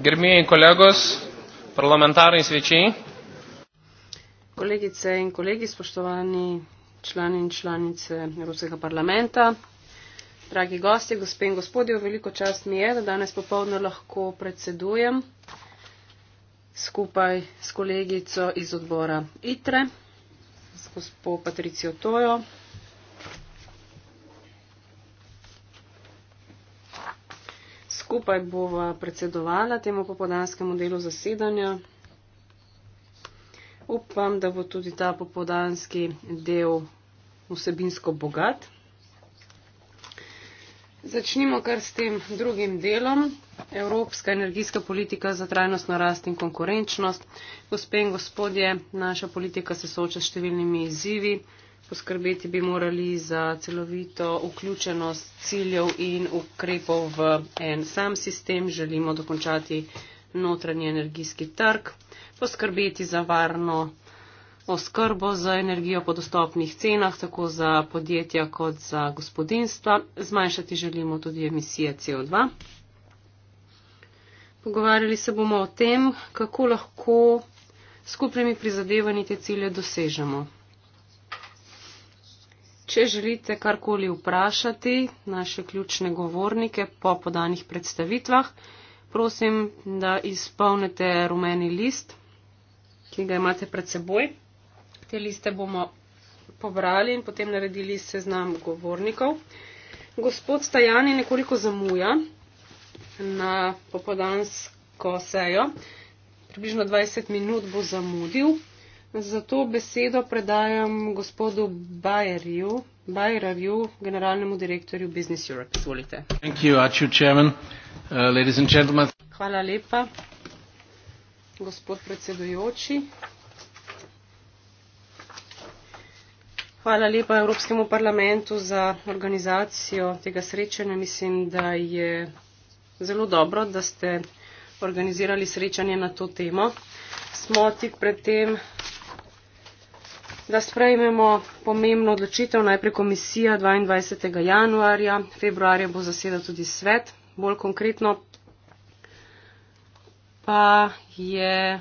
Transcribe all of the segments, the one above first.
Gerbėjai kolegos, parlamentarai svečiai. Kolegice in kolegi, spoštovani člani in članice Evropskega parlamenta, dragi gosti, gospe in gospodje, veliko čast mi je, da danes popolno lahko predsedujem skupaj s kolegico iz odbora ITRE, s gospod Patricijo Tojo, skupaj bova predsedovala temu popodanskemu delu zasedanja. Upam, da bo tudi ta popodanski del vsebinsko bogat. Začnimo kar s tem drugim delom. Evropska energijska politika za trajnostno rast in konkurenčnost. Gospe in gospodje, naša politika se sooča s številnimi izzivi poskrbeti bi morali za celovito vključenost ciljev in ukrepov v en sam sistem. Želimo dokončati notranji energijski trg, poskrbeti za varno oskrbo z energijo po dostopnih cenah, tako za podjetja kot za gospodinstva. Zmanjšati želimo tudi emisije CO2. Pogovarjali se bomo o tem, kako lahko skupnimi prizadevanji te cilje dosežemo. Če želite karkoli vprašati naše ključne govornike po podanih predstavitvah, prosim, da izpolnite rumeni list, ki ga imate pred seboj. Te liste bomo pobrali in potem naredili seznam govornikov. Gospod Stajani nekoliko zamuja na popodansko sejo. Približno 20 minut bo zamudil, Zato besedo predajam gospodu Bajerju, Bajerju, generalnemu direktorju Business Europe. Izvolite. You, uh, Hvala lepa, gospod predsedujoči. Hvala lepa Evropskemu parlamentu za organizacijo tega srečanja. Mislim, da je zelo dobro, da ste organizirali srečanje na to temo. Smo tik pred tem da sprejmemo pomembno odločitev, najprej komisija 22. januarja, februarja bo zasedal tudi svet, bolj konkretno pa je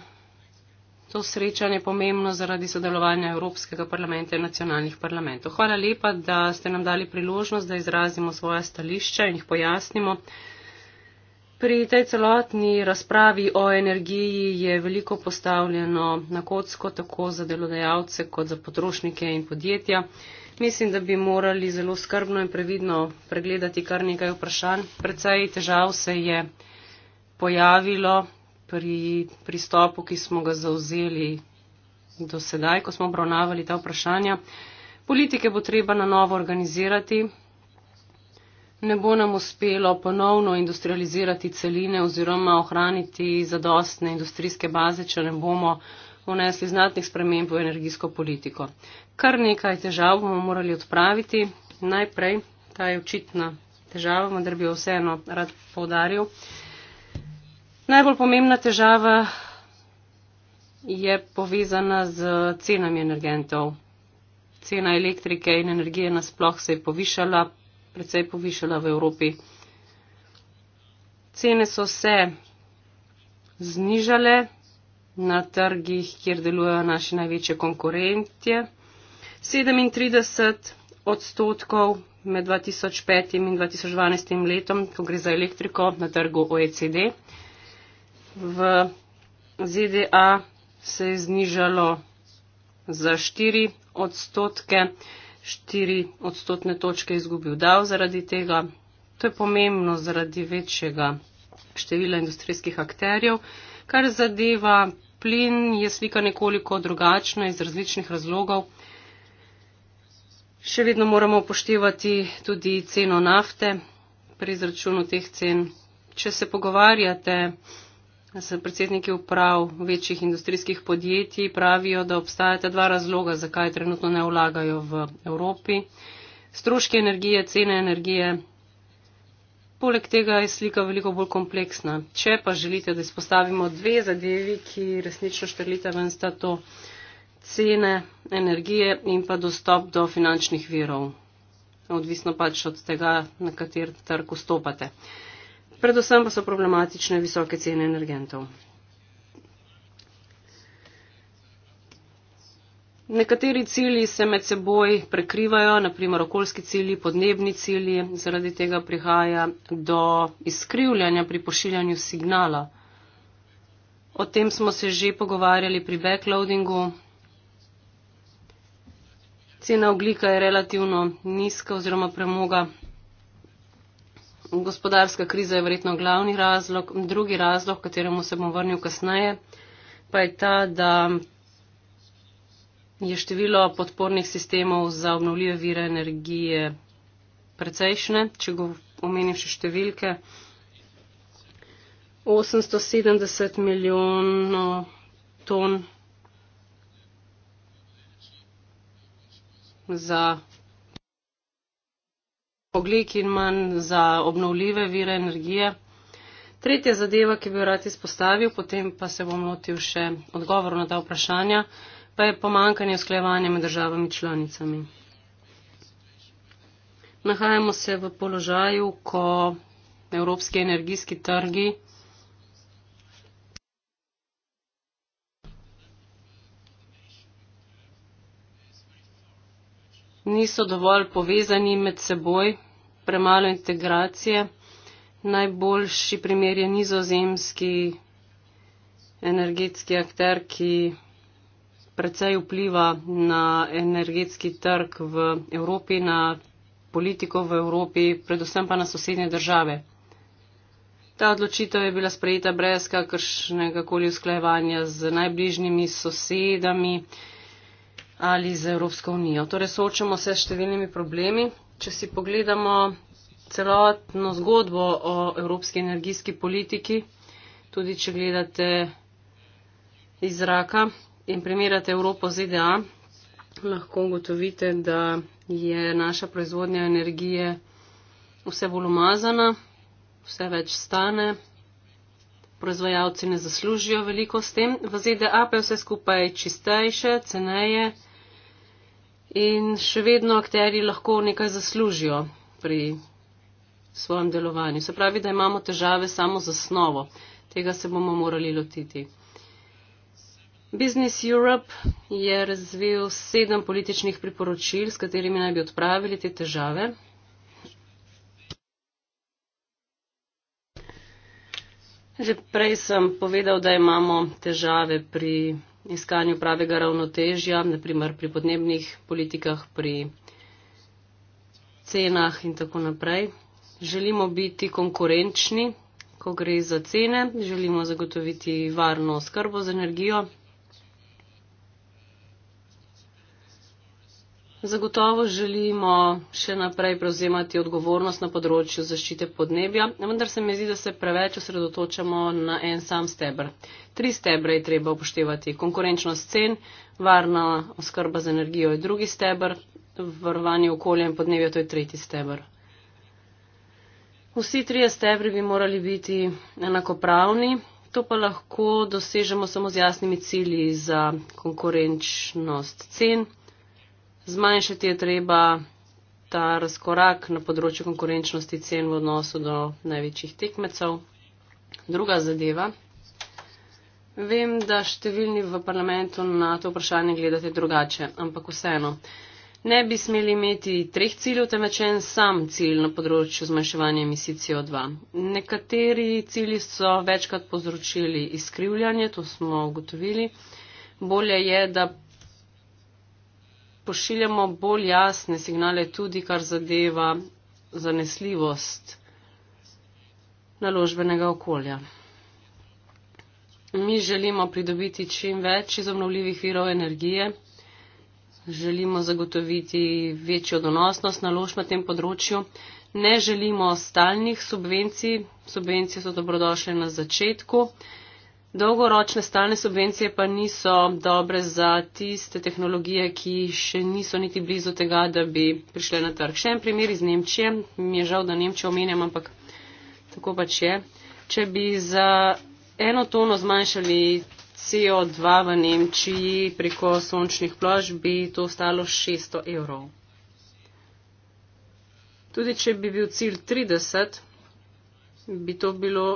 to srečanje pomembno zaradi sodelovanja Evropskega parlamenta in nacionalnih parlamentov. Hvala lepa, da ste nam dali priložnost, da izrazimo svoje stališče in jih pojasnimo. Pri tej celotni razpravi o energiji je veliko postavljeno na kocko tako za delodajalce kot za potrošnike in podjetja. Mislim, da bi morali zelo skrbno in previdno pregledati kar nekaj vprašanj. Precej težav se je pojavilo pri pristopu, ki smo ga zauzeli do sedaj, ko smo obravnavali ta vprašanja. Politike bo treba na novo organizirati, ne bo nam uspelo ponovno industrializirati celine oziroma ohraniti zadostne industrijske baze, če ne bomo vnesli znatnih sprememb v energijsko politiko. Kar nekaj težav bomo morali odpraviti. Najprej, ta je očitna težava, vendar bi jo vseeno rad povdaril. Najbolj pomembna težava je povezana z cenami energentov. Cena elektrike in energije nasploh se je povišala precej povišena v Evropi. Cene so se znižale na trgih, kjer delujejo naše največje konkurentje. 37 odstotkov med 2005 in 2012 letom, ko gre za elektriko na trgu OECD. V ZDA se je znižalo za 4 odstotke. 4 odstotne točke izgubil dav zaradi tega. To je pomembno zaradi večjega števila industrijskih akterjev. Kar zadeva plin, je slika nekoliko drugačna iz različnih razlogov. Še vedno moramo upoštevati tudi ceno nafte pri izračunu teh cen. Če se pogovarjate, Predsedniki uprav večjih industrijskih podjetij pravijo, da obstajata dva razloga, zakaj trenutno ne vlagajo v Evropi. Stroški energije, cene energije. Poleg tega je slika veliko bolj kompleksna. Če pa želite, da izpostavimo dve zadevi, ki resnično štrlite ven, sta to cene energije in pa dostop do finančnih virov. Odvisno pač od tega, na kater trg vstopate predvsem pa so problematične visoke cene energentov. Nekateri cilji se med seboj prekrivajo, naprimer okoljski cilji, podnebni cilji, zaradi tega prihaja do izkrivljanja pri pošiljanju signala. O tem smo se že pogovarjali pri backloadingu. Cena oglika je relativno nizka oziroma premoga gospodarska kriza je verjetno glavni razlog. Drugi razlog, kateremu se bom vrnil kasneje, pa je ta, da je število podpornih sistemov za obnovljive vire energije precejšne, če go omenim še številke. 870 milijonov ton za ogljik in manj za obnovljive vire energije. Tretja zadeva, ki bi jo rad izpostavil, potem pa se bom lotil še odgovor na ta vprašanja, pa je pomankanje usklajevanja med državami članicami. Nahajamo se v položaju, ko evropski energijski trgi niso dovolj povezani med seboj, premalo integracije. Najboljši primer je nizozemski energetski akter, ki precej vpliva na energetski trg v Evropi, na politiko v Evropi, predvsem pa na sosednje države. Ta odločitev je bila sprejeta brez kakršnega koli usklajevanja z najbližnjimi sosedami ali z Evropsko unijo. Torej, soočamo se s številnimi problemi. Če si pogledamo celotno zgodbo o evropski energijski politiki, tudi če gledate iz zraka in primerjate Evropo z ZDA, lahko ugotovite, da je naša proizvodnja energije vse bolj umazana, vse več stane, proizvajalci ne zaslužijo veliko s tem. V ZDA pa je vse skupaj čistejše, ceneje in še vedno akteri lahko nekaj zaslužijo pri svojem delovanju. Se pravi, da imamo težave samo z osnovo. Tega se bomo morali lotiti. Business Europe je razvil sedem političnih priporočil, s katerimi naj bi odpravili te težave. Že prej sem povedal, da imamo težave pri iskanju pravega ravnotežja, naprimer pri podnebnih politikah, pri cenah in tako naprej. Želimo biti konkurenčni, ko gre za cene, želimo zagotoviti varno oskrbo z energijo. Zagotovo želimo še naprej prevzemati odgovornost na področju zaščite podnebja, vendar se mi zdi, da se preveč osredotočamo na en sam stebr. Tri stebre je treba upoštevati. Konkurenčnost cen, varna oskrba z energijo je drugi stebr, varovanje okolja in podnebja to je tretji stebr. Vsi trije stebri bi morali biti enakopravni. To pa lahko dosežemo samo z jasnimi cilji za konkurenčnost cen zmanjšati je treba ta razkorak na področju konkurenčnosti cen v odnosu do največjih tekmecev. Druga zadeva. Vem, da številni v parlamentu na to vprašanje gledate drugače, ampak vseeno. Ne bi smeli imeti treh ciljev, temveč en sam cilj na področju zmanjševanja emisij CO2. Nekateri cilji so večkrat povzročili izkrivljanje, to smo ugotovili. Bolje je, da pošiljamo bolj jasne signale tudi, kar zadeva zanesljivost naložbenega okolja. Mi želimo pridobiti čim več iz obnovljivih virov energije, želimo zagotoviti večjo donosnost naložb na tem področju, ne želimo stalnih subvencij, subvencije so dobrodošle na začetku, Dolgoročne stalne subvencije pa niso dobre za tiste tehnologije, ki še niso niti blizu tega, da bi prišle na trg. Še en primer iz Nemčije. Mi je žal, da Nemčijo omenjam, ampak tako pač je. Če bi za eno tono zmanjšali CO2 v Nemčiji preko sončnih plož, bi to stalo 600 evrov. Tudi če bi bil cilj 30, bi to bilo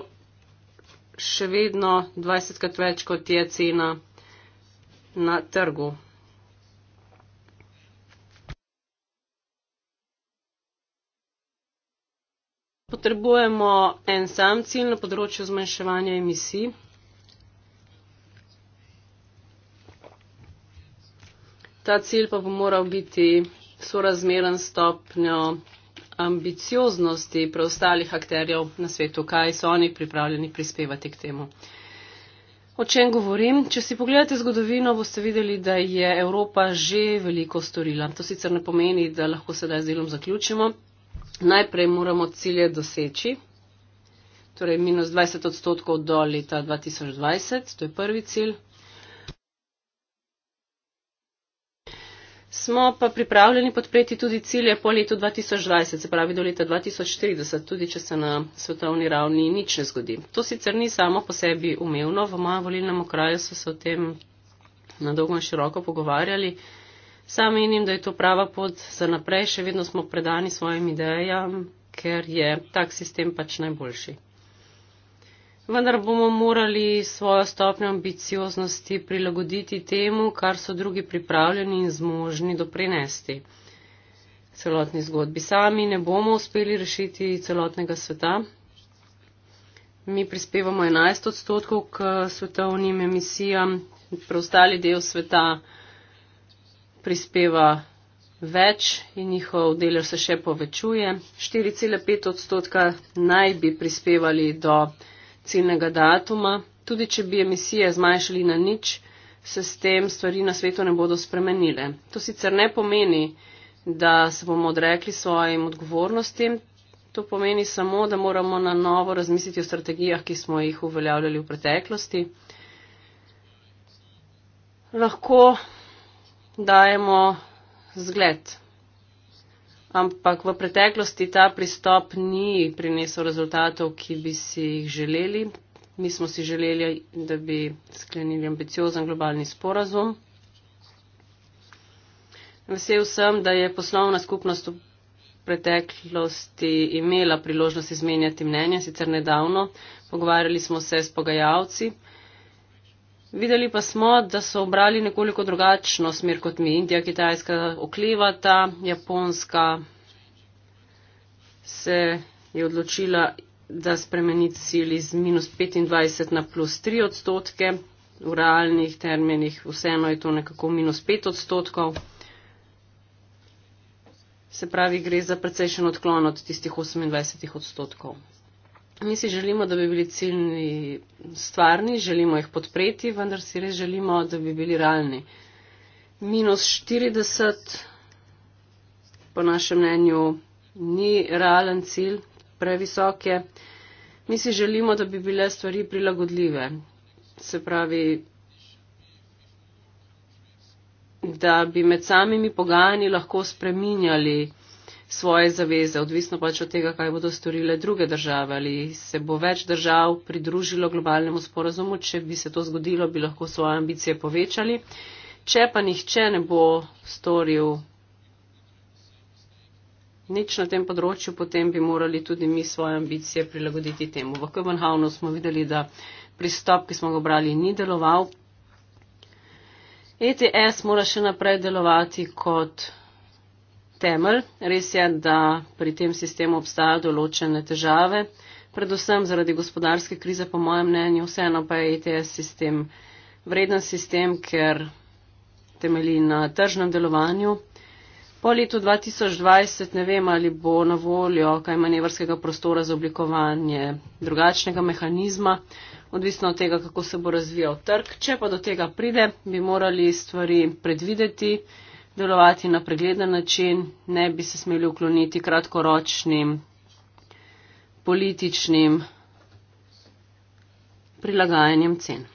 še vedno 20krat več, kot je cena na trgu. Potrebujemo en sam cilj na področju zmanjševanja emisij. Ta cilj pa bo moral biti sorazmeren stopnjo ambicioznosti preostalih akterjev na svetu, kaj so oni pripravljeni prispevati k temu. O čem govorim? Če si pogledate zgodovino, boste videli, da je Evropa že veliko storila. To sicer ne pomeni, da lahko sedaj z delom zaključimo. Najprej moramo cilje doseči, torej minus 20 odstotkov do leta 2020, to je prvi cilj, smo pa pripravljeni podpreti tudi cilje po letu 2020, se pravi do leta 2040, tudi če se na svetovni ravni nič ne zgodi. To sicer ni samo po sebi umevno, v mojem volilnem okraju so se o tem na dolgo in široko pogovarjali. Sam menim, da je to prava pot za naprej, še vedno smo predani svojim idejam, ker je tak sistem pač najboljši vendar bomo morali svojo stopnjo ambicioznosti prilagoditi temu, kar so drugi pripravljeni in zmožni doprinesti. Celotni zgodbi sami ne bomo uspeli rešiti celotnega sveta. Mi prispevamo 11 odstotkov k svetovnim emisijam, preostali del sveta prispeva več in njihov delež se še povečuje. 4,5 odstotka naj bi prispevali do ciljnega datuma. Tudi, če bi emisije zmanjšali na nič, se s tem stvari na svetu ne bodo spremenile. To sicer ne pomeni, da se bomo odrekli svojim odgovornostim, to pomeni samo, da moramo na novo razmisliti o strategijah, ki smo jih uveljavljali v preteklosti. Lahko dajemo zgled ampak v preteklosti ta pristop ni prinesel rezultatov, ki bi si jih želeli. Mi smo si želeli, da bi sklenili ambiciozen globalni sporazum. Vesel sem, da je poslovna skupnost v preteklosti imela priložnost izmenjati mnenja, sicer nedavno. Pogovarjali smo se s pogajalci. Videli pa smo, da so obrali nekoliko drugačno smer kot mi. Indija, Kitajska oklevata, Japonska se je odločila, da spremeni cilj iz minus 25 na plus 3 odstotke. V realnih terminih vseeno je to nekako minus 5 odstotkov. Se pravi, gre za precejšen odklon od tistih 28 odstotkov. Mi si želimo, da bi bili ciljni stvarni, želimo jih podpreti, vendar si res želimo, da bi bili realni. Minus 40, po našem mnenju, ni realen cilj, previsoke. Mi si želimo, da bi bile stvari prilagodljive. Se pravi, da bi med samimi pogajanji lahko spreminjali svoje zaveze, odvisno pač od tega, kaj bodo storile druge države ali se bo več držav pridružilo globalnemu sporazumu. Če bi se to zgodilo, bi lahko svoje ambicije povečali. Če pa nihče ne bo storil nič na tem področju, potem bi morali tudi mi svoje ambicije prilagoditi temu. V Kopenhavnu smo videli, da pristop, ki smo ga brali, ni deloval. ETS mora še naprej delovati kot temelj. Res je, da pri tem sistemu obstajajo določene težave, predvsem zaradi gospodarske krize, po mojem mnenju, vseeno pa je ETS sistem vreden sistem, ker temelji na tržnem delovanju. Po letu 2020 ne vem, ali bo na voljo kaj manevrskega prostora za oblikovanje drugačnega mehanizma, odvisno od tega, kako se bo razvijal trg. Če pa do tega pride, bi morali stvari predvideti delovati na pregleden način, ne bi se smeli ukloniti kratkoročnim političnim prilagajanjem cen.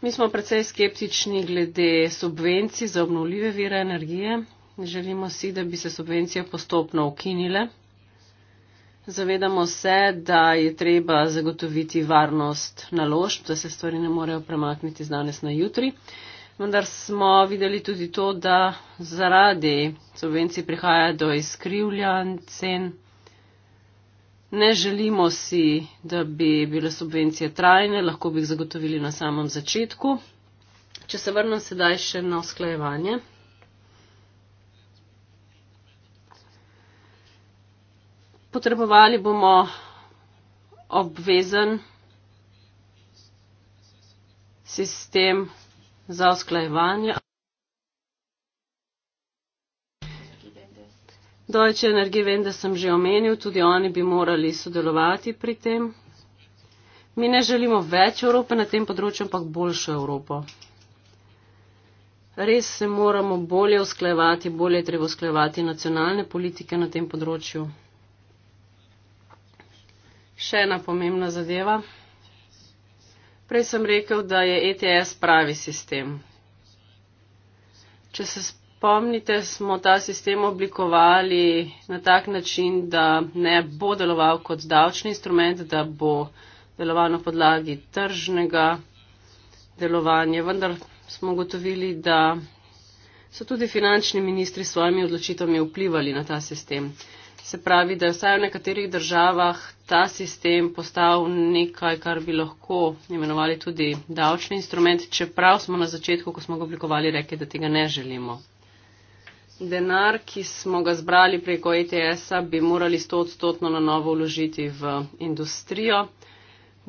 Mi smo predvsej skeptični glede subvencij za obnovljive vire energije. Želimo si, da bi se subvencije postopno ukinile. Zavedamo se, da je treba zagotoviti varnost naložb, da se stvari ne morejo premakniti z danes na jutri vendar smo videli tudi to, da zaradi subvencij prihaja do izkrivljanj cen. Ne želimo si, da bi bile subvencije trajne, lahko bi jih zagotovili na samem začetku. Če se vrnem sedaj še na usklajevanje. Potrebovali bomo obvezen sistem za usklajevanje. Deutsche Energie, vem, da sem že omenil, tudi oni bi morali sodelovati pri tem. Mi ne želimo več Evrope na tem področju, ampak boljšo Evropo. Res se moramo bolje usklajevati, bolje je treba usklajevati nacionalne politike na tem področju. Še ena pomembna zadeva. Prej sem rekel, da je ETS pravi sistem. Če se spomnite, smo ta sistem oblikovali na tak način, da ne bo deloval kot davčni instrument, da bo deloval na podlagi tržnega delovanja. Vendar smo gotovili, da so tudi finančni ministri s svojimi odločitvami vplivali na ta sistem. Se pravi, da je vsaj v nekaterih državah ta sistem postal nekaj, kar bi lahko imenovali tudi davčni instrument, čeprav smo na začetku, ko smo ga oblikovali, rekli, da tega ne želimo. Denar, ki smo ga zbrali preko ETS-a, bi morali sto odstotno na novo vložiti v industrijo,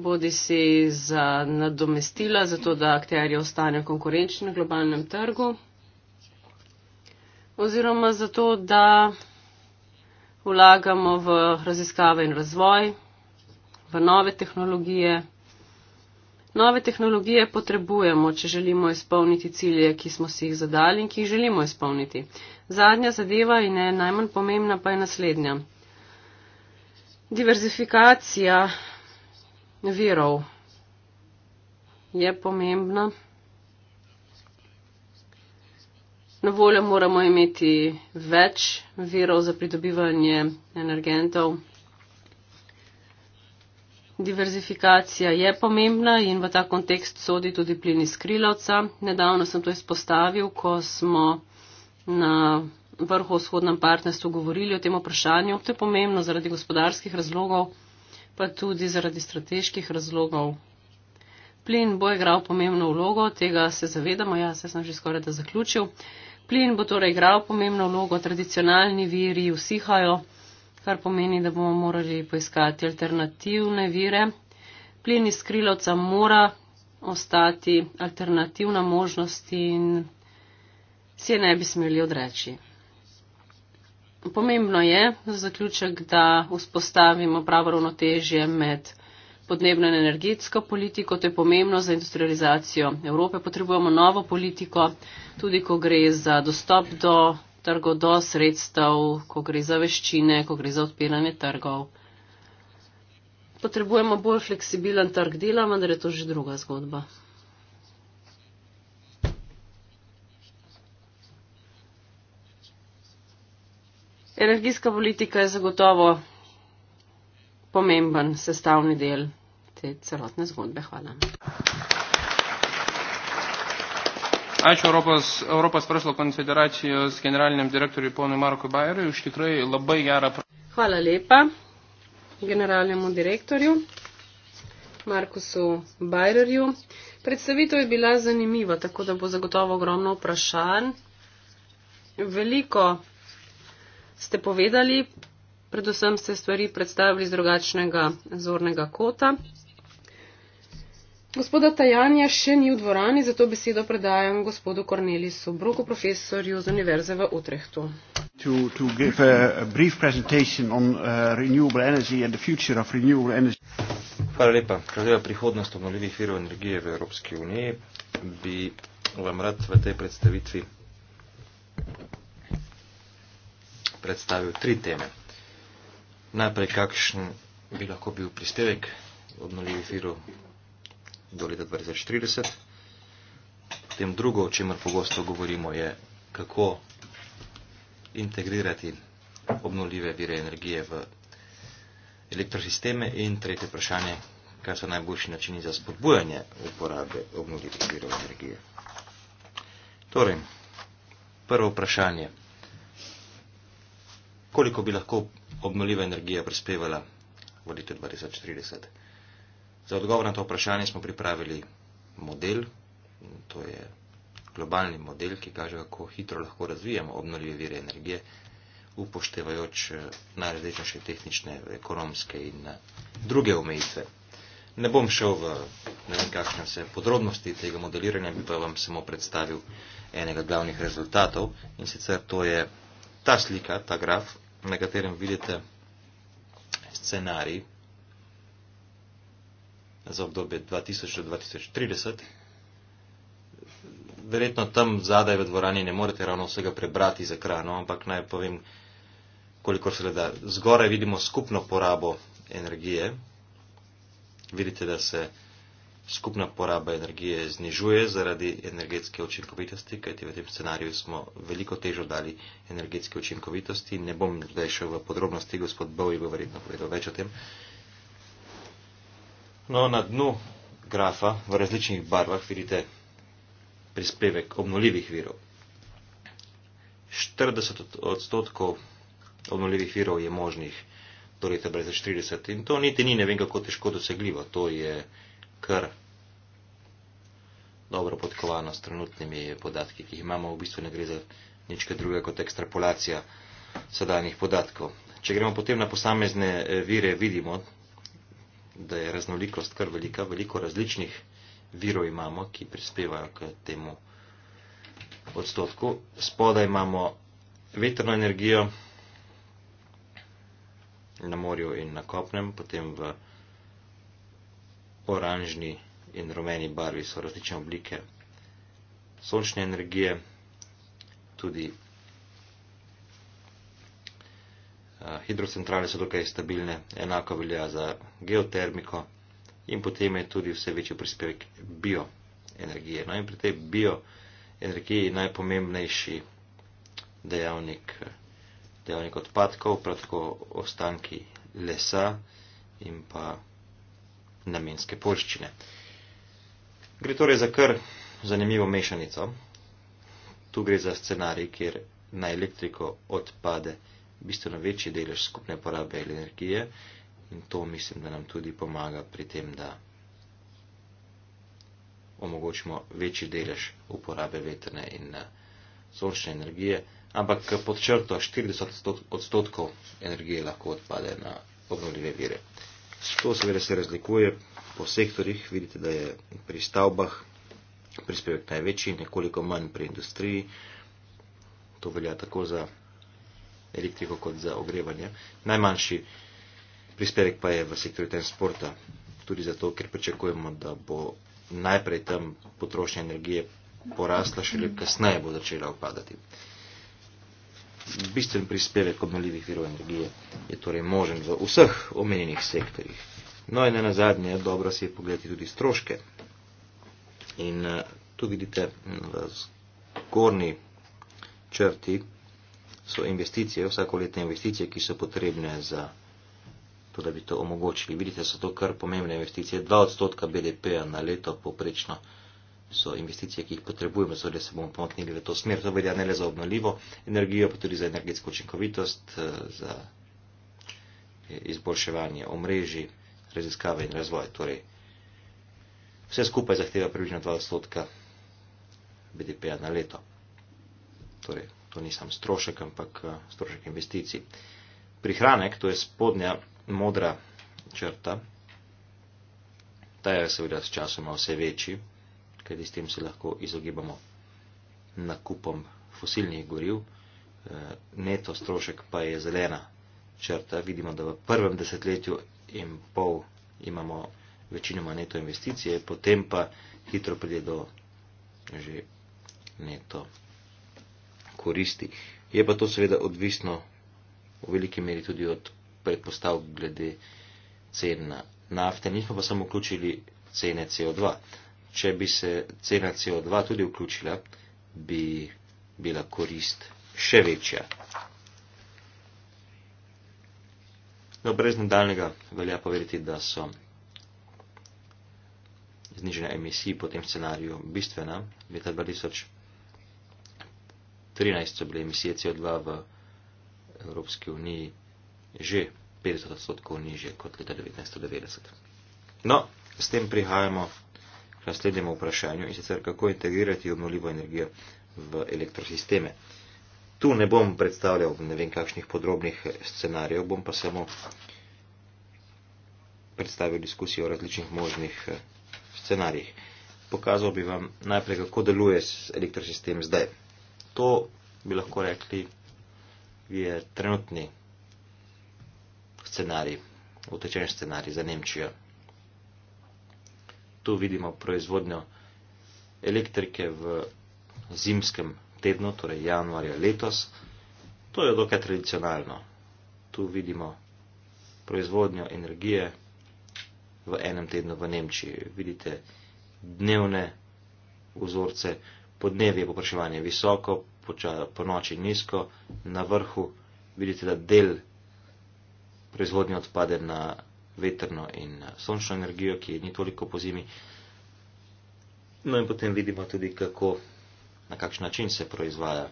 bodi si za nadomestila, zato da akterje ostanejo konkurenčni na globalnem trgu, oziroma zato, da vlagamo v raziskave in razvoj, v nove tehnologije. Nove tehnologije potrebujemo, če želimo izpolniti cilje, ki smo si jih zadali in ki jih želimo izpolniti. Zadnja zadeva in ne najmanj pomembna pa je naslednja. Diverzifikacija virov je pomembna. Na voljo moramo imeti več virov za pridobivanje energentov. Diverzifikacija je pomembna in v ta kontekst sodi tudi plin iz krilovca. Nedavno sem to izpostavil, ko smo na vrhu vzhodnem partnerstvu govorili o tem vprašanju. To je pomembno zaradi gospodarskih razlogov, pa tudi zaradi strateških razlogov. Plin bo igral pomembno vlogo, tega se zavedamo, jaz se sem že skoraj da zaključil. Plin bo torej igral pomembno vlogo, tradicionalni viri usihajo, kar pomeni, da bomo morali poiskati alternativne vire. Plin iz krilovca mora ostati alternativna možnost in si je ne bi smeli odreči. Pomembno je za zaključek, da vzpostavimo pravo ravnotežje med podnebno in energetsko politiko, to je pomembno za industrializacijo Evrope. Potrebujemo novo politiko, tudi ko gre za dostop do trgov, do sredstev, ko gre za veščine, ko gre za odpiranje trgov. Potrebujemo bolj fleksibilen trg dela, vendar je to že druga zgodba. Energijska politika je zagotovo pomemben sestavni del te celotne zgodbe. Hvala. Ačiū Europos, Europos verslo konfederacijos generaliniam direktoriui ponui Markui Bairiui už tikrai e labai gerą. Hvala lepa generalnemu direktoriju Markusu Bairiui. Predstavitev je bila zanimiva, tako da bo zagotovo ogromno vprašanj. Veliko ste povedali, predvsem ste stvari predstavili z drugačnega zornega kota. Gospoda Tajanja še ni v dvorani, zato besedo predajam gospodu Kornelisu Broku, profesorju z Univerze v Utrehtu. To, to give a, a brief presentation on uh, renewable energy and the future of renewable energy. Hvala lepa. Kraljeva prihodnost obnovljivih virov energije v Evropski uniji bi vam rad v tej predstavitvi predstavil tri teme. Najprej, kakšen bi lahko bil prispevek obnovljivih virov do leta 2040. Potem drugo, o čemer pogosto govorimo, je kako integrirati obnovljive vire energije v elektrosisteme in tretje vprašanje, kaj so najboljši načini za spodbujanje uporabe obnovljivih virov energije. Torej, prvo vprašanje, koliko bi lahko obnovljiva energija prispevala v letu 2040? Za odgovor na to vprašanje smo pripravili model, to je globalni model, ki kaže, kako hitro lahko razvijamo obnovljive vire energije, upoštevajoč eh, najrazličnejše tehnične, ekonomske in eh, druge omejitve. Ne bom šel v ne vem kakšne vse podrobnosti tega modeliranja, bi pa vam samo predstavil enega glavnih rezultatov in sicer to je ta slika, ta graf, na katerem vidite scenarij, za obdobje 2000-2030. Verjetno tam zadaj v dvorani ne morete ravno vsega prebrati z ekrano, ampak naj povem, kolikor se le da. Zgoraj vidimo skupno porabo energije. Vidite, da se skupna poraba energije znižuje zaradi energetske učinkovitosti, kajti v tem scenariju smo veliko težo dali energetske učinkovitosti. Ne bom zdaj šel v podrobnosti, gospod Bowie bo verjetno povedal več o tem. Uh, No, na dnu grafa v različnih barvah vidite prispevek obnoljivih virov. 40 odstotkov obnoljivih virov je možnih do leta 2030 in to niti ni ne vem kako težko dosegljivo. To je kar dobro podkovano s trenutnimi podatki, ki jih imamo. V bistvu ne gre za nič drugega kot ekstrapolacija sedanjih podatkov. Če gremo potem na posamezne eh, vire, vidimo, da je raznolikost kar velika, veliko različnih virov imamo, ki prispevajo k temu odstotku. Spodaj imamo vetrno energijo na morju in na kopnem, potem v oranžni in rumeni barvi so različne oblike sončne energije, tudi Eh, hidrocentrale so dokaj stabilne, enako velja za geotermiko in potem je tudi vse večji prispevek bioenergije. No in pri tej bioenergiji je najpomembnejši dejavnik, eh, dejavnik odpadkov, prav tako ostanki lesa in pa namenske polščine. Gre torej za kar zanimivo mešanico. Tu gre za scenarij, kjer na elektriko odpade elektrika bistveno večji delež skupne porabe energije in to mislim, da nam tudi pomaga pri tem, da omogočimo večji delež uporabe vetrne in eh, sončne energije. Ampak pod črto 40 odstotkov energije lahko odpade na obnovljive vire. To seveda se razlikuje po sektorjih. Vidite, da je pri stavbah prispevek največji, nekoliko manj pri industriji. To velja tako za elektriko kot za ogrevanje. Najmanjši prispevek pa je v sektorju transporta, tudi zato, ker pričakujemo, da bo najprej tam potrošnja energije porasla, šele kasneje bo začela upadati. Bistven prispevek obnovljivih virov energije je torej možen v vseh omenjenih sektorjih. No in na zadnje, dobro si je pogledati tudi stroške. In eh, tu vidite mm, v zgornji črti, so investicije, vsakoletne investicije, ki so potrebne za to, da bi to omogočili. Vidite, so to kar pomembne investicije. 2 odstotka BDP-ja na leto poprečno so investicije, ki jih potrebujemo, zato da se bomo pomaknili v to smer. To velja ne le za obnoljivo energijo, pa tudi za energetsko učinkovitost, za izboljševanje omrežij, raziskave in razvoj. Torej, vse skupaj zahteva približno 2 odstotka BDP-ja na leto. Torej, to ni sam strošek, ampak eh, strošek investicij. Prihranek, to je spodnja modra črta, ta je seveda s časoma vse večji, kajti s tem se lahko izogibamo nakupom fosilnih goriv. Eh, neto strošek pa je zelena črta. Vidimo, da v prvem desetletju in pol imamo večinoma neto investicije, potem pa hitro pride do že neto koristih. Je pa to seveda odvisno v veliki meri tudi od predpostavk glede cena nafte. Nismo pa samo vključili cene CO2. Če bi se cena CO2 tudi vključila, bi bila korist še večja. No, brez nadaljnega velja povedati, da so znižene emisije po tem scenariju bistvena. Leta 2000 2013 so bile emisije CO2 v Evropski uniji že 50 odstotkov niže kot leta 1990. No, s tem prihajamo k naslednjemu vprašanju in sicer kako integrirati obnovljivo energijo v elektrosisteme. Tu ne bom predstavljal ne vem kakšnih podrobnih scenarijev, bom pa samo predstavil diskusijo o različnih možnih eh, scenarijih. Pokazal bi vam najprej, kako deluje elektrosistem zdaj to bi lahko rekli, je trenutni scenarij, utečen scenarij za Nemčijo. Tu vidimo proizvodnjo elektrike v zimskem tednu, torej januarja letos. To je dokaj tradicionalno. Tu vidimo proizvodnjo energije v enem tednu v Nemčiji. Vidite dnevne vzorce podnevi je popraševanje visoko, po noči nizko, na vrhu vidite, da del proizvodnje odpade na vetrno in eh, sončno energijo, ki ni toliko po zimi. No in potem vidimo tudi, kako, na kakšen način se proizvaja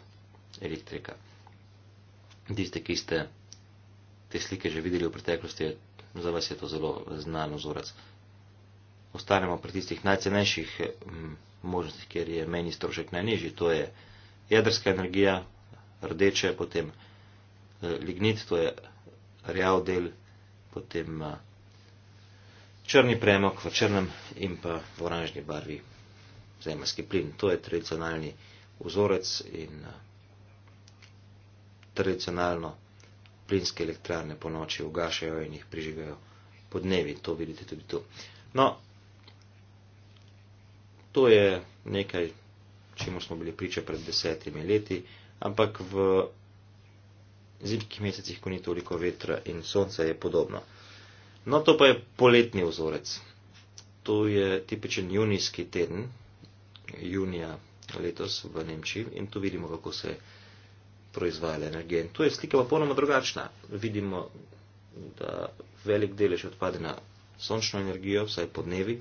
elektrika. Tiste, ki ste te slike že videli v preteklosti, za vas je to zelo znano vzorec ostanemo pri tistih najcenejših mm, možnostih, kjer je meni strošek najnižji. To je jedrska energija, rdeče, potem eh, lignit, to je real del, potem eh, črni premok v črnem in pa v oranžni barvi zemljski plin. To je tradicionalni vzorec in eh, tradicionalno plinske elektrarne po noči ugašajo in jih prižigajo po dnevi. To vidite tudi tu. No, to je nekaj, čemu smo bili priča pred desetimi leti, ampak v zimskih mesecih, ko ni toliko vetra in sonca, je podobno. No, to pa je poletni vzorec. To je tipičen junijski teden, junija letos v Nemčiji in tu vidimo, kako se proizvaja energija. In tu je slika popolnoma drugačna. Vidimo, da velik delež odpade na sončno energijo, vsaj podnevi.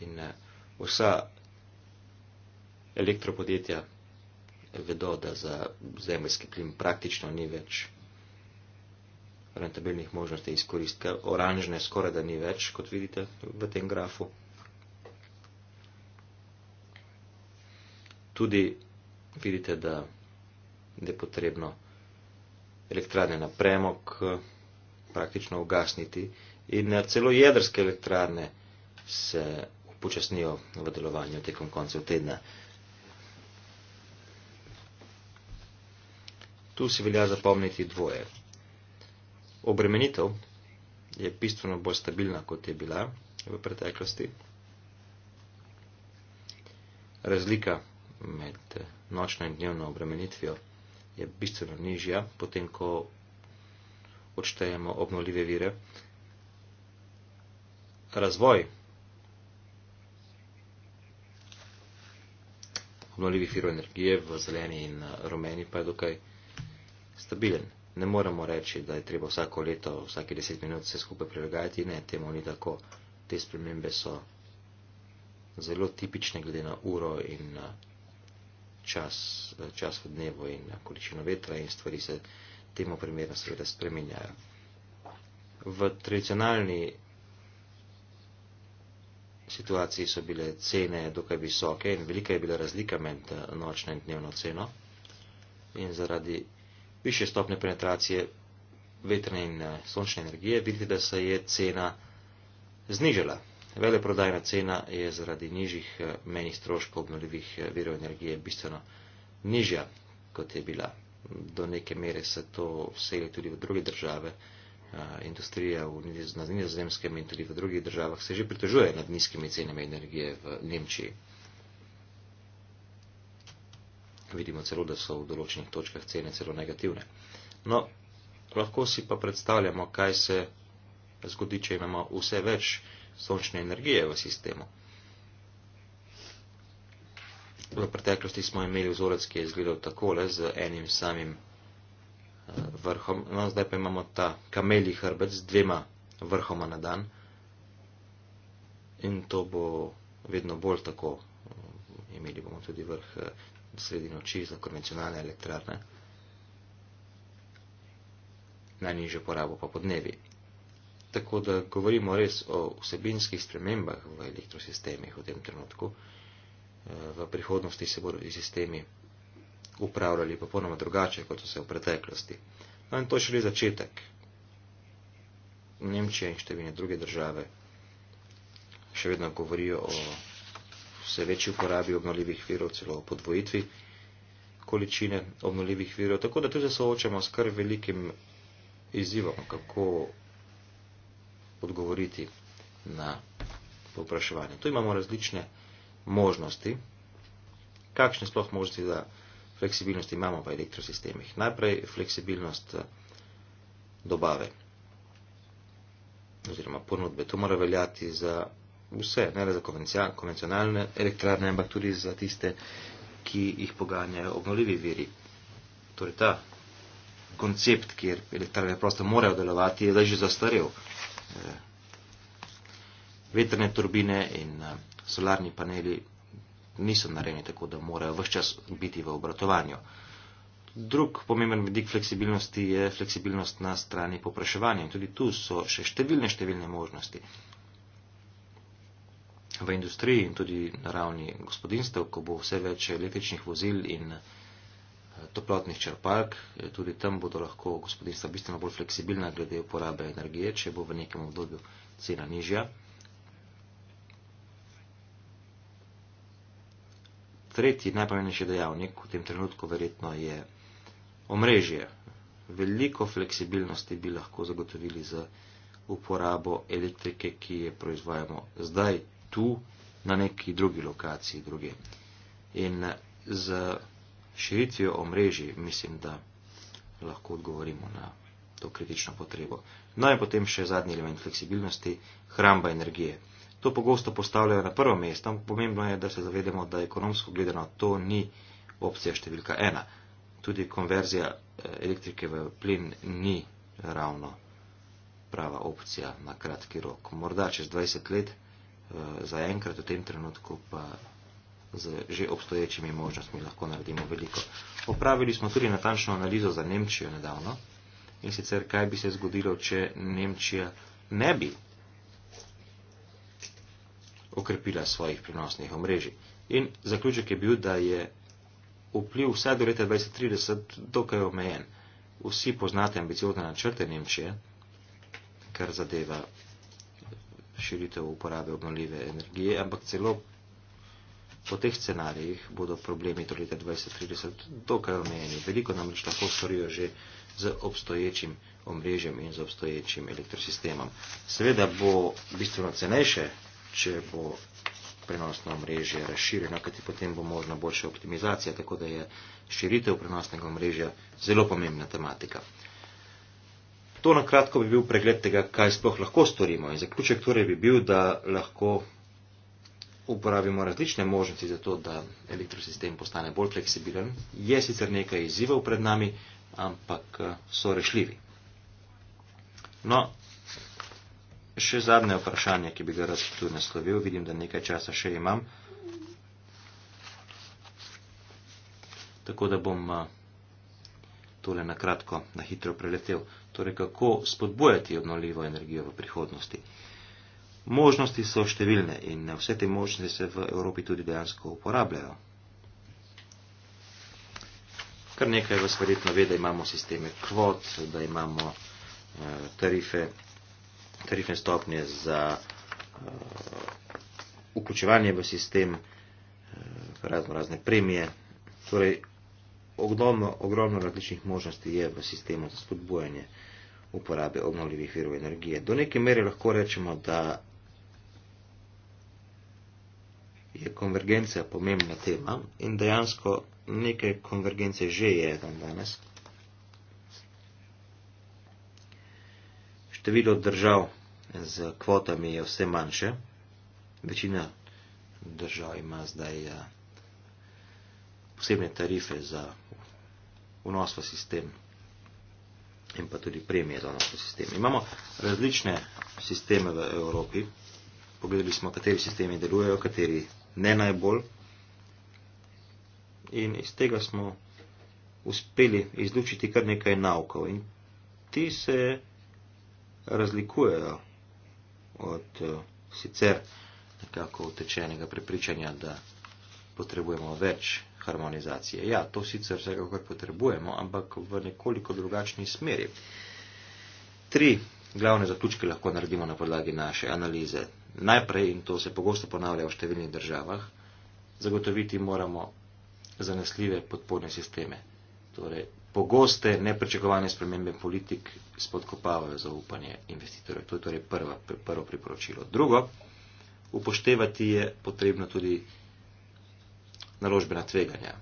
In eh, vsa elektropodjetja vedo, da za zemljski plin praktično ni več rentabilnih možnosti izkoristka. Oranžne skoraj da ni več, kot vidite v tem grafu. Tudi vidite, da je potrebno elektrarne na premok eh, praktično ugasniti in eh, celo jedrske elektrarne se vsega počasnijo v delovanju tekom konca tedna. Tu se velja zapomniti dvoje. Obremenitev je bistveno bolj stabilna, kot je bila v preteklosti. Razlika med nočno in dnevno obremenitvijo je bistveno nižja, potem ko odštejemo obnovljive vire. Razvoj obnovljivih virov energije v zeleni in eh, rumeni pa je dokaj stabilen. Ne moramo reči, da je treba vsako leto, vsake deset minut se skupaj prilagajati, ne, temu ni tako. Te spremembe so zelo tipične glede na uro in eh, čas, eh, čas v dnevu in količino vetra in stvari se temu primerno seveda spreminjajo. V tradicionalni situaciji so bile cene dokaj visoke in velika je bila razlika med eh, nočno in dnevno ceno. In zaradi više stopne penetracije vetrne in eh, sončne energije vidite, da se je cena znižala. Veleprodajna cena je zaradi nižjih eh, menjih stroškov obnovljivih virov energije bistveno nižja, kot je bila. Do neke mere se to vseli tudi v druge države industrija v, na nizozemskem in tudi v drugih državah se že pritožuje nad nizkimi cenami energije v Nemčiji. Vidimo celo, da so v določenih točkah cene celo negativne. No, lahko si pa predstavljamo, kaj se zgodi, če imamo vse več sončne energije v sistemu. V preteklosti smo imeli vzorec, ki je izgledal takole z enim samim vrhom. No, zdaj pa imamo ta kameli hrbet z dvema vrhoma na dan. In to bo vedno bolj tako. Imeli bomo tudi vrh eh, sredi noči za konvencionalne elektrarne. Najnižjo porabo pa podnevi. Tako da govorimo res o vsebinskih spremembah v elektrosistemih v tem trenutku. Eh, v prihodnosti se bodo sistemi upravljali popolnoma drugače, kot so se v preteklosti. No in to je šele začetek. Nemčija in številne druge države še vedno govorijo o vse večji uporabi obnovljivih virov, celo o podvojitvi količine obnovljivih virov, tako da tudi se soočamo s kar velikim izzivom, kako odgovoriti na povpraševanje. Tu imamo različne možnosti, kakšne sploh možnosti, da fleksibilnost imamo v elektrosistemih. Najprej fleksibilnost eh, dobave oziroma ponudbe. To mora veljati za vse, ne le za konvencionalne elektrarne, ampak tudi za tiste, ki jih poganjajo obnovljivi viri. Torej ta koncept, kjer elektrarne prosto morajo delovati, je zdaj že zastarel. Eh, vetrne turbine in eh, solarni paneli niso narejeni tako, da morajo vse čas biti v obratovanju. Drug pomemben vidik fleksibilnosti je fleksibilnost na strani popraševanja in tudi tu so še številne, številne možnosti. V industriji in tudi na ravni gospodinstev, ko bo vse več električnih vozil in eh, toplotnih črpalk, eh, tudi tam bodo lahko gospodinstva bistveno bolj fleksibilna glede uporabe energije, če bo v nekem obdobju cena nižja. tretji najpomembnejši dejavnik v tem trenutku verjetno je omrežje. Veliko fleksibilnosti bi lahko zagotovili z uporabo elektrike, ki jo proizvajamo zdaj tu, na neki drugi lokaciji, druge. In z širitvijo omrežij mislim, da lahko odgovorimo na to kritično potrebo. No in potem še zadnji element fleksibilnosti, hramba energije. To pogosto postavljajo na prvo mesto, ampak pomembno je, da se zavedamo, da ekonomsko gledano to ni opcija številka ena. Tudi konverzija eh, elektrike v plin ni ravno prava opcija na kratki rok. Morda čez 20 let, eh, za enkrat v tem trenutku pa z že obstoječimi možnostmi lahko naredimo veliko. Opravili smo tudi natančno analizo za Nemčijo nedavno in sicer kaj bi se zgodilo, če Nemčija ne bi okrepila svojih prenosnih omrežij. In zaključek je bil, da je vpliv vsaj do leta 2030 dokaj omejen. Vsi poznate ambiciozne načrte Nemčije, kar zadeva širitev uporabe obnovljive energije, ampak celo po teh scenarijih bodo problemi do leta 2030 dokaj omejeni. Veliko namreč lahko storijo že z obstoječim omrežjem in z obstoječim elektrosistemom. Seveda bo bistveno cenejše če bo prenosno mrežje razširjeno, kajti potem bo možno boljša optimizacija, tako da je širitev prenosnega mrežja zelo pomembna tematika. To na kratko bi bil pregled tega, kaj sploh lahko storimo in zaključek torej bi bil, da lahko uporabimo različne možnosti za to, da elektrosistem postane bolj fleksibilen. Je sicer nekaj izzivov pred nami, ampak eh, so rešljivi. No, še zadnje vprašanje, ki bi ga rad tudi naslovil, vidim, da nekaj časa še imam. Tako da bom eh, tole na kratko, na hitro preletel. Torej, kako spodbojati obnovljivo energijo v prihodnosti? Možnosti so številne in vse te možnosti se v Evropi tudi dejansko uporabljajo. Kar nekaj vas verjetno ve, da imamo sisteme kvot, da imamo eh, tarife tarifne stopnje za uh, vključevanje v sistem, uh, razno razne premije. Torej, ogromno, ogromno različnih možnosti je v sistemu za spodbujanje uporabe obnovljivih virov energije. Do neke mere lahko rečemo, da je konvergencija pomembna tema in dejansko nekaj konvergence že je dan danes. Število držav z kvotami je vse manjše. Večina držav ima zdaj eh, posebne tarife za vnos v sistem in pa tudi premije za vnos v sistem. Imamo različne sisteme v Evropi. Pogledali smo, kateri sistemi delujejo, kateri ne najbolj. In iz tega smo uspeli izlučiti kar nekaj naukov. In ti se je razlikujejo od eh, sicer nekako utečenega prepričanja, da potrebujemo več harmonizacije. Ja, to sicer vsekakor potrebujemo, ampak v nekoliko drugačni smeri. Tri glavne zaključke lahko naredimo na podlagi naše analize. Najprej, in to se pogosto ponavlja v številnih državah, zagotoviti moramo zanesljive podporne sisteme. Torej, pogoste nepričakovane spremembe politik spodkopavajo zaupanje investitorjev. To je torej prva, prvo priporočilo. Drugo, upoštevati je potrebno tudi naložbena tveganja.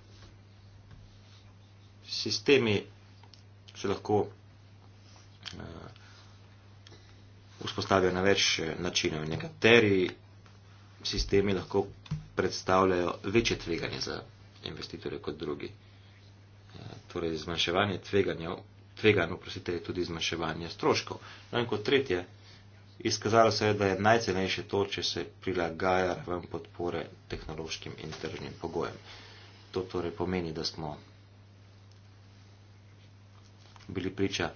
Sistemi se lahko uh, vzpostavijo na več eh, načinov. Nekateri sistemi lahko predstavljajo večje tveganje za investitorje kot drugi. Uh, Torej, zmanjševanje tveganja, tveganj, oprostite, je tudi zmanjševanje stroškov. No in kot tretje, izkazalo se je, da je najcenejše to, če se prilagaja ravn podpore tehnološkim in tržnim pogojem. To torej pomeni, da smo bili priča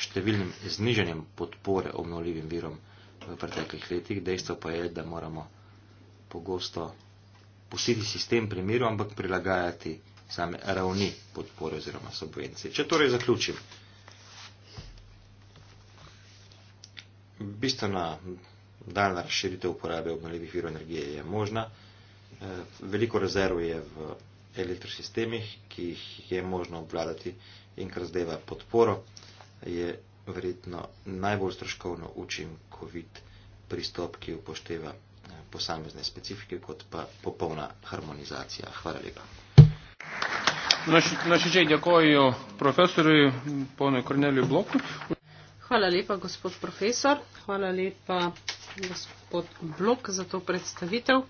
številnim zniženjem podpore obnovljivim virom v preteklih letih. Dejstvo pa je, da moramo pogosto pustiti sistem pri miru, ampak prilagajati same ravni podpore oziroma subvencije. Če torej zaključim, bistvena daljna razširitev uporabe obnovljivih virov energije je možna. Eh, veliko rezerv je v elektrosistemih, ki jih je možno obvladati in kar zdajva podporo, je verjetno najbolj stroškovno učinkovit pristop, ki upošteva eh, posamezne specifike, kot pa popolna harmonizacija. Hvala lepa. Našičiai dėkoju profesoriui, ponui Korneliui Blokui. Hvala lepa, gospod profesor. Hvala lepa, gospod Blok, za to predstavitev.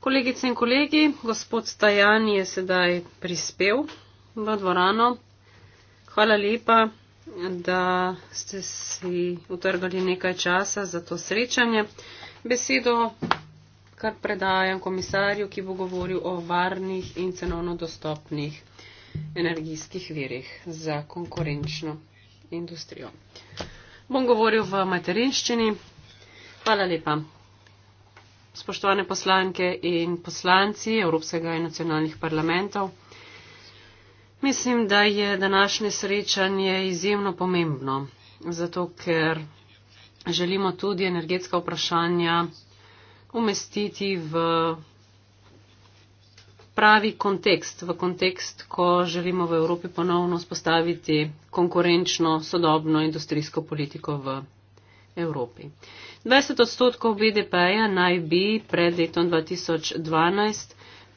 Kolegice in kolegi, gospod Stajan je sedaj prispel v dvorano. Hvala lepa, da ste si utrgali nekaj časa za to srečanje. Besedo kar predajam komisarju, ki bo govoril o varnih in cenovno dostopnih energijskih virih za konkurenčno industrijo. Bom govoril v materinščini. Hvala lepa. Spoštovane poslanke in poslanci Evropskega in nacionalnih parlamentov, mislim, da je današnje srečanje izjemno pomembno, zato ker želimo tudi energetska vprašanja umestiti v pravi kontekst, v kontekst, ko želimo v Evropi ponovno spostaviti konkurenčno, sodobno industrijsko politiko v Evropi. 20 odstotkov BDP-ja naj bi pred letom 2012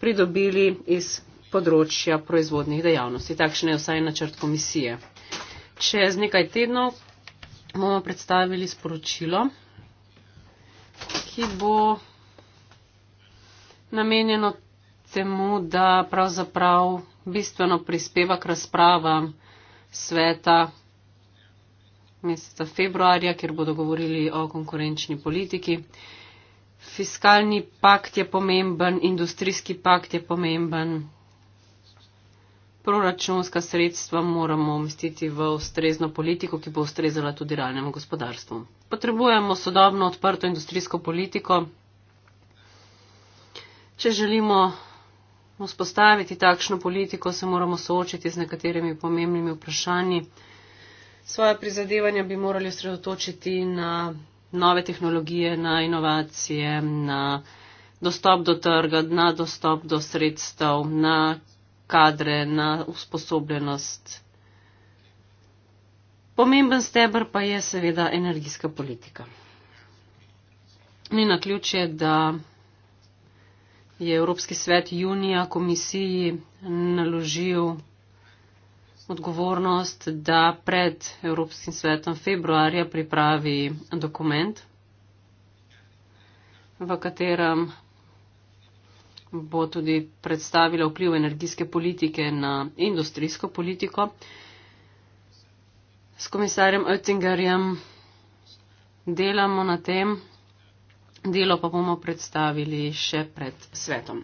pridobili iz področja proizvodnih dejavnosti. Takšen je vsaj načrt komisije. Čez nekaj tednov bomo predstavili sporočilo, ki bo namenjeno temu, da pravzaprav bistveno prispeva k razpravam sveta meseca februarja, kjer bodo govorili o konkurenčni politiki. Fiskalni pakt je pomemben, industrijski pakt je pomemben, proračunska sredstva moramo umestiti v ustrezno politiko, ki bo ustrezala tudi realnemu gospodarstvu. Potrebujemo sodobno odprto industrijsko politiko, če želimo vzpostaviti takšno politiko, se moramo soočiti z nekaterimi pomembnimi vprašanji. Svoje prizadevanja bi morali osredotočiti na nove tehnologije, na inovacije, na dostop do trga, na dostop do sredstev, na kadre, na usposobljenost. Pomemben stebr pa je seveda energijska politika. Ni na ključje, da je Evropski svet junija komisiji naložil odgovornost, da pred Evropskim svetom februarja pripravi dokument, v katerem bo tudi predstavila vpliv energijske politike na industrijsko politiko. S komisarjem Oettingerjem delamo na tem, delo pa bomo predstavili še pred svetom.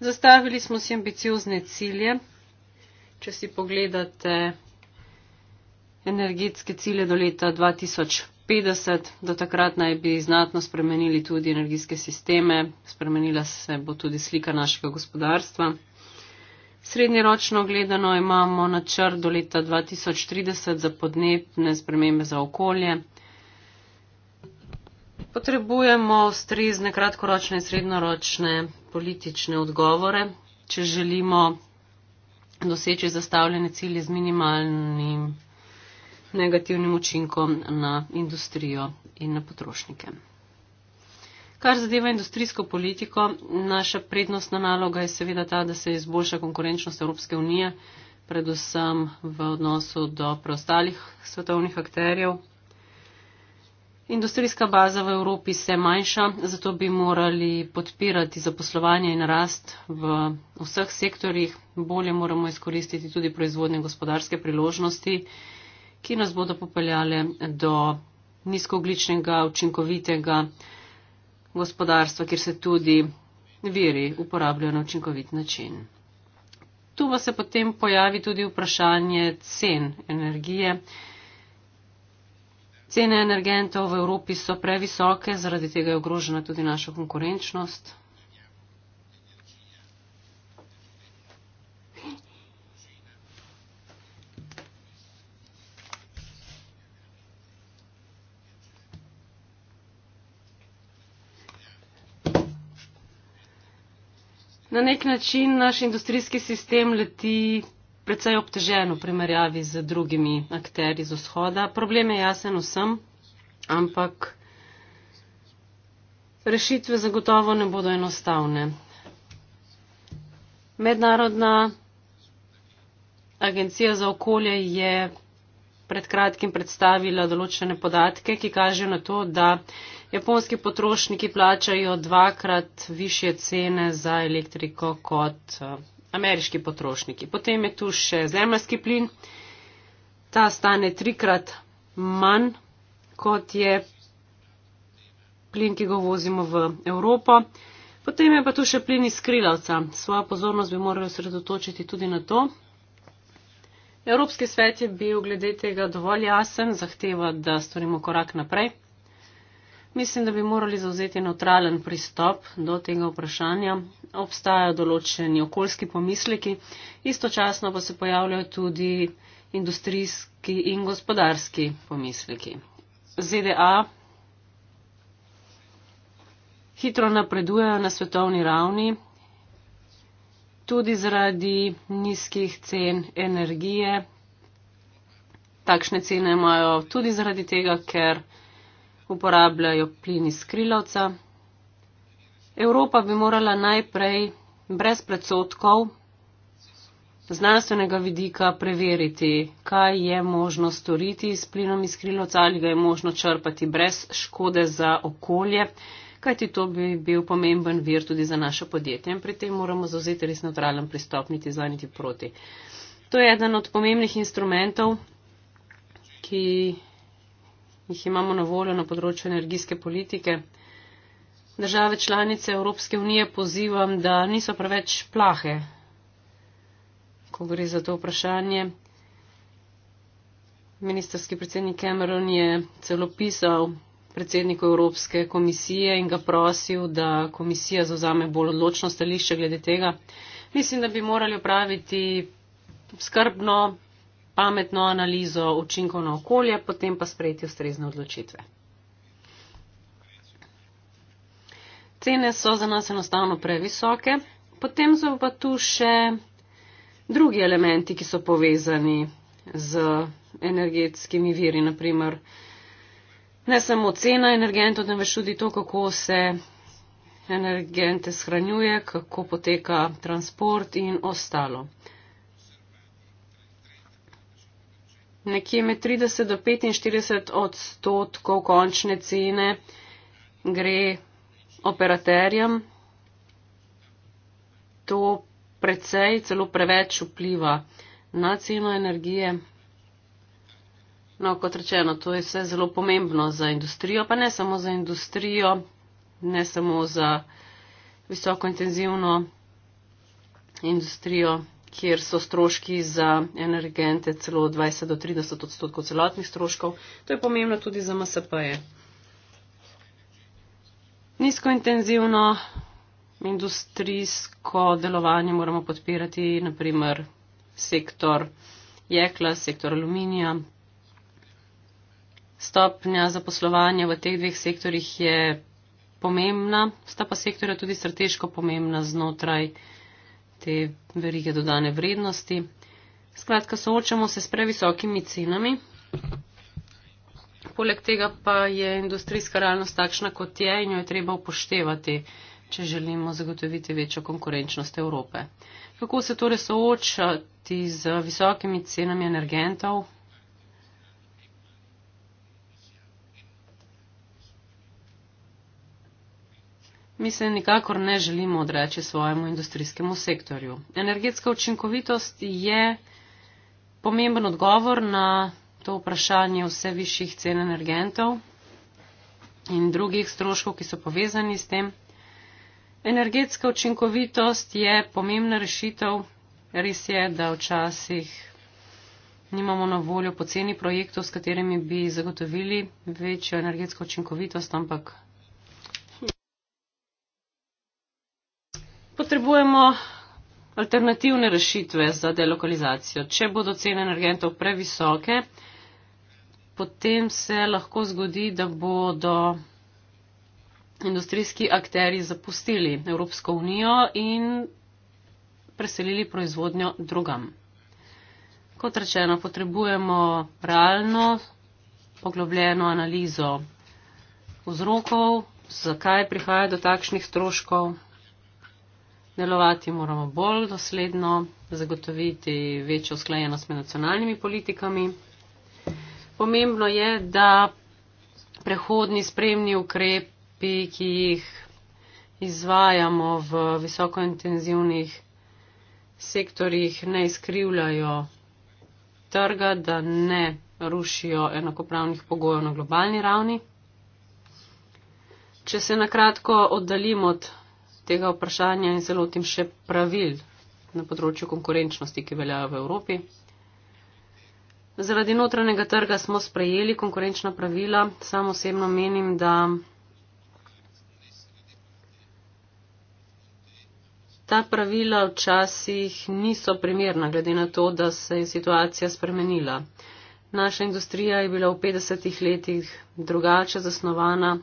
Zastavili smo si ambiciozne cilje. Če si pogledate energetske cilje do leta 2050, 2050, do takrat naj bi znatno spremenili tudi energijske sisteme, spremenila se bo tudi slika našega gospodarstva. Srednjeročno gledano imamo načrt do leta 2030 za podnebne spremembe za okolje. Potrebujemo strezne kratkoročne in srednjeročne politične odgovore, če želimo doseči zastavljene cilje z minimalnim negativnim učinkom na industrijo in na potrošnike. Kar zadeva industrijsko politiko, naša prednostna naloga je seveda ta, da se izboljša konkurenčnost Evropske unije, predvsem v odnosu do preostalih svetovnih akterjev. Industrijska baza v Evropi se manjša, zato bi morali podpirati zaposlovanje in rast v vseh sektorjih. Bolje moramo izkoristiti tudi proizvodne gospodarske priložnosti ki nas bodo popeljale do nizkoogličnega, učinkovitega gospodarstva, kjer se tudi viri uporabljajo na učinkovit način. Tu pa se potem pojavi tudi vprašanje cen energije. Cene energentov v Evropi so previsoke, zaradi tega je ogrožena tudi naša konkurenčnost. Na nek način naš industrijski sistem leti predvsej obtežen v primerjavi z drugimi akteri z vzhoda. Problem je jasen vsem, ampak rešitve zagotovo ne bodo enostavne. Mednarodna agencija za okolje je pred kratkim predstavila določene podatke, ki kažejo na to, da japonski potrošniki plačajo dvakrat više cene za elektriko kot eh, ameriški potrošniki. Potem je tu še zemljski plin. Ta stane trikrat manj, kot je plin, ki ga vozimo v Evropo. Potem je pa tu še plin iz krilavca. Svojo pozornost bi morali osredotočiti tudi na to, Evropski svet je bil glede tega dovolj jasen, zahteva, da storimo korak naprej. Mislim, da bi morali zauzeti neutralen pristop do tega vprašanja. Obstajajo določeni okoljski pomisleki, istočasno pa se pojavljajo tudi industrijski in gospodarski pomisleki. ZDA hitro napredujejo na svetovni ravni, tudi zaradi nizkih cen energije. Takšne cene imajo tudi zaradi tega, ker uporabljajo plin iz krilovca. Evropa bi morala najprej brez predsotkov znanstvenega vidika preveriti, kaj je možno storiti s plinom iz krilovca ali ga je možno črpati brez škode za okolje kajti to bi bil pomemben vir tudi za naše podjetje in pri tem moramo zauzeti res neutralen pristop, niti za niti proti. To je eden od pomembnih instrumentov, ki jih imamo na voljo na področju energijske politike. Države članice Evropske unije pozivam, da niso preveč plahe, ko gre za to vprašanje. Ministrski predsednik Cameron je celo pisal predsedniku Evropske komisije in ga prosil, da komisija zauzame bolj odločno stališče glede tega. Mislim, da bi morali opraviti skrbno, pametno analizo učinkov na okolje, potem pa sprejeti ustrezne odločitve. Cene so za nas enostavno previsoke, potem so pa tu še drugi elementi, ki so povezani z energetskimi viri, naprimer ne samo cena energentov, temveč tudi to, kako se energente shranjuje, kako poteka transport in ostalo. Nekje med 30 do 45 odstotkov končne cene gre operaterjem. To precej, celo preveč vpliva na ceno energije. No, kot rečeno, to je vse zelo pomembno za industrijo, pa ne samo za industrijo, ne samo za visoko intenzivno industrijo, kjer so stroški za energente celo 20 do 30 odstotkov celotnih stroškov. To je pomembno tudi za MSP-je. Nizko intenzivno industrijsko delovanje moramo podpirati, naprimer sektor jekla, sektor aluminija. Stopnja zaposlovanja v teh dveh sektorjih je pomembna, sta pa sektorja tudi strateško pomembna znotraj te verige dodane vrednosti. Skratka, soočamo se s previsokimi cenami. Poleg tega pa je industrijska realnost takšna, kot je in jo je treba upoštevati, če želimo zagotoviti večjo konkurenčnost Evrope. Kako se torej soočati z visokimi cenami energentov, Mi se nikakor ne želimo odreči svojemu industrijskemu sektorju. Energetska učinkovitost je pomemben odgovor na to vprašanje vse višjih cen energentov in drugih stroškov, ki so povezani s tem. Energetska učinkovitost je pomembna rešitev. Res je, da včasih nimamo na voljo poceni projektov, s katerimi bi zagotovili večjo energetsko učinkovitost, ampak potrebujemo alternativne rešitve za delokalizacijo. Če bodo cene energentov previsoke, potem se lahko zgodi, da bodo industrijski akteri zapustili Evropsko unijo in preselili proizvodnjo drugam. Kot rečeno, potrebujemo realno, poglobljeno analizo vzrokov, zakaj prihaja do takšnih stroškov. Delovati moramo bolj dosledno, zagotoviti večjo sklajenost med nacionalnimi politikami. Pomembno je, da prehodni spremni ukrepi, ki jih izvajamo v visokointenzivnih sektorjih, ne izkrivljajo trga, da ne rušijo enakopravnih pogojev na globalni ravni. Če se na kratko oddaljimo od tega vprašanja in se lotim še pravil na področju konkurenčnosti, ki veljajo v Evropi. Zaradi notranjega trga smo sprejeli konkurenčna pravila. Sam osebno menim, da ta pravila včasih niso primerna, glede na to, da se je situacija spremenila. Naša industrija je bila v 50-ih letih drugače zasnovana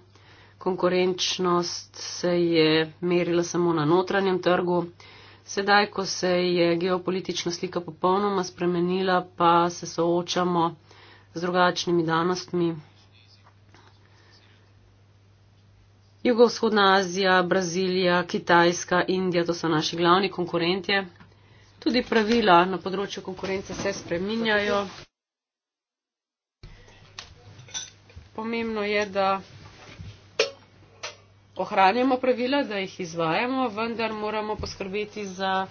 konkurenčnost se je merila samo na notranjem trgu. Sedaj, ko se je geopolitična slika popolnoma spremenila, pa se soočamo z drugačnimi danostmi. Jugovzhodna Azija, Brazilija, Kitajska, Indija, to so naši glavni konkurentje. Tudi pravila na področju konkurence se spreminjajo. Pomembno je, da ohranjamo pravila, da jih izvajamo, vendar moramo poskrbeti za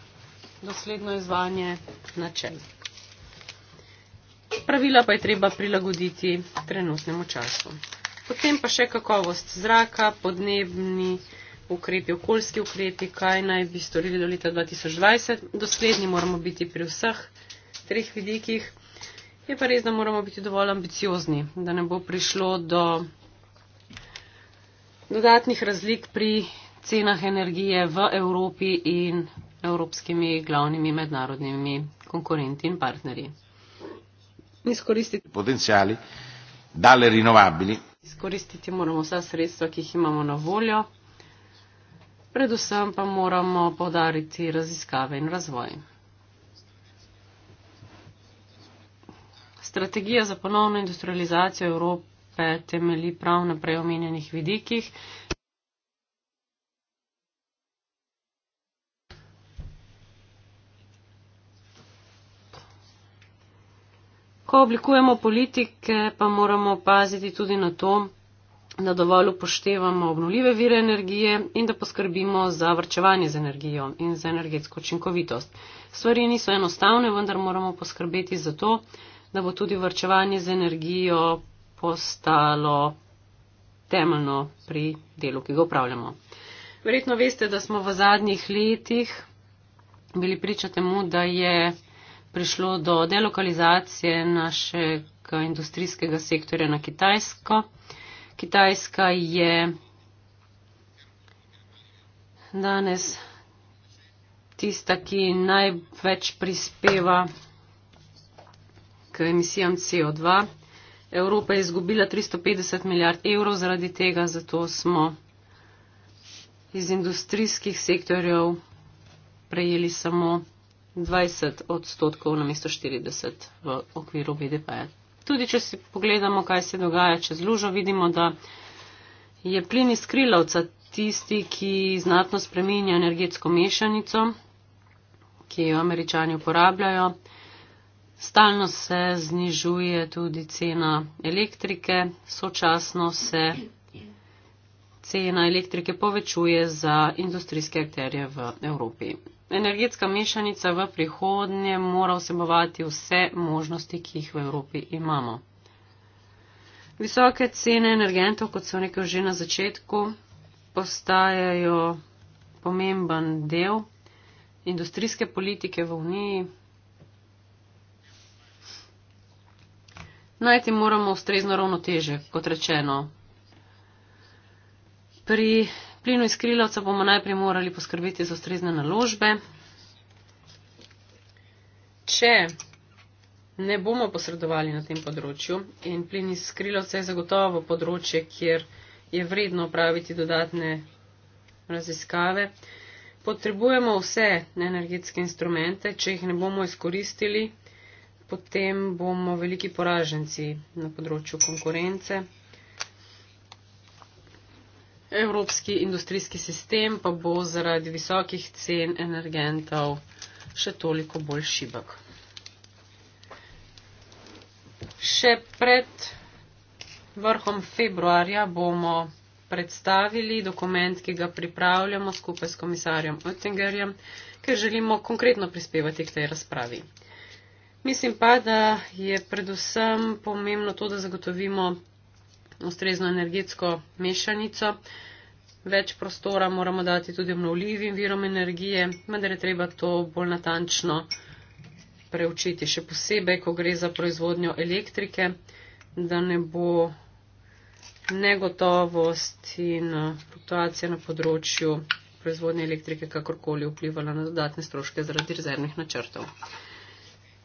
dosledno izvajanje načel. Pravila pa je treba prilagoditi trenutnemu času. Potem pa še kakovost zraka, podnebni ukrepi, okoljski ukrepi, kaj naj bi storili do leta 2020. Dosledni moramo biti pri vseh treh vidikih. Je pa res, da moramo biti dovolj ambiciozni, da ne bo prišlo do dodatnih razlik pri cenah energije v Evropi in evropskimi glavnimi mednarodnimi konkurenti in partnerji. Izkoristiti, potencijali, dale izkoristiti moramo vsa sredstva, ki jih imamo na voljo, predvsem pa moramo podariti raziskave in razvoj. Strategija za ponovno industrializacijo Evrope Evrope temeli prav na preomenjenih vidikih. Ko oblikujemo politike, pa moramo paziti tudi na to, da dovolj upoštevamo obnuljive vire energije in da poskrbimo za vrčevanje z energijo in za energetsko učinkovitost. Stvari niso enostavne, vendar moramo poskrbeti za to, da bo tudi vrčevanje z energijo postalo temeljno pri delu, ki ga upravljamo. Verjetno veste, da smo v zadnjih letih bili priča temu, da je prišlo do delokalizacije našega industrijskega sektorja na Kitajsko. Kitajska je danes tista, ki največ prispeva k emisijam CO2. Evropa je izgubila 350 milijard evrov zaradi tega, zato smo iz industrijskih sektorjev prejeli samo 20 odstotkov na mesto 40 v okviru BDP-ja. Tudi, če si pogledamo, kaj se dogaja čez lužo, vidimo, da je plin iz krilovca tisti, ki znatno spreminja energetsko mešanico, ki jo američani uporabljajo. Stalno se znižuje tudi cena elektrike, sočasno se cena elektrike povečuje za industrijske akterje v Evropi. Energetska mešanica v prihodnje mora vsebovati vse možnosti, ki jih v Evropi imamo. Visoke cene energentov, kot sem rekel že na začetku, postajajo pomemben del industrijske politike v Uniji, Najti moramo ustrezno ravnoteže, kot rečeno. Pri plinu iz krilovca bomo najprej morali poskrbeti za ustrezne naložbe. Če ne bomo posredovali na tem področju in plin iz krilovca je zagotovo področje, kjer je vredno opraviti dodatne raziskave, potrebujemo vse energetske instrumente, če jih ne bomo izkoristili potem bomo veliki poraženci na področju konkurence. Evropski industrijski sistem pa bo zaradi visokih cen energentov še toliko bolj šibak. Še pred vrhom februarja bomo predstavili dokument, ki ga pripravljamo skupaj s komisarjem Oettingerjem, ker želimo konkretno prispevati k tej razpravi. Mislim pa, da je predvsem pomembno to, da zagotovimo ustrezno energetsko mešanico. Več prostora moramo dati tudi obnovljivim virom energije, vendar je treba to bolj natančno preučiti. Še posebej, ko gre za proizvodnjo elektrike, da ne bo negotovost in eh, fluktuacija na področju proizvodnje elektrike kakorkoli vplivala na dodatne stroške zaradi rezervnih načrtov.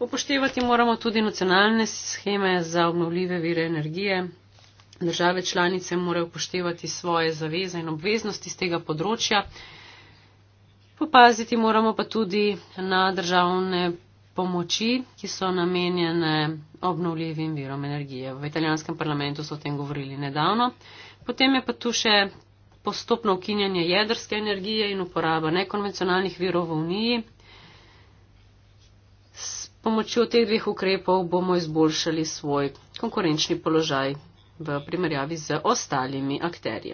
Upoštevati moramo tudi nacionalne scheme za obnovljive vire energije. Države članice morajo upoštevati svoje zaveze in obveznosti z tega področja. Popaziti moramo pa tudi na državne pomoči, ki so namenjene obnovljivim virom energije. V italijanskem parlamentu so o tem govorili nedavno. Potem je pa tu še postopno ukinjanje jedrske energije in uporaba nekonvencionalnih virov v Uniji pomočjo teh dveh ukrepov bomo izboljšali svoj konkurenčni položaj v primerjavi z ostalimi akterji.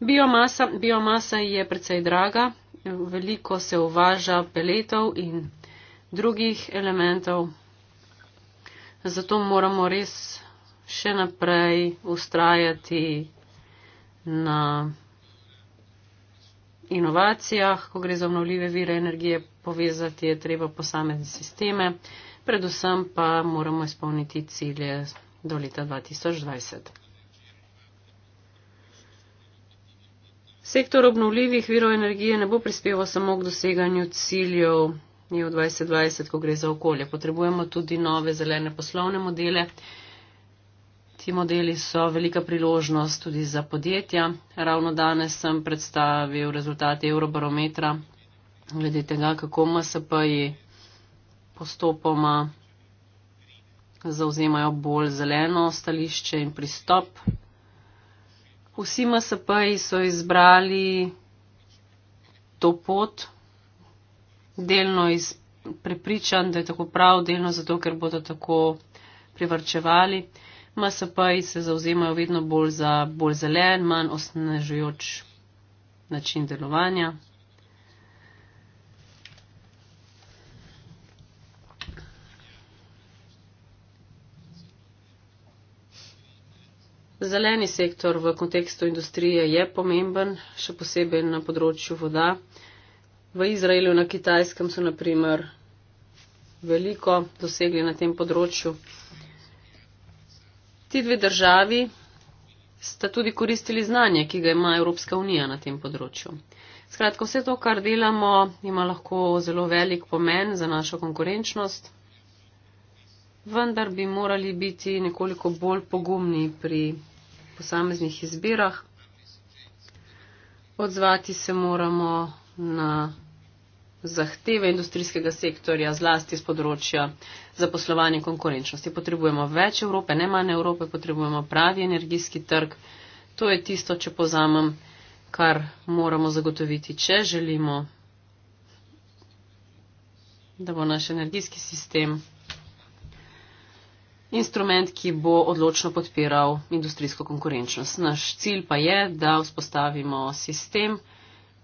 Biomasa, biomasa je precej draga, veliko se uvaža peletov in drugih elementov, zato moramo res še naprej ustrajati na inovacijah, ko gre za obnovljive vire energije, povezati je treba posamezne sisteme, predvsem pa moramo izpolniti cilje do leta 2020. Sektor obnovljivih virov energije ne bo prispeval samo k doseganju ciljev je v 2020, ko gre za okolje. Potrebujemo tudi nove zelene poslovne modele. Ti modeli so velika priložnost tudi za podjetja. Ravno danes sem predstavil rezultate Eurobarometra, glede tega, kako MSP-ji postopoma zauzemajo bolj zeleno stališče in pristop. Vsi MSP-ji so izbrali to pot, delno iz prepričan, da je tako prav, delno zato, ker bodo tako privrčevali. MSP-ji se zauzemajo vedno bolj za bolj zelen, manj osnežujoč način delovanja. Zeleni sektor v kontekstu industrije je pomemben, še posebej na področju voda. V Izraelu in na Kitajskem so naprimer veliko dosegli na tem področju. Ti dve državi sta tudi koristili znanje, ki ga ima Evropska unija na tem področju. Skratka, vse to, kar delamo, ima lahko zelo velik pomen za našo konkurenčnost, vendar bi morali biti nekoliko bolj pogumni pri posameznih izbirah. Odzvati se moramo na zahteve industrijskega sektorja, zlasti z področja zaposlovanja in konkurenčnosti. Potrebujemo več Evrope, ne manj Evrope, potrebujemo pravi energijski trg. To je tisto, če pozamem, kar moramo zagotoviti, če želimo, da bo naš energijski sistem instrument, ki bo odločno podpiral industrijsko konkurenčnost. Naš cilj pa je, da vzpostavimo sistem,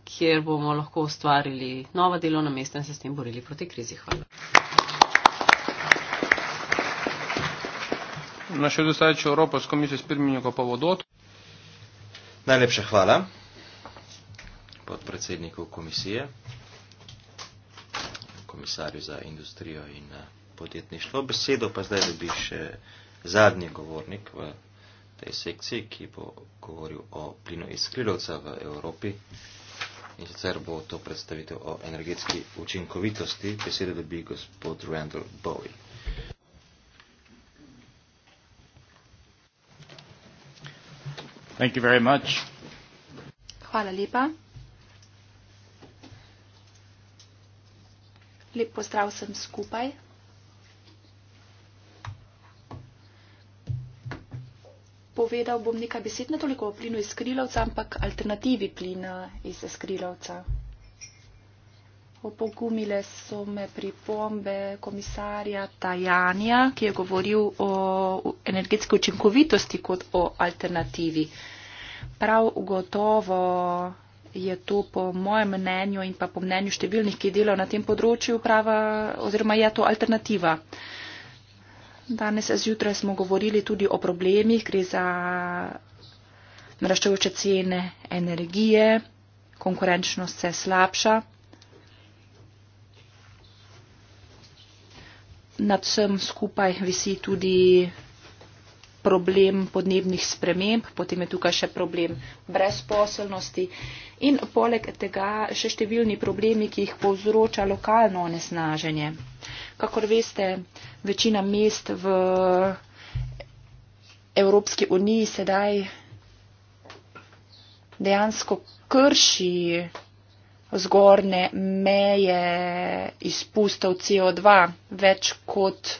kjer bomo lahko ustvarili nova delovna mesta in se s tem borili proti krizi. Hvala. Najlepša hvala podpredsedniku komisije, komisarju za industrijo in. Uh, podjetništvo. Besedo pa zdaj dobi še zadnji govornik v tej sekciji, ki bo govoril o plinu iz Krilovca v Evropi. In sicer bo to predstavitev o energetski učinkovitosti. Besedo dobi gospod Randall Bowie. Thank you very much. Hvala lepa. Lep pozdrav sem skupaj. povedal bom nekaj besed ne toliko o plinu iz skrilovca, ampak alternativi plina iz skrilovca. Opogumile so me pripombe komisarja Tajanja, ki je govoril o energetski učinkovitosti kot o alternativi. Prav gotovo je to po mojem mnenju in pa po mnenju številnih, ki delajo na tem področju, prava oziroma je to alternativa. Uh, Danes zjutraj smo govorili tudi o problemih, gre za naraščajoče cene energije, konkurenčnost se slabša. Nad vsem skupaj visi tudi problem podnebnih sprememb, potem je tukaj še problem brezposelnosti in poleg tega še številni problemi, ki jih povzroča lokalno onesnaženje. Kakor veste, večina mest v Evropski uniji sedaj dejansko krši zgorne meje izpustov CO2 več kot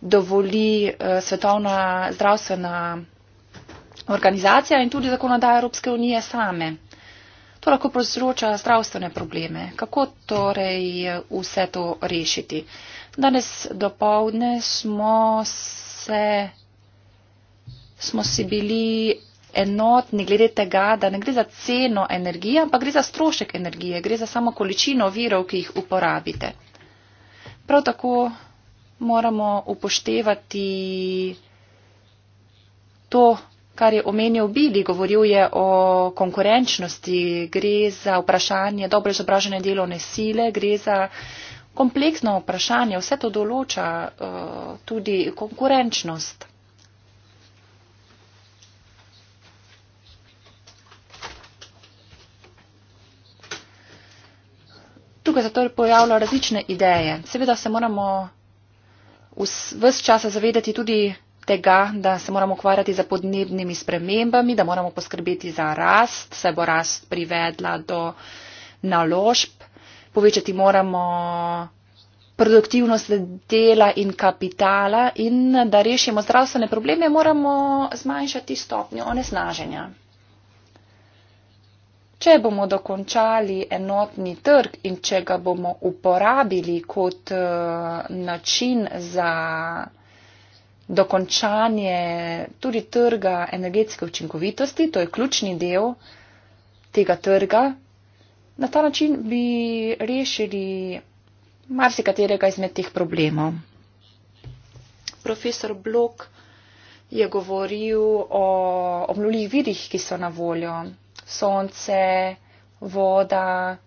dovoli eh, svetovna zdravstvena organizacija in tudi zakonodaja Evropske unije same. To lahko povzroča zdravstvene probleme. Kako torej eh, vse to rešiti? Danes dopovdne smo, smo si bili enotni glede tega, da ne gre za ceno energije, ampak gre za strošek energije, gre za samo količino virov, ki jih uporabite. Prav tako moramo upoštevati to, kar je omenil Bili, govoril je o konkurenčnosti, gre za vprašanje dobro izobražene delovne sile, gre za kompleksno vprašanje, vse to določa uh, tudi konkurenčnost. Tukaj se torej pojavljajo različne ideje. Seveda se moramo ves čas zavedati tudi tega, da se moramo ukvarjati za podnebnimi spremembami, da moramo poskrbeti za rast, se bo rast privedla do naložb, povečati moramo produktivnost dela in kapitala in da rešimo zdravstvene probleme, moramo zmanjšati stopnjo onesnaženja. Če bomo dokončali enotni trg in če ga bomo uporabili kot eh, način za dokončanje tudi trga energetske učinkovitosti, to je ključni del tega trga, na ta način bi rešili marsikaterega izmed teh problemov. Profesor Blok je govoril o obnuljih vidih, ki so na voljo sonce, voda,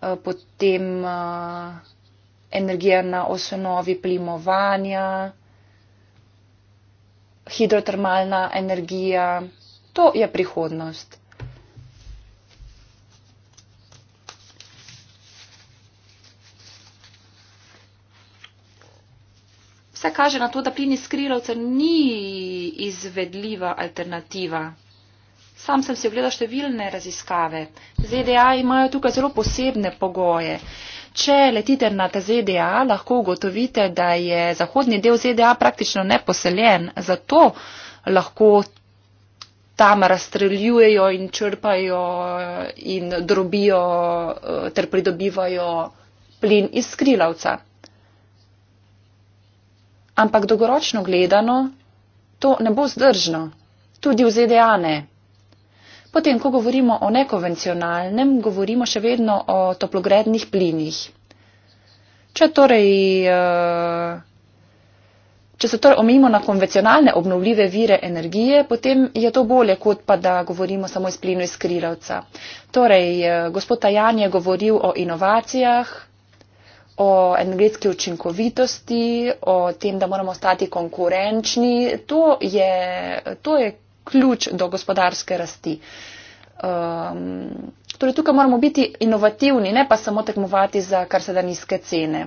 eh, potem eh, energija na osnovi plimovanja, hidrotermalna energija. To je prihodnost. Vse kaže na to, da plin iz skrilovca ni izvedljiva alternativa. Sam sem si ogledal številne raziskave. ZDA e imajo tukaj zelo posebne pogoje. Če letite na ta e ZDA, lahko ugotovite, da je zahodni del ZDA e praktično neposeljen, zato lahko tam razstreljujejo in črpajo eh, in drobijo eh, ter pridobivajo plin iz skrilavca. Ampak dolgoročno gledano, to ne bo zdržno. Tudi v ZDA ne. Potem, ko govorimo o nekonvencionalnem, govorimo še vedno o toplogrednih plinih. Če, torej, eh, če se torej omejimo na konvencionalne obnovljive vire energije, potem je to bolje, kot pa da govorimo samo iz plinu iz krilovca. Torej, eh, gospod Tajan je govoril o inovacijah, o energetski učinkovitosti, o tem, da moramo stati konkurenčni. To je, to je ključ do gospodarske rasti. Um, torej tukaj moramo biti inovativni, ne pa samo tekmovati za kar se da nizke cene.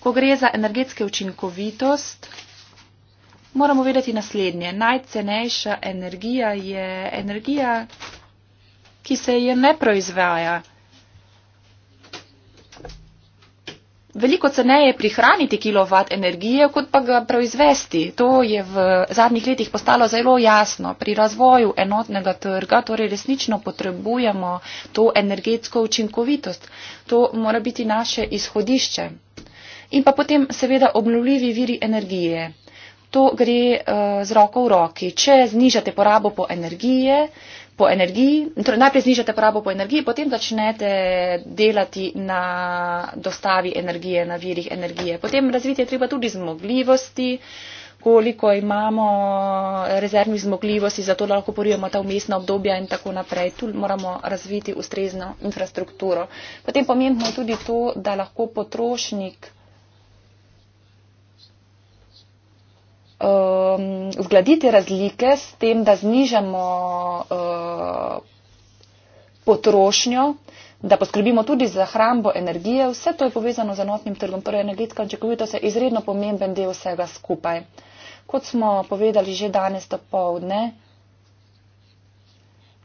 Ko gre za energetske učinkovitost, moramo vedeti naslednje. Najcenejša energija je energija, ki se je ne proizvaja veliko ceneje prihraniti kilovat energije, kot pa ga proizvesti. To je v zadnjih letih postalo zelo jasno. Pri razvoju enotnega trga torej resnično potrebujemo to energetsko učinkovitost. To mora biti naše izhodišče. In pa potem seveda obnovljivi viri energije. To gre uh, z roko v roki. Če znižate porabo po energije, po energiji, torej najprej znižate porabo po energiji, potem začnete delati na dostavi energije, na virih energije. Potem razviti je treba tudi zmogljivosti, koliko imamo rezervnih zmogljivosti, zato da lahko porujemo ta umestna obdobja in tako naprej. Tu moramo razviti ustrezno infrastrukturo. Potem pomembno je tudi to, da lahko potrošnik um, zgladiti razlike s tem, da znižamo uh, potrošnjo, da poskrbimo tudi za hrambo energije. Vse to je povezano z enotnim trgom. Torej, energetska očekovitost je izredno pomemben del vsega skupaj. Kot smo povedali že danes do povdne,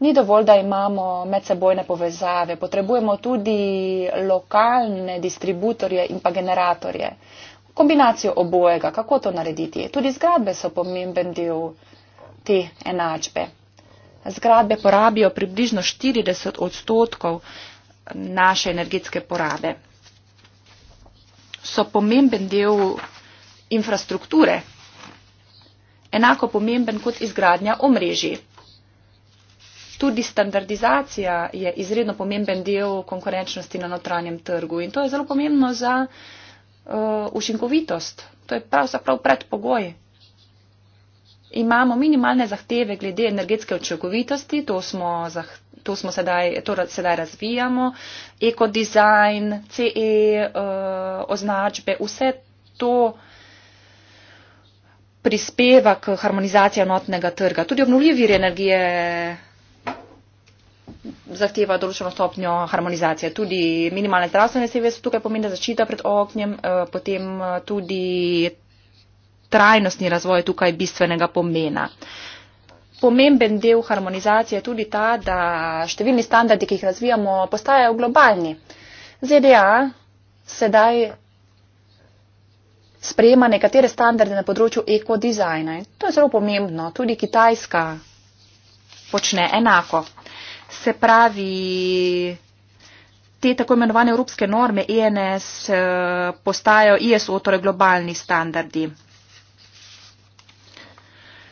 ni dovolj, da imamo medsebojne povezave. Potrebujemo tudi lokalne distributorje in pa generatorje kombinacijo obojega, kako to narediti. Tudi zgradbe so pomemben del te enačbe. Zgradbe porabijo približno 40 odstotkov naše energetske porabe. So pomemben del infrastrukture, enako pomemben kot izgradnja omrežij. Tudi standardizacija je izredno pomemben del konkurenčnosti na notranjem trgu in to je zelo pomembno za Eh, učinkovitost. To je pravzaprav predpogoj. Imamo minimalne zahteve glede energetske učinkovitosti, to smo, to smo sedaj, to sedaj razvijamo, ekodizajn, CE eh, označbe, vse to prispeva k harmonizaciji notnega trga. Tudi obnovljivi energije zahteva določeno stopnjo harmonizacije. Tudi minimalne zdravstvene sebe so tukaj pomembne, zaščita pred oknjem, eh, potem eh, tudi trajnostni razvoj je tukaj bistvenega pomena. Pomemben del harmonizacije je tudi ta, da številni standardi, ki jih razvijamo, postajajo globalni. ZDA sedaj sprejema nekatere standarde na področju ekodizajna. To je zelo pomembno. Tudi Kitajska počne enako se pravi te tako imenovane evropske norme ENS eh, postajajo ISO, torej globalni standardi.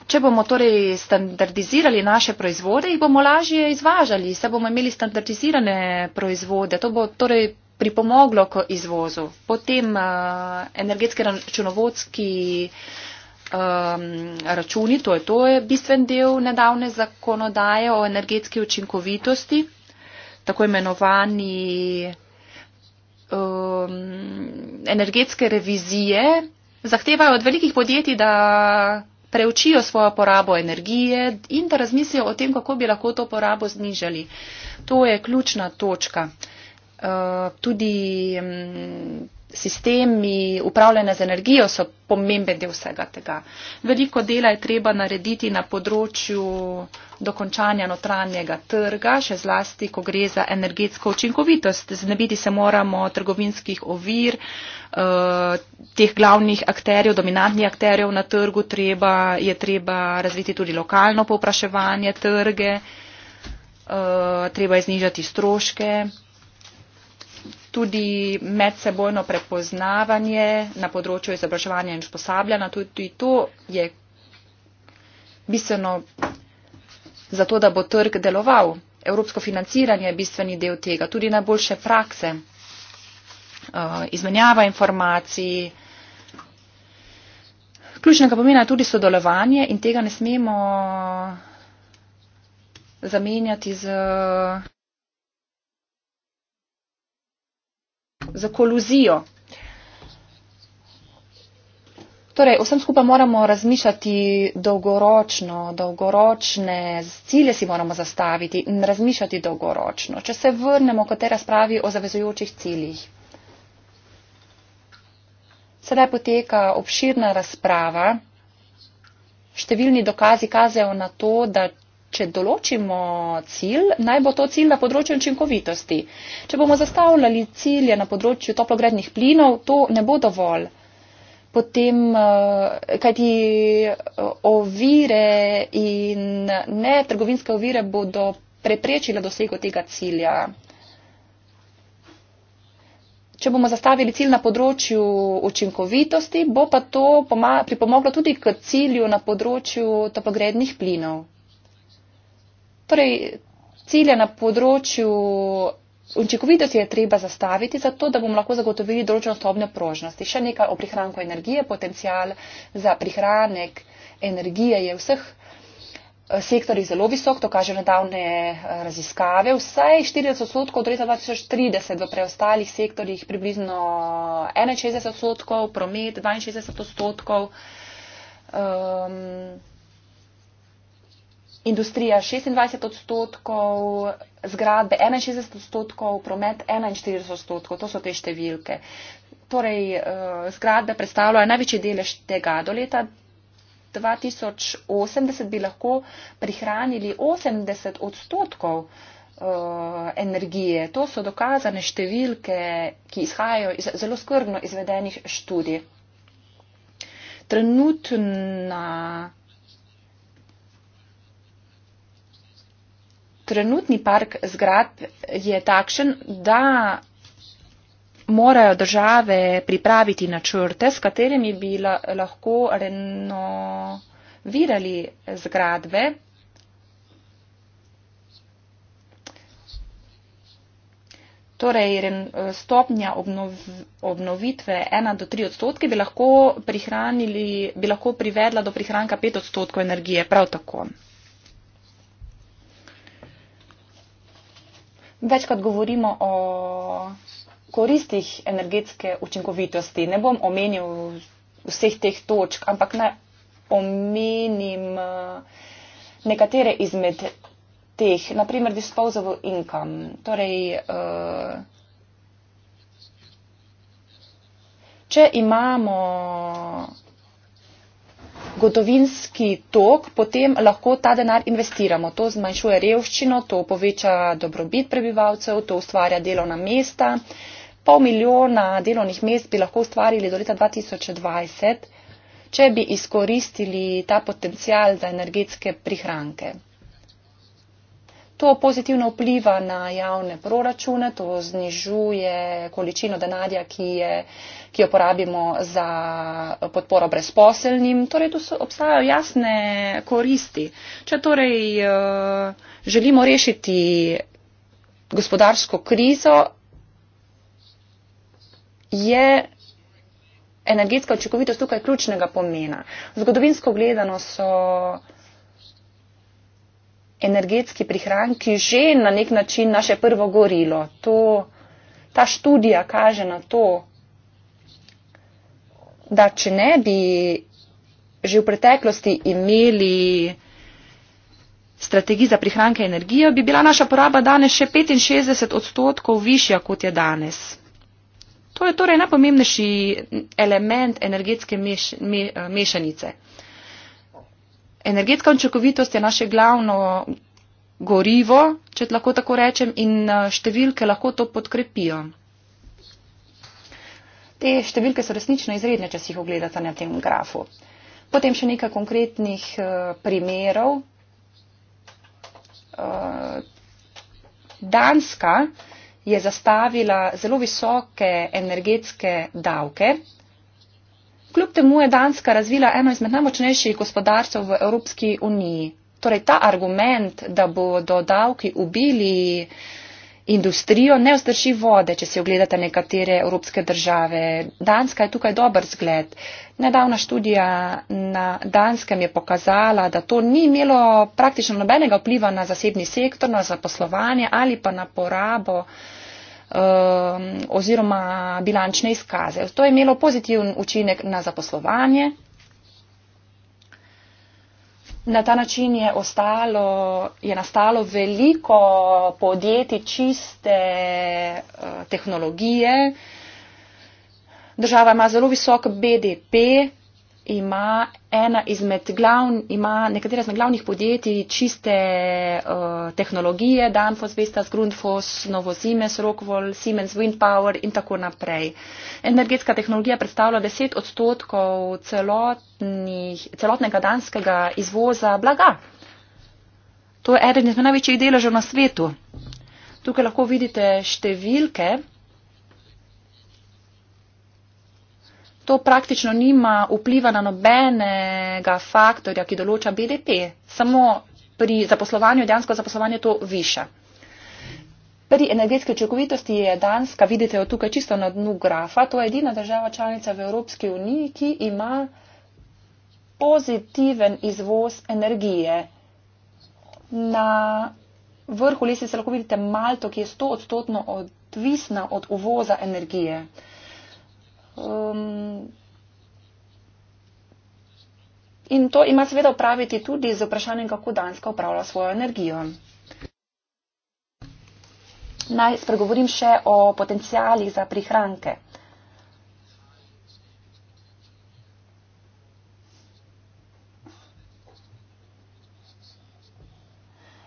Če bomo torej standardizirali naše proizvode, jih bomo lažje izvažali, se bomo imeli standardizirane proizvode, to bo torej pripomoglo k izvozu. Potem uh, energetski računovodski uh, um, računi, to je, to je bistven del nedavne zakonodaje o energetski učinkovitosti, tako imenovani um, energetske revizije, zahtevajo od velikih podjetij, da preučijo svojo porabo energije in da razmislijo o tem, kako bi lahko to porabo znižali. To je ključna točka. Uh, tudi um, sistemi upravljanja z energijo so pomemben del vsega tega. Veliko dela je treba narediti na področju dokončanja notranjega trga, še zlasti, ko gre za energetsko učinkovitost. Znebiti se moramo trgovinskih ovir, eh, teh glavnih akterjev, dominantnih akterjev na trgu, treba, je treba razviti tudi lokalno popraševanje trge, eh, treba je znižati stroške tudi medsebojno prepoznavanje na področju izobraževanja in usposabljanja. Tudi to je bistveno za to, da bo trg deloval. Evropsko financiranje je bistveni del tega, tudi najboljše prakse, eh, izmenjava informacij. Ključnega pomena je tudi sodelovanje in tega ne smemo zamenjati z. za koluzijo. Torej, vsem skupaj moramo razmišljati dolgoročno, dolgoročne cilje si moramo zastaviti in razmišljati dolgoročno. Če se vrnemo k tej razpravi o zavezujočih ciljih. Sedaj poteka obširna razprava. Številni dokazi kazajo na to, da če določimo cilj, naj bo to cilj na področju učinkovitosti. Če bomo zastavljali cilje na področju toplogrednih plinov, to ne bo dovolj. Potem, eh, kaj ti eh, ovire in ne trgovinske ovire bodo preprečile dosego tega cilja. Če bomo zastavili cilj na področju učinkovitosti, bo pa to pripomoglo tudi k cilju na področju topogrednih plinov. Torej, cilje na področju učinkovitosti je treba zastaviti, zato da bomo lahko zagotovili določeno stopnjo prožnosti. Še nekaj o prihranku energije, potencial za prihranek energije je vseh. Eh, Sektor je zelo visok, to kaže nedavne eh, raziskave. Vsaj 40 odstotkov do leta 2030 v preostalih sektorjih, približno 61 odstotkov, promet 62 odstotkov. Um, industrija 26 odstotkov, zgradbe 61 odstotkov, promet 41 odstotkov. To so te številke. Torej, eh, zgradbe predstavljajo največji delež tega. Do leta 2080 bi lahko prihranili 80 odstotkov eh, energije. To so dokazane številke, ki izhajajo iz zelo skrbno izvedenih študij. Trenutna trenutni park zgrad je takšen, da morajo države pripraviti načrte, s katerimi bi lahko renovirali zgradbe. Torej, stopnja obnovitve 1 do 3 odstotke bi lahko, bi lahko privedla do prihranka 5 odstotkov energije. Prav tako. Večkrat govorimo o koristih energetske učinkovitosti. Ne bom omenil vseh teh točk, ampak naj omenim eh, nekatere izmed teh, naprimer disposable income. Torej, eh, če imamo gotovinski tok, potem lahko ta denar investiramo. To zmanjšuje revščino, to poveča dobrobit prebivalcev, to ustvarja delovna mesta. Pol milijona delovnih mest bi lahko ustvarili do leta 2020, če bi izkoristili ta potencial za energetske prihranke. To pozitivno vpliva na javne proračune, to znižuje količino denarja, ki, je, ki jo porabimo za podporo brezposelnim. Torej, tu so, obstajajo jasne koristi. Če torej eh, želimo rešiti gospodarsko krizo, je energetska učinkovitost tukaj ključnega pomena. Zgodovinsko gledano so energetski prihranki že na nek način naše prvo gorilo. To, ta študija kaže na to, da če ne bi že v preteklosti imeli strategij za prihranke energije, bi bila naša poraba danes še 65 odstotkov višja, kot je danes. To je torej najpomembnejši element energetske meš, me, mešanice energetska učinkovitost je naše glavno gorivo, če lahko tako rečem, in eh, številke lahko to podkrepijo. Te številke so resnično izredne, če si jih ogledate na tem grafu. Potem še nekaj konkretnih uh, primerov. Uh, Danska je zastavila zelo visoke energetske davke, Kljub temu je Danska razvila eno izmed najmočnejših gospodarstv v Evropski uniji. Torej ta argument, da bodo davki ubili industrijo, ne ostrši vode, če si ogledate nekatere evropske države. Danska je tukaj dober zgled. Nedavna študija na Danskem je pokazala, da to ni imelo praktično nobenega vpliva na zasebni sektor, na zaposlovanje ali pa na porabo. Um, oziroma bilančne izkaze. To je imelo pozitiven učinek na zaposlovanje. Na ta način je, ostalo, je nastalo veliko podjetij čiste uh, tehnologije. Država ima zelo visok BDP, ima ena izmed glavn, ima nekatera izmed glavnih podjetij čiste uh, tehnologije, Danfoss, Vestas, Grundfoss, Novo Siemens, Rockwell, Siemens Windpower in tako naprej. Energetska tehnologija predstavlja 10 odstotkov celotnih, celotnega danskega izvoza blaga. To je eden izmed največjih deležev na svetu. Tukaj lahko vidite številke. to praktično nima vpliva na nobenega faktorja, ki določa BDP. Samo pri zaposlovanju, dejansko zaposlovanje to viša. Pri energetski očekovitosti je Danska, vidite jo tukaj čisto na dnu grafa, to je edina država članica v Evropski uniji, ki ima pozitiven izvoz energije. Na vrhu lesi se lahko vidite Malto, ki je 100 odstotno odvisna od uvoza energije. Um, in to ima seveda upraviti tudi z vprašanjem, kako Danska upravlja svojo energijo. Naj spregovorim še o potencijalih za prihranke.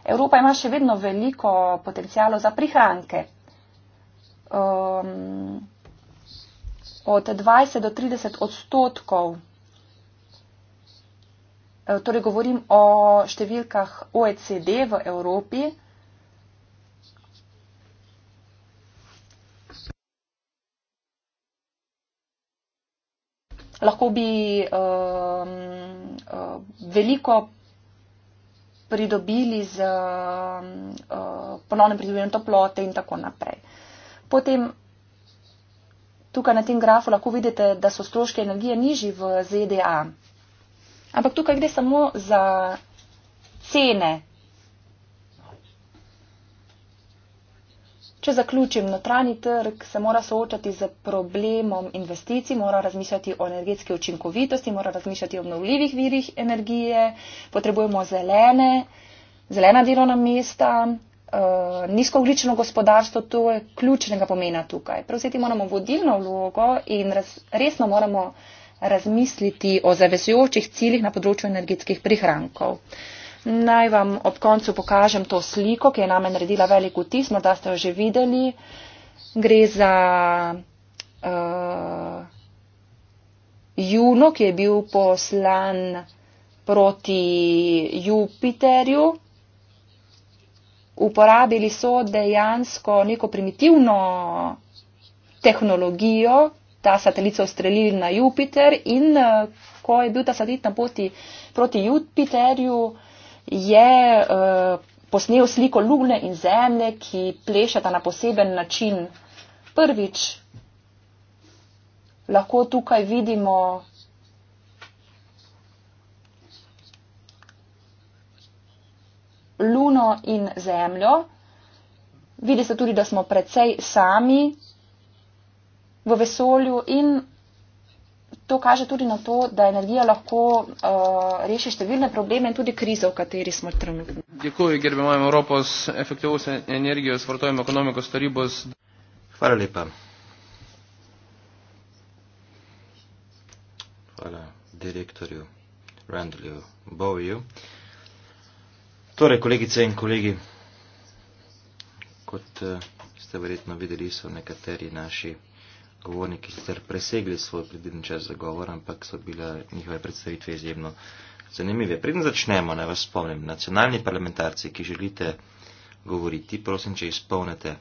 Evropa ima še vedno veliko potencijalov za prihranke. Um, od 20 do 30 odstotkov, e, torej govorim o številkah OECD v Evropi, lahko bi um, veliko pridobili z um, e, ponovnem pridobivanjem toplote in tako naprej. Potem Tukaj na tem grafu lahko vidite, da so stroške energije nižji v ZDA. Ampak tukaj gre samo za cene. Če zaključim, notranji trg se mora soočati z problemom investicij, mora razmišljati o energetski učinkovitosti, mora razmišljati o obnovljivih virih energije, potrebujemo zelene, zelena delovna mesta, Eh, nizkoglično gospodarstvo, to je ključnega pomena tukaj. Prevzeti moramo vodilno vlogo in raz, resno moramo razmisliti o zavezujočih ciljih na področju energetskih prihrankov. Naj vam ob koncu pokažem to sliko, ki je name naredila velik vtis, morda ste jo že videli. Gre za uh, Juno, ki je bil poslan proti Jupiterju uporabili so dejansko neko primitivno tehnologijo, ta satelit so ustrelili na Jupiter in eh, ko je bil ta satelit na poti proti Jupiterju, je uh, posnel sliko lune in zemlje, ki plešata na poseben način. Prvič lahko tukaj vidimo luno in zemljo. Vidi se tudi, da smo precej sami v vesolju in to kaže tudi na to, da energija lahko uh, reši številne probleme in tudi krize, v kateri smo trenutno. Dekuji, ker bi imamo Evropo s efektivost energijo, s vrtojem ekonomiko, s taribos. Hvala lepa. Hvala direktorju Randallju Bowieju. Torej, kolegice in kolegi, kot eh, ste verjetno videli, so nekateri naši govorniki sicer presegli svoj predviden čas za govor, ampak so bile njihove predstavitve izjemno zanimive. Preden začnemo, naj vas spomnim, nacionalni parlamentarci, ki želite govoriti, prosim, če izpolnete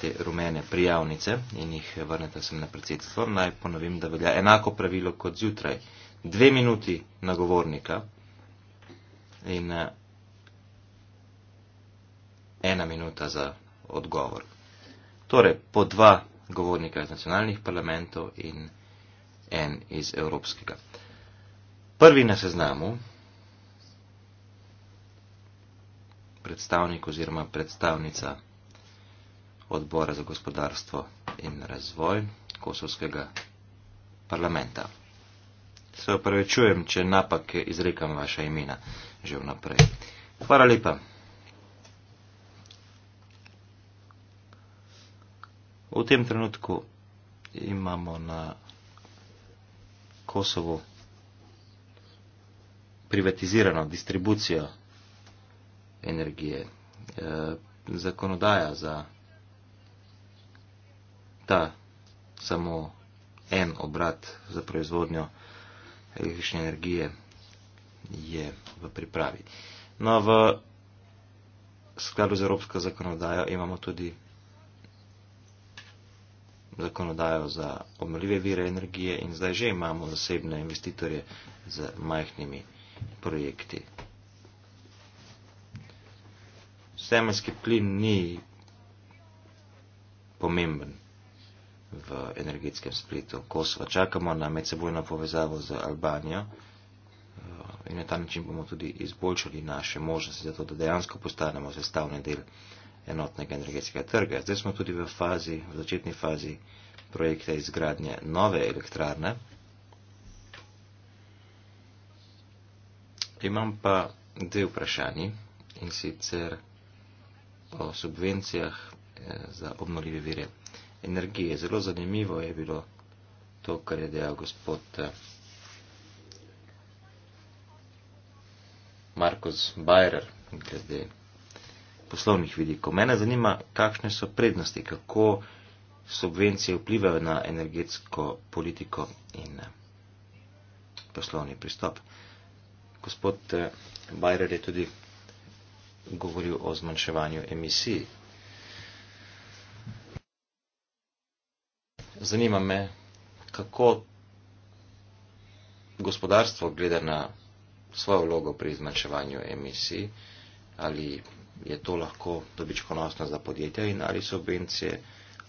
te rumene prijavnice in jih vrnete sem na predsedstvo, naj ponovim, da velja enako pravilo kot zjutraj. Dve minuti na govornika in eh, ena minuta za odgovor. Torej, po dva govornika iz nacionalnih parlamentov in en iz evropskega. Prvi na seznamu, predstavnik oziroma predstavnica odbora za gospodarstvo in razvoj kosovskega parlamenta. Se opravičujem, če napak izrekam vaša imena že vnaprej. Hvala lepa. U tem trenutku imamo na Kosovu privatizirano distribucijo energije. E, zakonodaja za ta samo en obrat za proizvodnjo električne energije je v pripravi. No, v skladu z evropsko zakonodajo imamo tudi zakonodajo za obnovljive vire energije in zdaj že imamo zasebne investitorje z majhnimi projekti. Semenski plin ni pomemben v energetskem splitu. Kosova čakamo na medsebojno povezavo z Albanijo eh, in na ta način bomo tudi izboljšali naše možnosti za to, da dejansko postanemo sestavni del energetskega splita enotnega energetskega trga. Zdaj smo tudi v fazi, v začetni fazi projekta izgradnje nove elektrarne. Imam pa dve vprašanji in sicer o subvencijah eh, za obnovljive vire energije. Zelo zanimivo je bilo to, kar je dejal gospod eh, Markus Bayer glede poslovnih vidikov. Mene zanima, kakšne so prednosti, kako subvencije vplivajo na energetsko politiko in eh, poslovni pristop. Gospod eh, Bajrer je tudi govoril o zmanjševanju emisij. Zanima me, kako gospodarstvo gleda na svojo vlogo pri zmanjševanju emisij, ali je to lahko dobičkonosno za podjetja in ali subvencije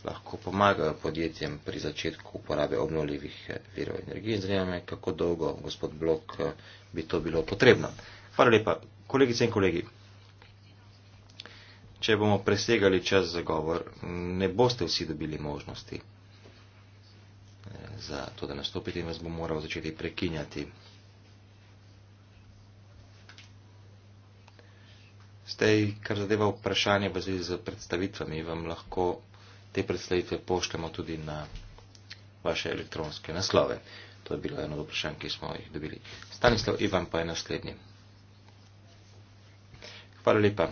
lahko pomagajo podjetjem pri začetku uporabe obnovljivih eh, virov energije. Zanima me, kako dolgo, gospod Blok, eh, bi to bilo potrebno. Hvala lepa, kolegice in kolegi. Če bomo presegali čas za govor, ne boste vsi dobili možnosti eh, za to, da nastopite in vas bom moral začeti prekinjati. Zdaj, kar zadeva vprašanje v zvezi z predstavitvami, vam lahko te predstavitve pošljemo tudi na vaše elektronske naslove. To je bilo eno od vprašanj, ki smo jih dobili. Stanislav Ivan pa je naslednji. Hvala lepa.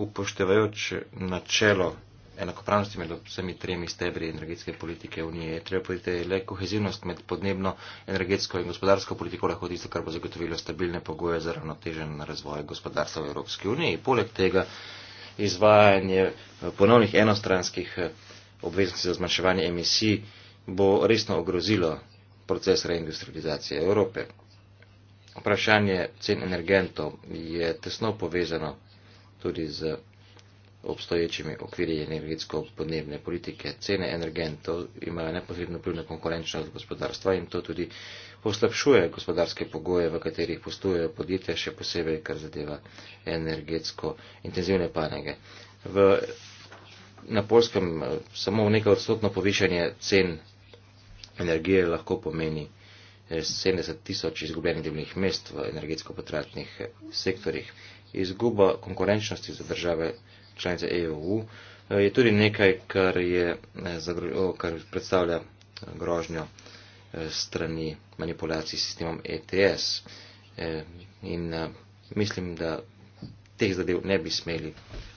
Upoštevajoč načelo enakopravnosti med vsemi tremi stebri energetske politike Unije. Treba povedati, le kohezivnost med podnebno, energetsko in gospodarsko politiko lahko tisto, kar bo zagotovilo stabilne pogoje za ravnotežen razvoj gospodarstva v Evropski uniji. Poleg tega izvajanje eh, ponovnih enostranskih eh, obveznosti za zmanjševanje emisij bo resno ogrozilo proces reindustrializacije Evrope. Vprašanje cen energentov je tesno povezano tudi z obstoječimi okviri energetsko-podnebne politike. Cene energentov imajo neposredno vpliv na konkurenčnost gospodarstva in to tudi poslabšuje gospodarske pogoje, v katerih poslujejo podjetja, še posebej, kar zadeva energetsko-intenzivne panege. V, na polskem eh, samo nekaj odstotno povišanje cen energije lahko pomeni 70 eh, tisoč izgubljenih delovnih mest v energetsko-potratnih eh, sektorjih. Izguba konkurenčnosti za države članice EU, eh, je tudi nekaj, kar, je, eh, kar predstavlja eh, grožnjo strani manipulacij s sistemom ETS. In mislim, da teh zadev ne bi smeli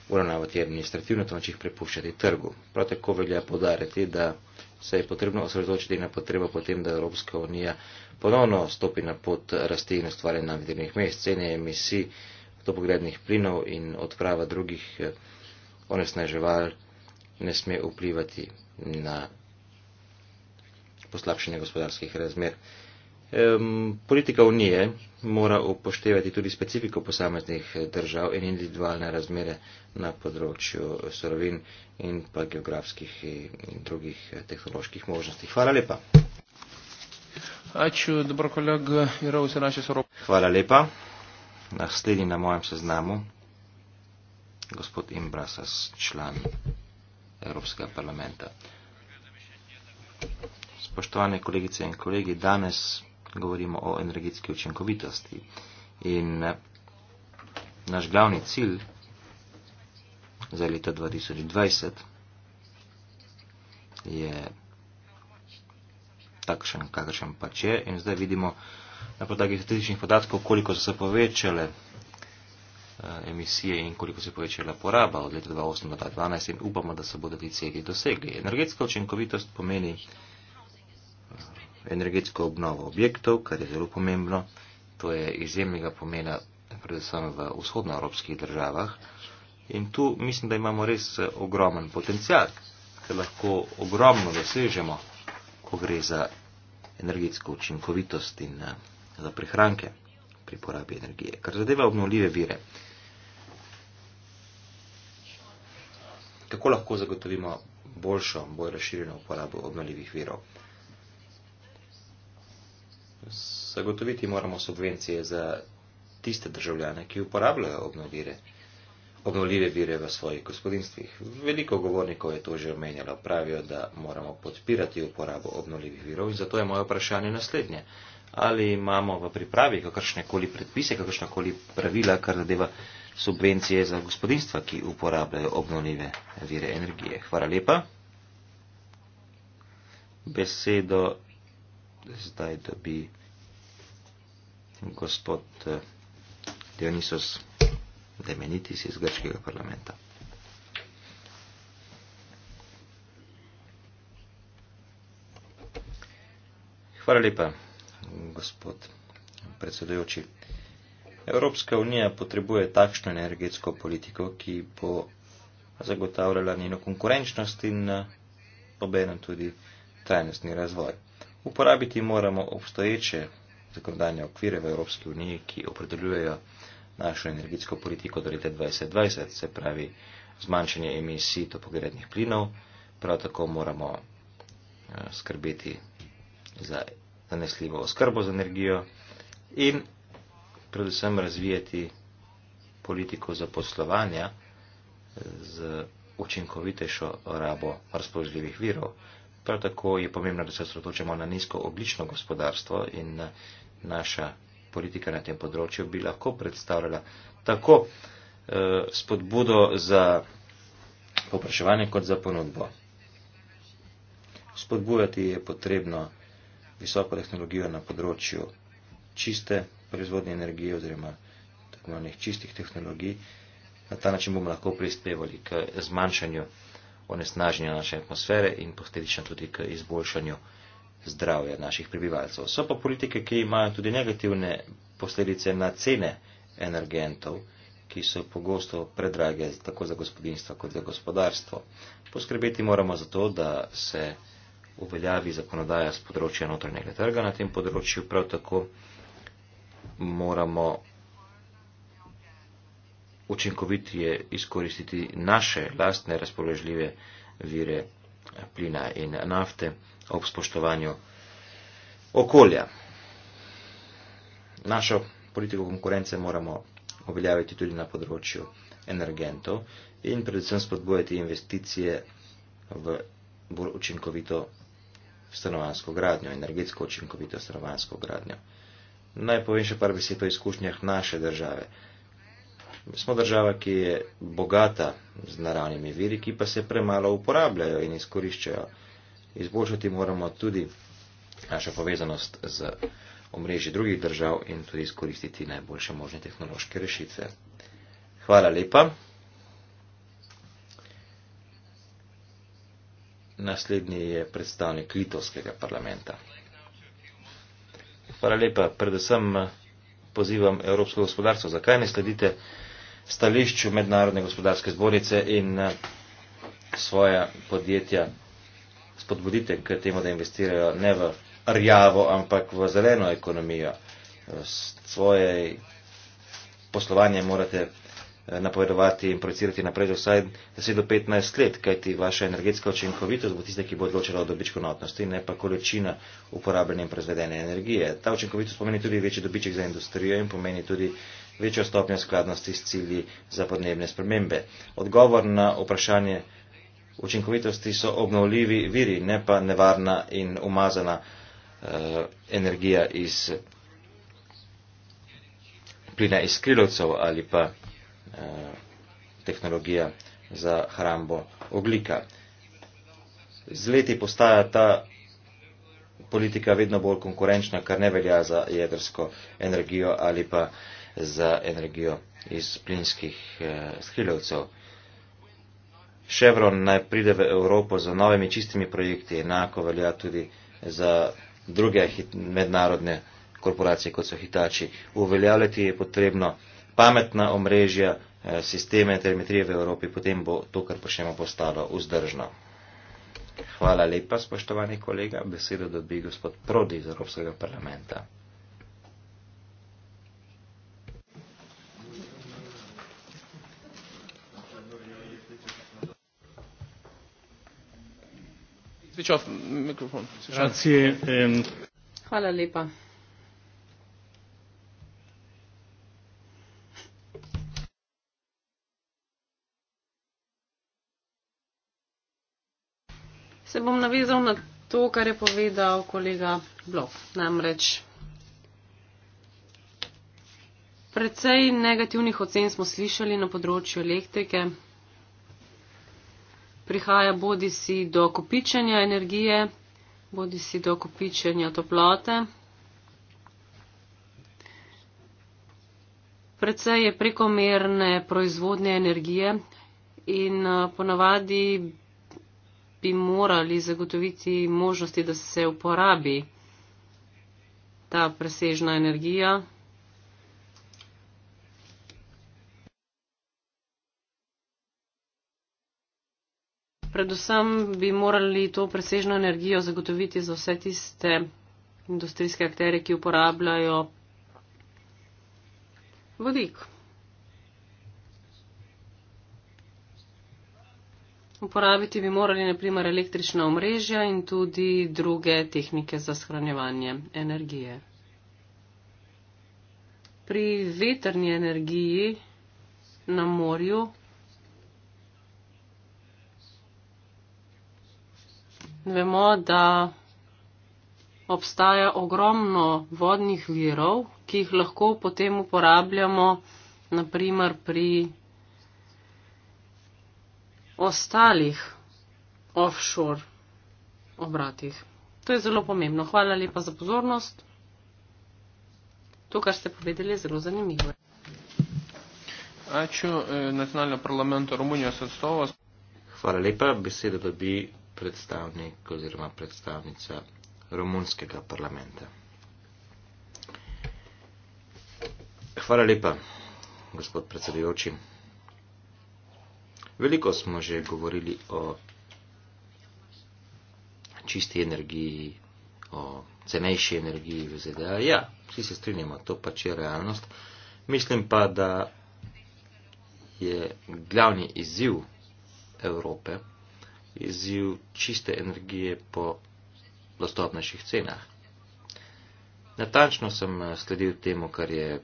uravnavati administrativno, temveč jih prepuščati trgu. Prav tako velja podariti, da se je potrebno osredotočiti na potrebo potem, da Evropska unija ponovno stopi na pot rasti in ustvarjanja vidnih mest, cene emisij, topogrednih plinov in odprava drugih. Eh, onesnaževal ne sme vplivati na poslabšanje gospodarskih razmer. Ehm, politika unije mora upoštevati tudi specifiko posameznih držav in individualne razmere na področju sorovin in pa geografskih in drugih tehnoloških možnosti. Hvala lepa. Ačiū, dobro kolega, yra užsirašęs Europos. Hvala lepa. Naslednji na mojem seznamu gospod Imbrasas, član Evropskega parlamenta. Spoštovane kolegice in kolegi, danes govorimo o energetski učinkovitosti in eh, naš glavni cilj za leto 2020 je takšen, kakšen pač je. In zdaj vidimo na podlagi statističnih podatkov, koliko so se povečale Eh, emisije in koliko se je povečala poraba od leta 2008 do 2012 in upamo, da se bodo ti cilji dosegli. Energetska učinkovitost pomeni eh, energetsko obnovo objektov, kar je zelo pomembno. To je izjemnega pomena predvsem v vzhodnoevropskih državah. In tu mislim, da imamo res eh, ogromen potencial, ker lahko ogromno dosežemo, ko gre za energetsko učinkovitost in za prihranke pri porabi energije. Kar zadeva obnovljive vire. tako lahko zagotovimo boljšo, bolj razširjeno uporabo obnovljivih virov. Zagotoviti moramo subvencije za tiste državljane, ki uporabljajo obnovljive vire v svojih gospodinstvih. Veliko govornikov je to že omenjalo, pravijo, da moramo podpirati uporabo obnovljivih virov in zato je moje vprašanje naslednje. Ali imamo v pripravi kakršne koli predpise, kakršne koli pravila, kar zadeva. Da subvencije za gospodinstva, ki uporabljajo obnovljive vire energije. Hvala lepa. Besedo zdaj dobi gospod eh, Dionisos Demenitis iz Grškega parlamenta. Hvala lepa, gospod predsedujoči. Evropska unija potrebuje takšno energetsko politiko, ki bo zagotavljala njeno konkurenčnost in eh, obenem tudi trajnostni razvoj. Uporabiti moramo obstoječe zakonodajne okvire v Evropski uniji, ki opredeljujejo našo energetsko politiko do leta 2020, se pravi zmanjšanje emisij topogrednih plinov, prav tako moramo eh, skrbeti za zanesljivo oskrbo z energijo in predvsem razvijati politiko zaposlovanja eh, z učinkovitejšo rabo razpoložljivih virov. Prav tako je pomembno, da se osredotočamo na nizko oglično gospodarstvo in naša politika na tem področju bi lahko predstavljala tako eh, spodbudo za popraševanje kot za ponudbo. Spodbujati je potrebno visoko tehnologijo na področju čiste proizvodnje energije oziroma tako manjih čistih tehnologij. Na ta način bomo lahko prispevali k zmanjšanju onesnaženja naše atmosfere in posledično tudi k izboljšanju zdravja naših prebivalcev. So pa politike, ki imajo tudi negativne posledice na cene energentov, ki so pogosto predrage tako za gospodinstvo kot za gospodarstvo. Poskrbeti moramo za to, da se uveljavi zakonodaja z področja notranjega trga na tem področju, prav tako moramo učinkovitije izkoristiti naše lastne razpoložljive vire plina in nafte ob spoštovanju okolja. Našo politiko konkurence moramo objaviti tudi na področju energentov in predvsem spodbojati investicije v bolj učinkovito stanovansko gradnjo, energetsko učinkovito stanovansko gradnjo. Naj povem še par besed o izkušnjah naše države. Smo država, ki je bogata z naravnimi viri, ki pa se premalo uporabljajo in izkoriščajo. Izboljšati moramo tudi našo povezanost z omrežji drugih držav in tudi izkoristiti najboljše možne tehnološke rešitve. Hvala lepa. Naslednji je predstavnik Litovskega parlamenta. Hvala lepa. Predvsem eh, pozivam Evropsko gospodarstvo, zakaj ne sledite stališču Mednarodne gospodarske zbornice in eh, svoje podjetja spodbudite k temu, da investirajo ne v rjavo, ampak v zeleno ekonomijo. Eh, svoje poslovanje morate Eh, napovedovati in projicirati naprej za vsaj 10 do 15 let, kajti vaša energetska učinkovitost bo tista, ki bo odločila o dobičku notnosti, ne pa količina uporabljene in proizvedene energije. Ta učinkovitost pomeni tudi večji dobiček za industrijo in pomeni tudi večjo stopnjo skladnosti s cilji za podnebne spremembe. Odgovor na vprašanje učinkovitosti so obnovljivi viri, ne pa nevarna in umazana uh, energija iz plina iz krilovcev ali pa Eh, tehnologija za hrambo oglika. Z leti postaja ta politika vedno bolj konkurenčna, kar ne velja za jedrsko energijo ali pa za energijo iz plinskih eh, skrilovcev. Chevron naj pride v Evropo za novimi čistimi projekti, enako velja tudi za druge mednarodne korporacije, kot so Hitači. Uveljavljati je potrebno pametna omrežja, eh, sisteme telemetrije v Evropi, potem bo to, kar počnemo, postalo vzdržno. Hvala lepa, spoštovani kolega. Besedo dobi gospod Prodi iz Evropskega parlamenta. Ehm. Hvala lepa. se bom navezal na to, kar je povedal kolega Blok. Namreč precej negativnih ocen smo slišali na področju elektrike. Prihaja bodi si do kopičenja energije, bodi si do kopičenja toplote. Predvsej je prekomerne proizvodne energije in eh, ponavadi bi morali zagotoviti možnosti, da se uporabi ta presežna energija. Predvsem bi morali to presežno energijo zagotoviti za vse tiste industrijske akterje, ki uporabljajo vodik. Uporabiti bi morali naprimer električna omrežja in tudi druge tehnike za shranjevanje energije. Pri veterni energiji na morju vemo, da obstaja ogromno vodnih virov, ki jih lahko potem uporabljamo naprimer pri ostalih offshore obratih. To je zelo pomembno. Hvala lepa za pozornost. To, kar ste povedali, je zelo zanimivo. Ačiū, e, nacionalinio parlamento Rumunijos atstovas. Hvala lepa, besedo dobi predstavnik oziroma predstavnica Rumunskega parlamenta. Hvala lepa, gospod predsedujoči. Veliko smo že govorili o čisti energiji, o cenejši energiji v ZDA. Ja, vsi se strinjamo, to pač je realnost. Mislim pa, da je glavni izziv Evrope izziv čiste energije po dostopnejših cenah. Natančno sem sledil temu, kar je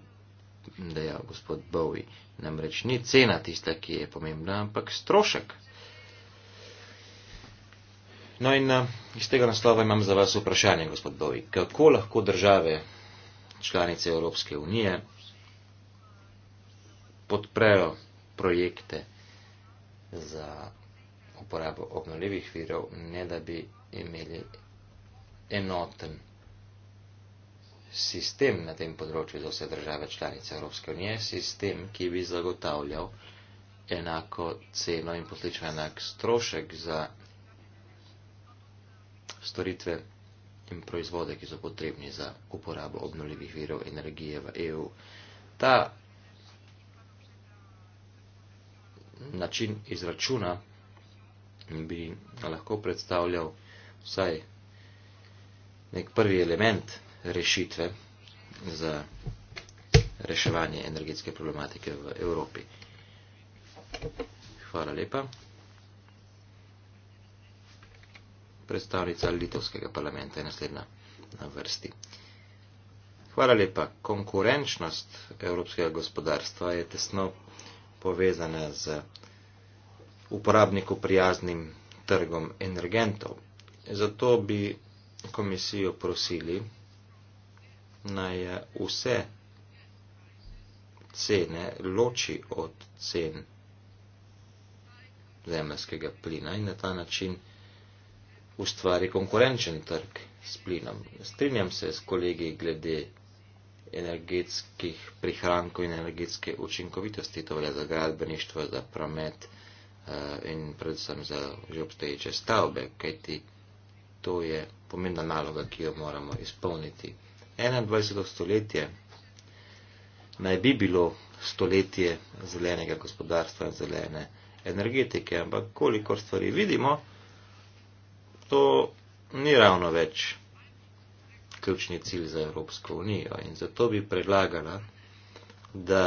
dejal gospod Bowie. Namreč ni cena tista, ki je pomembna, ampak strošek. No in eh, iz tega naslova imam za vas vprašanje, gospod Bowie. Kako lahko države, članice Evropske unije, podprejo projekte za uporabo obnovljivih virov, ne da bi imeli enoten sistem na tem področju za vse države članice Evropske unije, sistem, ki bi zagotavljal enako ceno in posledično enak strošek za storitve in proizvode, ki so potrebni za uporabo obnovljivih virov energije v EU. Ta način izračuna bi lahko predstavljal vsaj nek prvi element rešitve za reševanje energetske problematike v Evropi. Hvala lepa. Predstavnica Litovskega parlamenta je naslednja na vrsti. Hvala lepa. Konkurenčnost evropskega gospodarstva je tesno povezana z uporabniku prijaznim trgom energentov. Zato bi komisijo prosili, naj vse cene loči od cen zemljskega plina in na ta način ustvari konkurenčen trg s plinom. Strinjam se s kolegi glede energetskih prihrankov in energetske učinkovitosti, to velja za gradbeništvo, za promet eh, in predvsem za že obstoječe stavbe, kajti to je pomembna naloga, ki jo moramo izpolniti. 21. stoletje naj bi bilo stoletje zelenega gospodarstva in zelene energetike, ampak kolikor stvari vidimo, to ni ravno več ključni cilj za Evropsko unijo in zato bi predlagala, da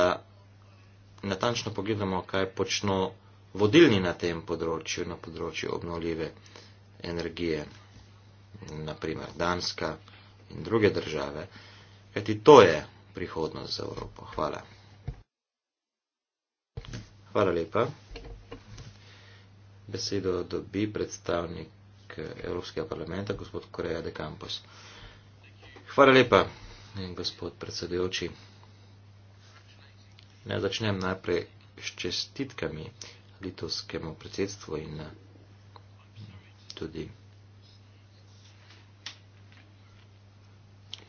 natančno pogledamo, kaj počno vodilni na tem področju, na področju obnovljive energije, naprimer Danska, in druge države, kajti to je prihodnost za Evropo. Hvala. Hvala lepa. Besedo dobi predstavnik eh, Evropskega parlamenta, gospod Koreja de Campos. Hvala lepa, gospod predsedujoči. Ne začnem najprej s čestitkami litovskemu predsedstvu in eh, tudi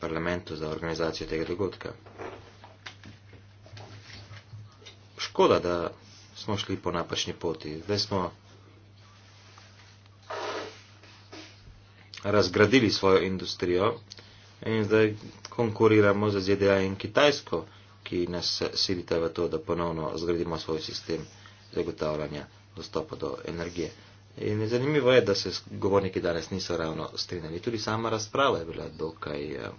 parlamentu za organizacijo tega dogodka. Škoda, da smo šli po napačni poti. Zdaj smo razgradili svojo industrijo in zdaj konkuriramo z ZDA in Kitajsko, ki nas silita v to, da ponovno zgradimo svoj sistem zagotavljanja dostopa do energije. In zanimivo je, da se govorniki danes niso ravno strinjali. Tudi sama razprava je bila dokaj eh,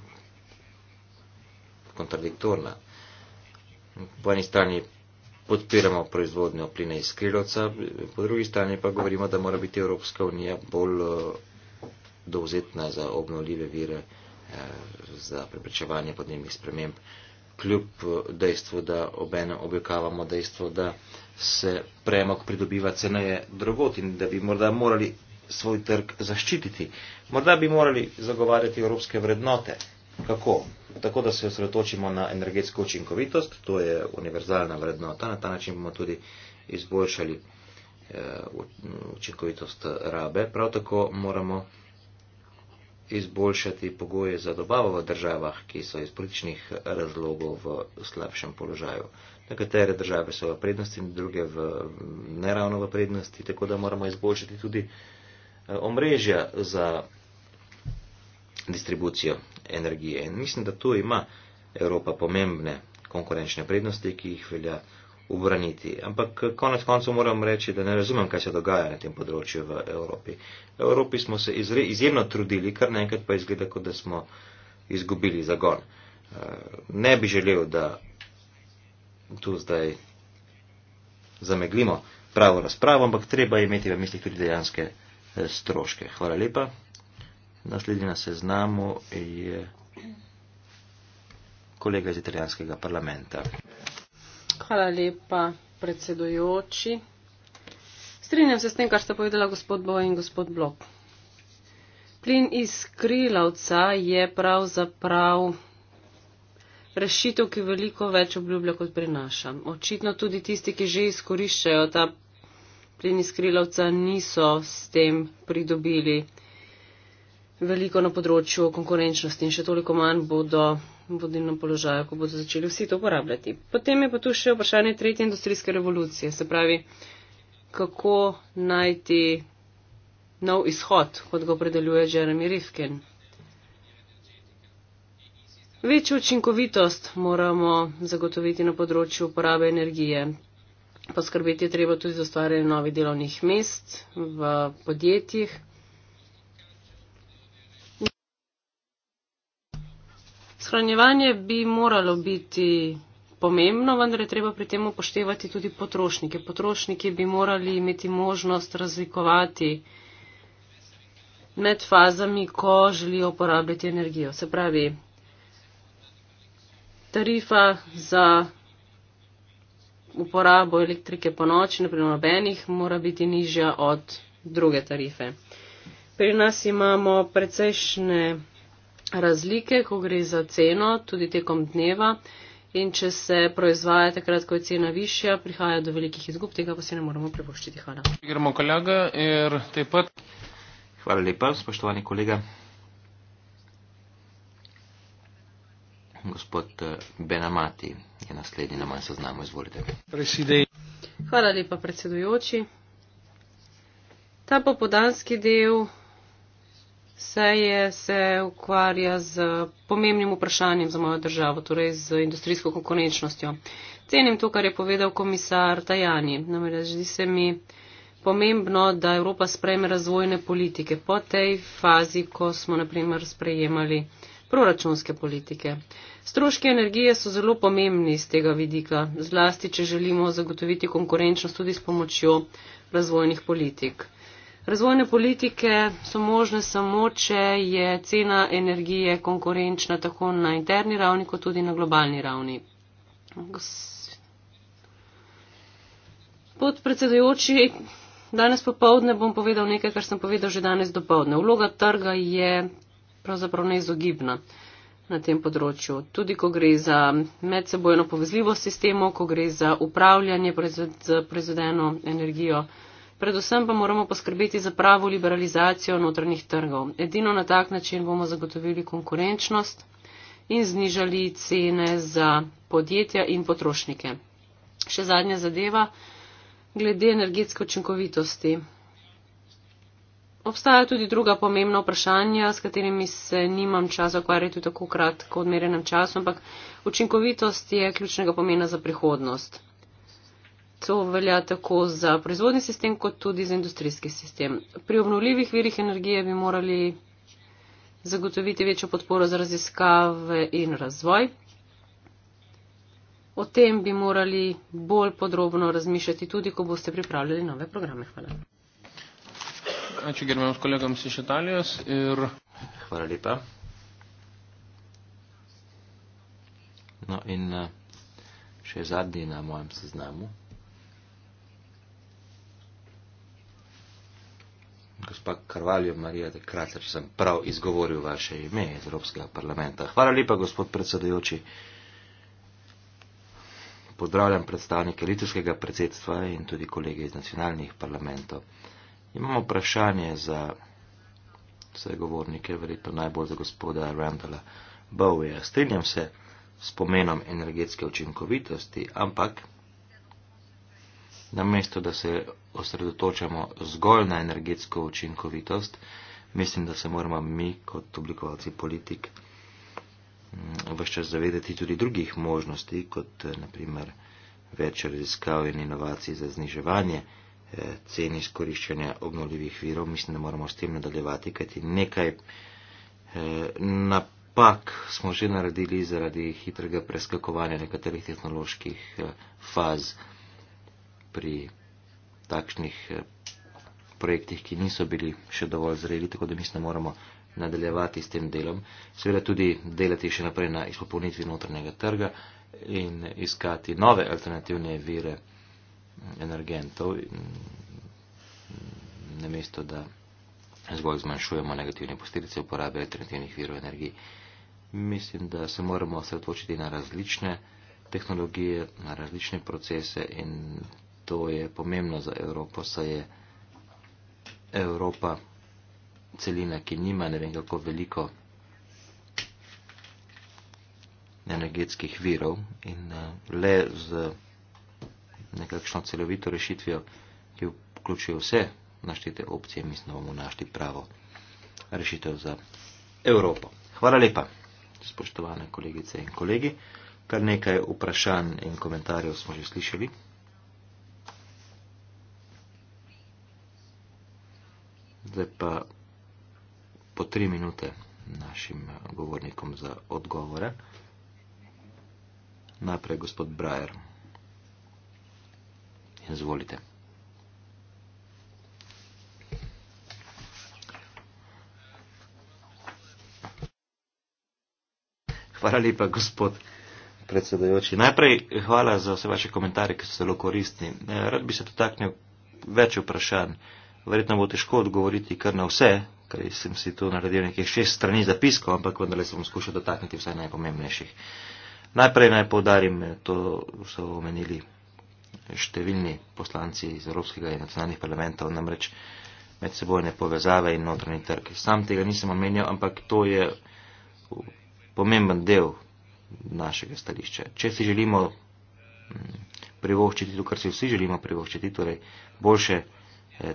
kontradiktorna. Po eni strani podpiramo proizvodnjo plina iz skrilovca, po drugi strani pa govorimo, da mora biti Evropska unija bolj eh, dovzetna za obnovljive vire, eh, za preprečevanje podnebnih sprememb, kljub eh, dejstvu, da obene objekavamo dejstvo, da se premog pridobiva ceneje drugot in da bi morda morali svoj trg zaščititi. Morda bi morali zagovarjati evropske vrednote. Kako? Tako, da se osredotočimo na energetsko učinkovitost, to je univerzalna vrednota, na ta način bomo tudi izboljšali eh, učinkovitost rabe. Prav tako moramo izboljšati pogoje za dobavo v državah, ki so iz političnih razlogov v slabšem položaju. Nekatere države so v prednosti, druge v neravno v prednosti, tako da moramo izboljšati tudi eh, omrežja za distribucijo energije. In mislim, da tu ima Evropa pomembne konkurenčne prednosti, ki jih velja ubraniti. Ampak konec koncev moram reči, da ne razumem, kaj se dogaja na tem področju v Evropi. V Evropi smo se izjemno trudili, kar naenkrat pa izgleda, kot da smo izgubili zagon. Eh, ne bi želel, da tu zdaj zameglimo pravo razpravo, ampak treba imeti v mislih tudi dejanske eh, stroške. Hvala lepa. Naslednji na seznamu je kolega iz italijanskega parlamenta. Hvala lepa, predsedojoči. Strinjam se s tem, kar sta povedala gospod Boj in gospod Blok. Plin iz krilavca je pravzaprav rešitev, ki veliko več obljublja, kot prinaša. Očitno tudi tisti, ki že izkoriščajo ta plin iz krilavca, niso s tem pridobili veliko na področju konkurenčnosti in še toliko manj bodo vodilnem položaju, ko bodo začeli vsi to uporabljati. Potem je pa tu še vprašanje tretje industrijske revolucije, se pravi, kako najti nov izhod, kot ga opredeljuje Jeremy Rifkin. Večjo učinkovitost moramo zagotoviti na področju uporabe energije. Poskrbeti je treba tudi za stvarjanje novih delovnih mest v podjetjih. Shranjevanje bi moralo biti pomembno, vendar je treba pri tem upoštevati tudi potrošnike. Potrošniki bi morali imeti možnost razlikovati med fazami, ko želijo uporabljati energijo. Se pravi, tarifa za uporabo elektrike po noči, naprimer nobenih, mora biti nižja od druge tarife. Pri nas imamo precejšnje razlike, ko gre za ceno, tudi tekom dneva. In če se proizvaja takrat, ko je cena višja, prihaja do velikih izgub, tega pa si ne moremo prepoščiti. Hvala. Hvala lepa, spoštovani kolega. Gospod eh, Benamati je naslednji na mojem seznamu, izvolite. Hvala lepa, predsedujoči. Ta popodanski del se je se ukvarja z pomembnim vprašanjem za mojo državo, torej z industrijsko konkurenčnostjo. Cenim to, kar je povedal komisar Tajani. Namreč zdi se mi pomembno, da Evropa sprejme razvojne politike po tej fazi, ko smo naprimer sprejemali proračunske politike. Stroški energije so zelo pomembni z tega vidika, zlasti, če želimo zagotoviti konkurenčnost tudi s pomočjo razvojnih politik. Razvojne politike so možne samo, če je cena energije konkurenčna tako na interni ravni, kot tudi na globalni ravni. Podpredsedujoči, danes popovdne bom povedal nekaj, kar sem povedal že danes dopovdne. Vloga trga je pravzaprav neizogibna na tem področju. Tudi ko gre za medsebojno povezljivost sistemov, ko gre za upravljanje z proizvedeno energijo. Predvsem pa moramo poskrbeti za pravo liberalizacijo notranjih trgov. Edino na tak način bomo zagotovili konkurenčnost in znižali cene za podjetja in potrošnike. Še zadnja zadeva glede energetske učinkovitosti. Obstajajo tudi druga pomembna vprašanja, s katerimi se nimam časa ukvarjati v tako kratko odmerenem času, ampak učinkovitost je ključnega pomena za prihodnost to velja tako za proizvodni sistem, kot tudi za industrijski sistem. Pri obnovljivih virih energije bi morali zagotoviti večjo podporo za raziskave in razvoj. O tem bi morali bolj podrobno razmišljati, tudi ko boste pripravljali nove programe. Hvala. Ači, kolegom, ir... Hvala lepa. No in eh, še zadnji na mojem seznamu. gospa Karvaljo Marija de Kratler, sem prav izgovoril vaše ime iz Evropskega parlamenta. Hvala lepa, gospod predsedujoči. Pozdravljam predstavnike litovskega predsedstva in tudi kolege iz nacionalnih parlamentov. Imamo vprašanje za vse govornike, verjetno najbolj za gospoda Randala Bowie. Strinjam se s pomenom energetske učinkovitosti, ampak namesto da se osredotočamo zgolj na energetsko učinkovitost, mislim, da se moramo mi kot oblikovalci politik mm, vse čas zavedati tudi drugih možnosti, kot eh, naprimer več raziskav in inovacij za zniževanje eh, cen izkoriščanja obnovljivih virov. Mislim, da moramo s tem nadaljevati, kajti nekaj eh, napak smo že naredili zaradi hitrega preskakovanja nekaterih tehnoloških faz pri takšnih eh, projektih, ki niso bili še dovolj zreli, tako da mislim, da moramo nadaljevati s tem delom. Seveda tudi delati še naprej na izpopolnitvi notranjega trga in iskati nove alternativne vire mm, energentov, mm, namesto da zgolj zmanjšujemo negativne posledice uporabe alternativnih virov energije. Mislim, da se moramo osredotočiti na različne tehnologije, na različne procese in to je pomembno za Evropo, saj je Evropa celina, ki nima ne vem kako veliko energetskih virov in eh, le z nekakšno celovito rešitvijo, ki vključuje vse naštete opcije, mislim, da bomo našli pravo rešitev za Evropo. Hvala lepa, spoštovane kolegice in kolegi. Kar nekaj vprašanj in komentarjev smo že slišali. Zdaj pa po tri minute našim govornikom za odgovore. Najprej gospod Brajer. Izvolite. Hvala lepa, gospod predsedajoči. Najprej hvala za vse vaše komentarje, ki so zelo koristni. Eh, rad bi se dotaknil več vprašanj verjetno bo težko odgovoriti kar na vse, ker sem si tu naredil nekaj šest strani zapiskov, ampak vendarle se bom skušal dotakniti vsaj najpomembnejših. Najprej naj povdarim, to so omenili številni poslanci iz Evropskega in nacionalnih parlamentov, namreč medsebojne povezave in notranji trg. Sam tega nisem omenjal, ampak to je pomemben del našega stališča. Če si želimo mm, privoščiti to, kar si vsi želimo privoščiti, torej boljše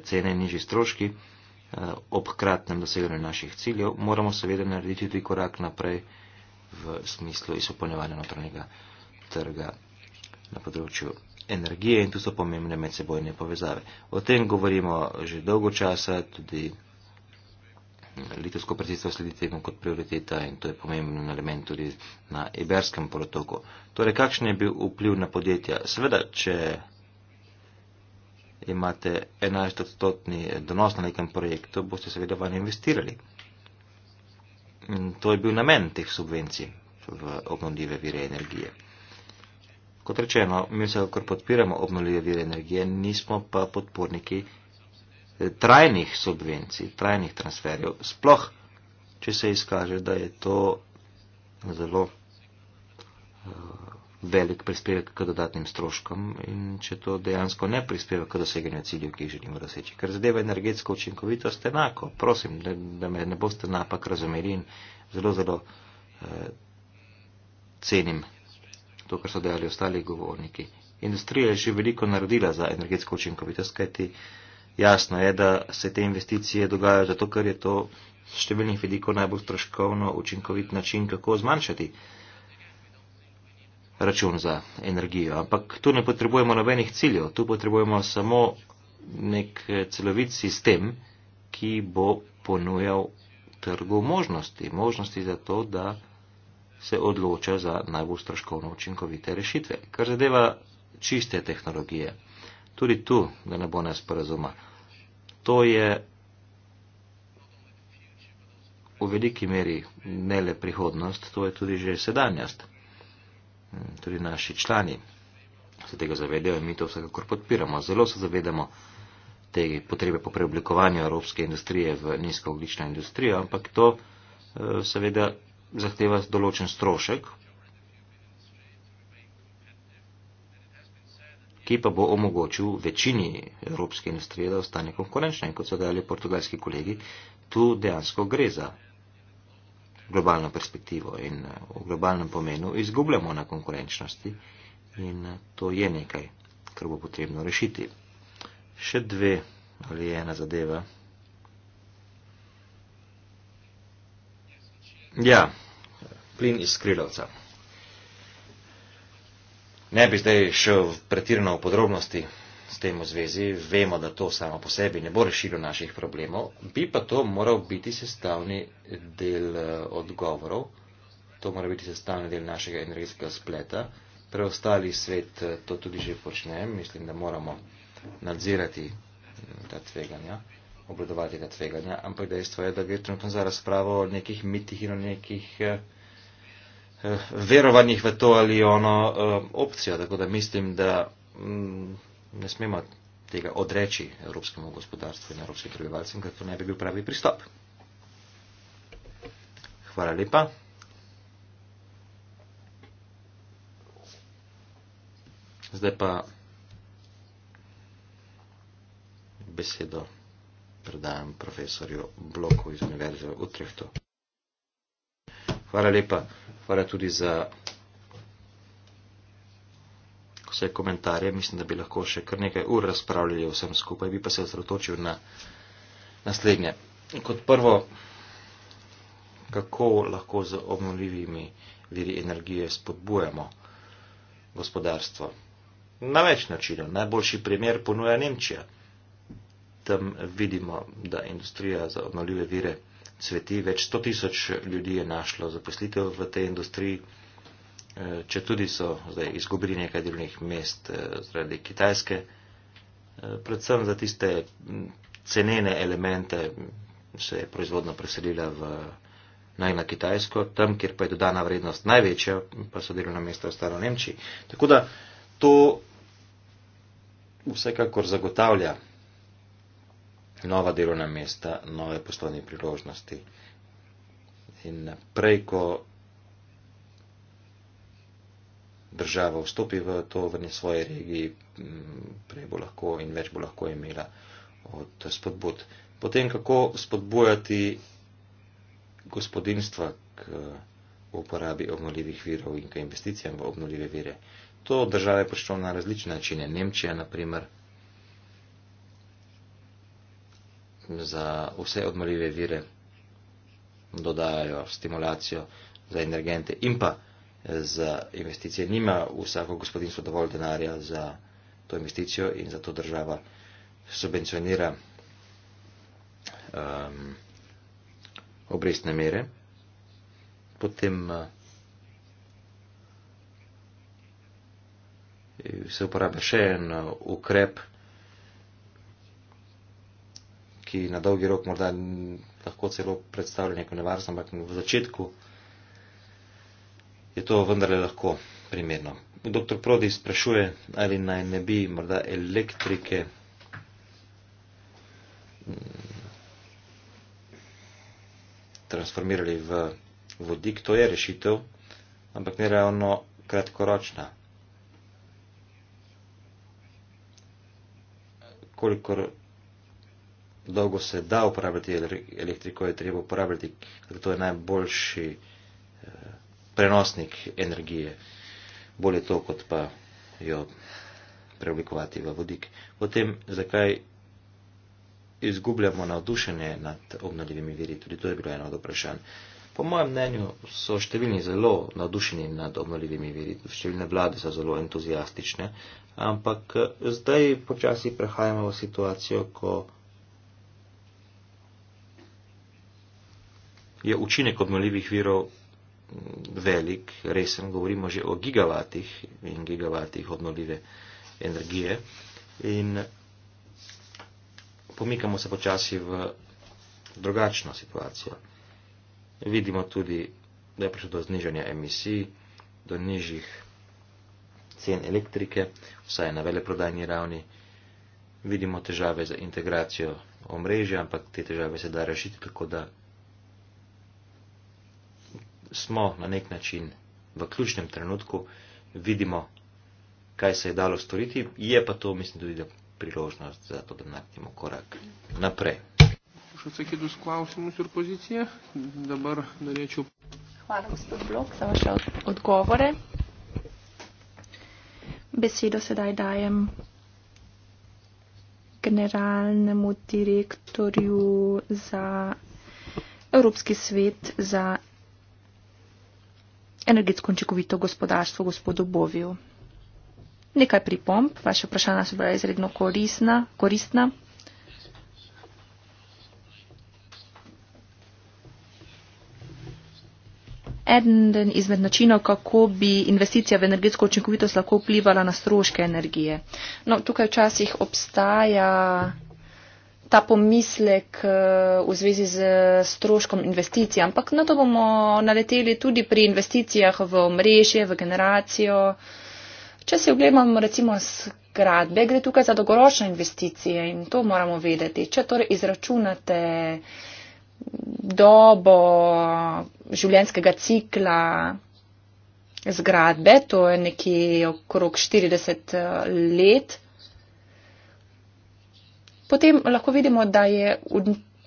cene in nižji stroški eh, ob kratnem doseganju naših ciljev, moramo seveda narediti tudi korak naprej v smislu izopolnjevanja notranjega trga na področju energije in tu so pomembne medsebojne povezave. O tem govorimo že dolgo časa, tudi litovsko predsedstvo sledi temu kot prioriteta in to je pomemben element tudi na Iberskem protoku. Torej, kakšen je bil vpliv na podjetja? Seveda, če imate 11 odstotni donos na nekem projektu, boste seveda vanj investirali. In to je bil namen teh subvencij v obnovljive vire energije. Kot rečeno, mi se kakor podpiramo obnovljive vire energije, nismo pa podporniki eh, trajnih subvencij, trajnih transferjev, sploh, če se izkaže, da je to zelo eh, velik prispevek k dodatnim stroškom in če to dejansko ne prispeva k doseganju ciljev, ki jih želimo doseči. Ker zadeva energetsko učinkovitost enako, prosim, da, da me ne boste napak razumeli in zelo, zelo eh, cenim to, kar so dejali ostali govorniki. Industrija je že veliko naredila za energetsko učinkovitost, kajti jasno je, da se te investicije dogajajo zato, ker je to številnih vidikov najbolj stroškovno učinkovit način, kako zmanjšati račun za energijo. Ampak tu ne potrebujemo nobenih ciljev, tu potrebujemo samo nek eh, celovit sistem, ki bo ponujal trgu možnosti, možnosti za to, da se odloča za najbolj stroškovno učinkovite rešitve. Kar zadeva čiste tehnologije, tudi tu, da ne bo nesporazuma, to je v veliki meri ne le prihodnost, to je tudi že sedanjost. Mm, tudi naši člani se tega zavedajo in mi to vsekakor podpiramo. Zelo se zavedamo te potrebe po preoblikovanju evropske industrije v nizkooglično industrijo, ampak to eh, seveda zahteva določen strošek, ki pa bo omogočil večini evropske industrije, da ostane konkurenčna. In kot so dali portugalski kolegi, tu dejansko gre za globalno perspektivo in eh, v globalnem pomenu izgubljamo na konkurenčnosti in eh, to je nekaj, kar bo potrebno rešiti. Še dve ali ena zadeva. Ja, plin iz skrilovca. Ne bi zdaj šel pretirano v podrobnosti s tem v zvezi. Vemo, da to samo po sebi ne bo rešilo naših problemov, bi pa to moral biti sestavni del eh, odgovorov, to mora biti sestavni del našega energetskega spleta. Preostali svet eh, to tudi že počne, mislim, da moramo nadzirati mm, ta tveganja, obladovati ta tveganja, ampak dejstvo je, da gre trenutno za razpravo o nekih mitih in o nekih eh, verovanjih v to ali ono opcijo. Tako da mislim, da mm, ne smemo tega odreči evropskemu gospodarstvu in evropskim prebivalcem, ker to ne bi bil pravi pristop. Hvala lepa. Zdaj pa besedo predajam profesorju Bloku iz Univerze v Utrehtu. Hvala lepa. Hvala tudi za vse komentarje, mislim, da bi lahko še kar nekaj ur razpravljali vsem skupaj, bi pa se osredotočil na naslednje. Kot prvo, kako lahko z obnovljivimi viri energije spodbujamo gospodarstvo? Na več načinov. Najboljši primer ponuja Nemčija. Tam vidimo, da industrija za obnovljive vire cveti. Več sto tisoč ljudi je našlo zaposlitev v tej industriji. Eh, če tudi so zdaj izgubili nekaj delovnih mest eh, zaradi Kitajske, eh, predvsem za tiste cenene elemente se je proizvodno preselila v, naj na Kitajsko, tam, kjer pa je dodana vrednost največja, pa so delovna mesta ostala v Nemčiji. Tako da to vsekakor zagotavlja nova delovna mesta, nove poslovne priložnosti. In prej, ko država vstopi v to v svoje regiji, prej bo lahko in več bo lahko imela od spodbud. Potem, kako spodbujati gospodinstva k uporabi obnoljivih virov in k investicijam v obnoljive vire. To države počnejo na različne načine. Nemčija, na primer, za vse obnoljive vire dodajajo stimulacijo za energente in pa za investicije. Nima vsako gospodinstvo dovolj denarja za to investicijo in zato država subvencionira um, obrestne mere. Potem uh, se uporablja še en uh, ukrep, ki na dolgi rok morda lahko celo predstavlja neko nevarnost, ampak v začetku je to vendarle lahko primerno. Dr. Prodi sprašuje, ali naj ne bi morda elektrike mm, transformirali v vodik. To je rešitev, ampak ne ravno kratkoročna. Kolikor dolgo se da uporabljati elektriko, je treba uporabljati, ker to je najboljši prenosnik energije. Bolje to, kot pa jo preoblikovati v vodik. Potem, zakaj izgubljamo navdušenje nad obnovljivimi viri? Tudi to je bilo eno od vprašanj. Po mojem mnenju so številni zelo navdušeni nad obnovljivimi viri, številne vlade so zelo entuzijastične, ampak zdaj počasi prehajamo v situacijo, ko je učinek obnovljivih virov velik, resen, govorimo že o gigavatih in gigavatih obnovljive energije. In pomikamo se počasi v drugačno situacijo. Vidimo tudi, da je prišlo do znižanja emisij, do nižjih cen elektrike, vsaj na veleprodajni ravni. Vidimo težave za integracijo omrežja, ampak te težave se da rešiti tako, da smo na nek način v ključnem trenutku, vidimo, kaj se je dalo storiti, je pa to, mislim, tudi priložnost za to, da naredimo korak naprej. Hvala, gospod Blok, za vaše odgovore. Besedo sedaj dajem generalnemu direktorju za Evropski svet za energetsko učinkovito gospodarstvo gospodu Boviju. Nekaj pripomb, vaše vprašanja so bila izredno korisna, koristna. Eden izmed načinov, kako bi investicija v energetsko učinkovitost lahko vplivala na stroške energije. No, tukaj včasih obstaja ta pomislek eh, v zvezi z stroškom investicij, ampak na to bomo naleteli tudi pri investicijah v mrežje, v generacijo. Če si ogledamo recimo zgradbe, gre tukaj za dolgoročne investicije in to moramo vedeti. Če torej izračunate dobo življenskega cikla zgradbe, to je nekje okrog 40 eh, let, potem lahko vidimo, da je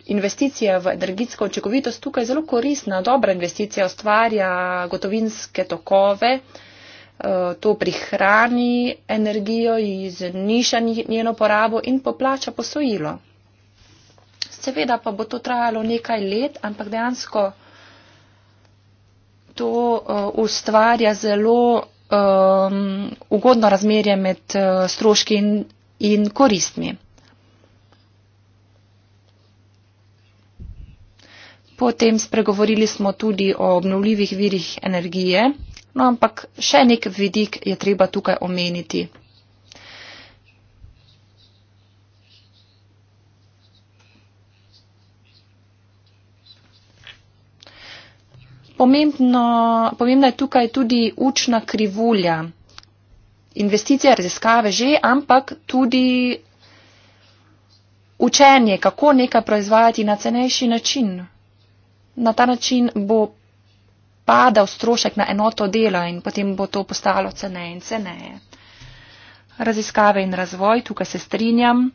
investicija v energetsko očekovitost tukaj zelo koristna, dobra investicija, ustvarja gotovinske tokove, eh, to prihrani energijo, zniša njeno porabo in poplača posojilo. Seveda pa bo to trajalo nekaj let, ampak dejansko to eh, ustvarja zelo um, ugodno razmerje med stroški in, in koristmi. Potem spregovorili smo tudi o obnovljivih virih energije, no ampak še nek vidik je treba tukaj omeniti. Pomembno, pomembna je tukaj tudi učna krivulja. Investicija raziskave že, ampak tudi učenje, kako nekaj proizvajati na cenejši način na ta način bo padal strošek na enoto dela in potem bo to postalo ceneje in ceneje. Raziskave in razvoj, tukaj se strinjam.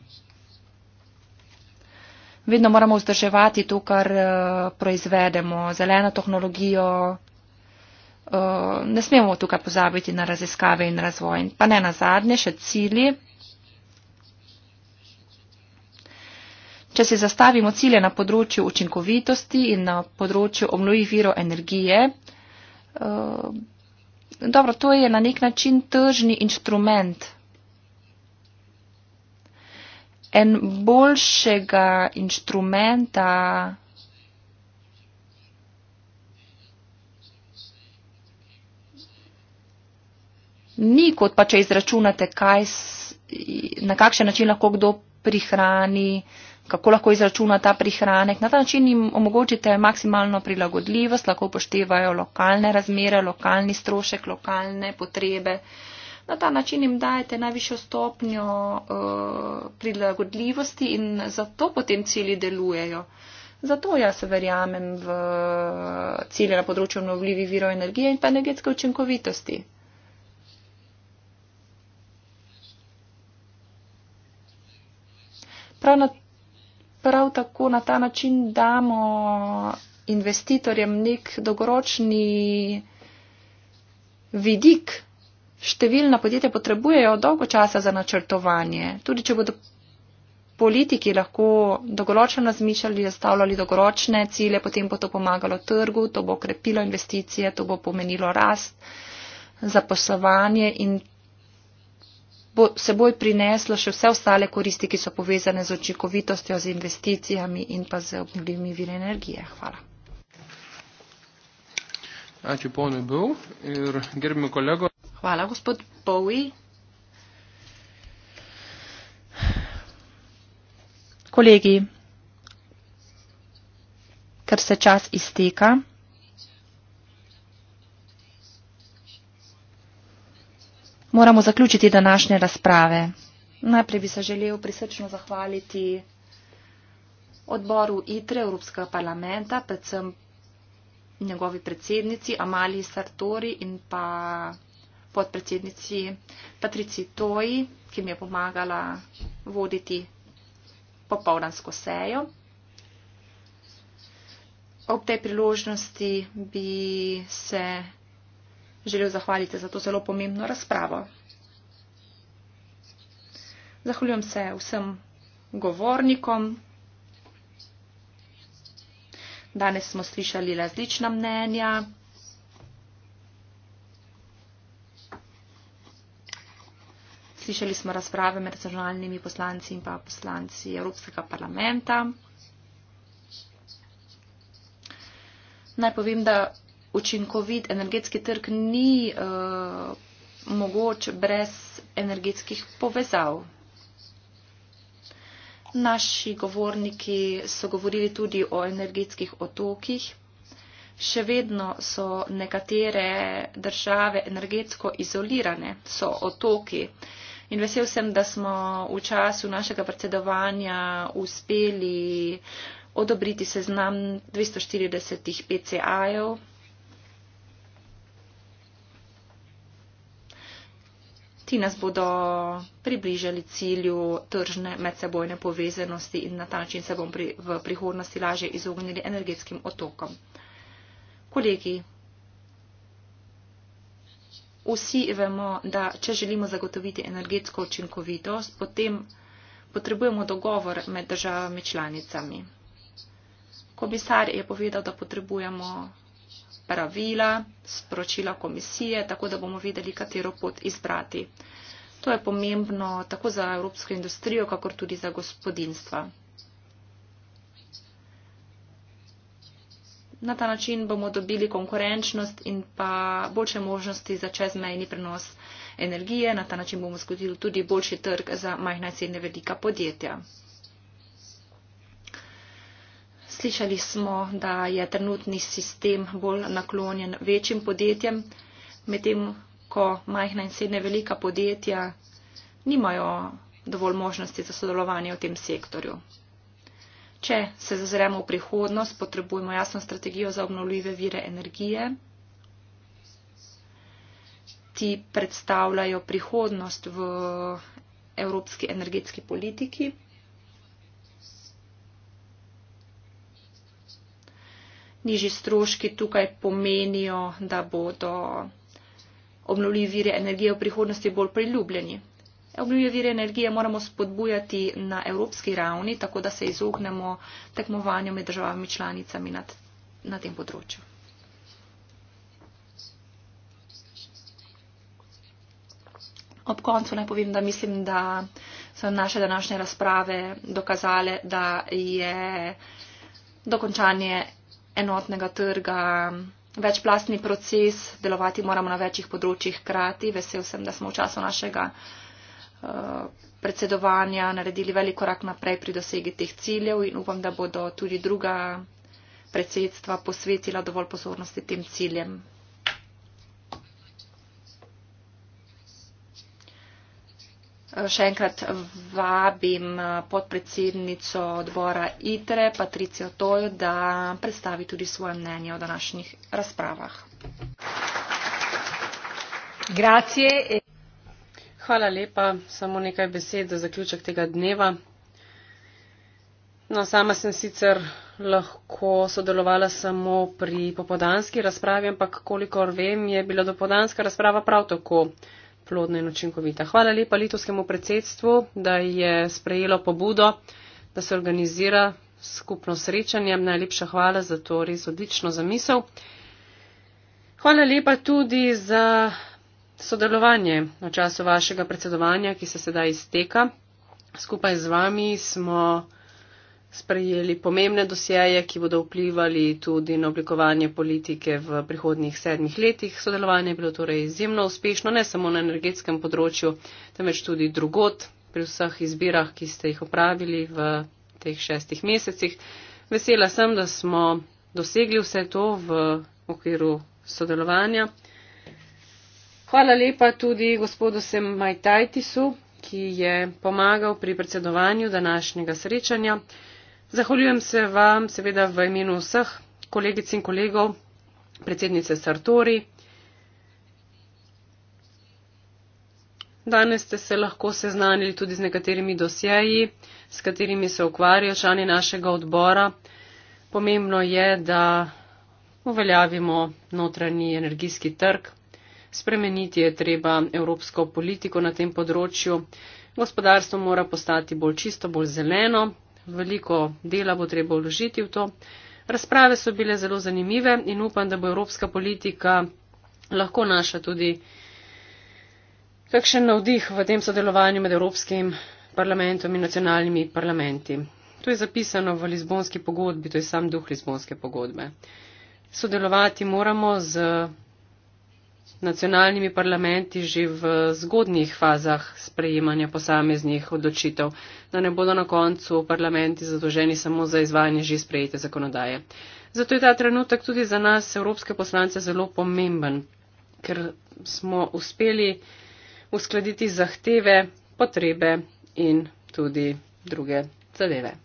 Vedno moramo vzdrževati to, kar eh, proizvedemo, zeleno tehnologijo. Eh, ne smemo tukaj pozabiti na raziskave in razvoj. Pa ne na zadnje, še cilji. Če si zastavimo cilje na področju učinkovitosti in na področju obnovi viro energije, eh, dobro, to je na nek način tržni inštrument. En boljšega inštrumenta ni kot pa, če izračunate, kaj, na kakšen način lahko kdo prihrani, uh, kako lahko izračuna ta prihranek. Na ta način jim omogočite maksimalno prilagodljivost, lahko poštevajo lokalne razmere, lokalni strošek, lokalne potrebe. Na ta način jim dajete najvišjo stopnjo uh, prilagodljivosti in zato potem cilji delujejo. Zato jaz verjamem v eh, cilje na področju obnovljivih virov energije in pa energetske učinkovitosti. Prav na prav tako na ta način damo investitorjem nek dolgoročni vidik. Številna podjetja potrebujejo dolgo časa za načrtovanje. Tudi če bodo politiki lahko dolgoročno razmišljali, zastavljali dolgoročne cilje, potem bo to pomagalo trgu, to bo krepilo investicije, to bo pomenilo rast, zaposlovanje in seboj prineslo še vse ostale koristi, ki so povezane z očekovitostjo, z investicijami in pa z obnovljivimi vire energije. Hvala. Ači, bil, kolego... Hvala, gospod Bowie. Kolegi, ker se čas izteka. moramo zaključiti današnje razprave. Najprej bi se želel prisrčno zahvaliti odboru ITRE Evropskega parlamenta, predvsem njegovi predsednici Amaliji Sartori in pa podpredsednici Patrici Toji, ki mi je pomagala voditi popovdansko sejo. Ob tej priložnosti bi se želel zahvaliti za to zelo pomembno razpravo. Zahvaljujem se vsem govornikom. Danes smo slišali različna mnenja. Slišali smo razprave med nacionalnimi poslanci in pa poslanci Evropskega parlamenta. Naj povem, da učinkovit energetski trg ni uh, mogoč brez energetskih povezav. Naši govorniki so govorili tudi o energetskih otokih. Še vedno so nekatere države energetsko izolirane, so otoki. In vesel sem, da smo v času našega predsedovanja uspeli odobriti seznam 240 PCA-jev, ti nas bodo približali cilju tržne medsebojne povezanosti in na ta način se bom pri, v prihodnosti lažje izognili energetskim otokom. Kolegi, vsi vemo, da če želimo zagotoviti energetsko učinkovitost, potem potrebujemo dogovor med državami članicami. Komisar je povedal, da potrebujemo pravila, sporočila komisije, tako da bomo videli, katero pot izbrati. To je pomembno tako za evropsko industrijo, kakor tudi za gospodinstva. Na ta način bomo dobili konkurenčnost in pa boljše možnosti za čezmejni prenos energije. Na ta način bomo zgodili tudi boljši trg za majhna in srednje velika podjetja. Slišali smo, da je trenutni sistem bolj naklonjen večjim podjetjem, medtem ko majhna in srednja velika podjetja nimajo dovolj možnosti za sodelovanje v tem sektorju. Če se zazremo v prihodnost, potrebujemo jasno strategijo za obnovljive vire energije. Ti predstavljajo prihodnost v evropski energetski politiki. nižji stroški tukaj pomenijo, da bodo obnovljivi viri energije v prihodnosti bolj priljubljeni. Obnovljive vire energije moramo spodbujati na evropski ravni, tako da se izognemo tekmovanju med državami članicami nad, na tem področju. Ob koncu naj povem, da mislim, da so naše današnje razprave dokazale, da je dokončanje enotnega trga, večplastni proces, delovati moramo na večjih področjih krati. Vesel sem, da smo v času našega eh, predsedovanja naredili velik korak naprej pri dosegi teh ciljev in upam, da bodo tudi druga predsedstva posvetila dovolj pozornosti tem ciljem. Še enkrat vabim eh, podpredsednico odbora ITRE, Patricijo Tol, da predstavi tudi svoje mnenje o današnjih razpravah. Gracije. Hvala lepa. Samo nekaj besed za zaključek tega dneva. No, sama sem sicer lahko sodelovala samo pri popodanski razpravi, ampak kolikor vem, je bila dopodanska razprava prav tako plodna in učinkovita. Hvala lepa litovskemu predsedstvu, da je sprejelo pobudo, da se organizira skupno srečanje. Najlepša hvala za to res odlično zamisel. Hvala lepa tudi za sodelovanje v času vašega predsedovanja, ki se sedaj izteka. Skupaj z vami smo sprejeli pomembne dosjeje, ki bodo vplivali tudi na oblikovanje politike v prihodnjih sedmih letih. Sodelovanje je bilo torej izjemno uspešno, ne samo na energetskem področju, temveč tudi drugot pri vseh izbirah, ki ste jih opravili v teh šestih mesecih. Vesela sem, da smo dosegli vse to v okviru sodelovanja. Hvala lepa tudi gospodu Semajtajtisu, ki je pomagal pri predsedovanju današnjega srečanja. Zahvaljujem se vam, seveda v imenu vseh kolegic in kolegov, predsednice Sartori. Danes ste se lahko seznanili tudi z nekaterimi dosjeji, s katerimi se ukvarjajo člani našega odbora. Pomembno je, da uveljavimo notranji energijski trg. Spremeniti je treba evropsko politiko na tem področju. Gospodarstvo mora postati bolj čisto, bolj zeleno, veliko dela bo treba vložiti v to. Razprave so bile zelo zanimive in upam, da bo evropska politika lahko naša tudi kakšen navdih v tem sodelovanju med Evropskim parlamentom in nacionalnimi parlamenti. To je zapisano v Lizbonski pogodbi, to je sam duh Lizbonske pogodbe. Sodelovati moramo z nacionalnimi parlamenti že v zgodnjih fazah sprejemanja posameznih odločitev, da ne bodo na koncu parlamenti zadoženi samo za izvajanje že sprejete zakonodaje. Zato je ta trenutek tudi za nas, evropske poslance, zelo pomemben, ker smo uspeli uskladiti zahteve, potrebe in tudi druge zadeve.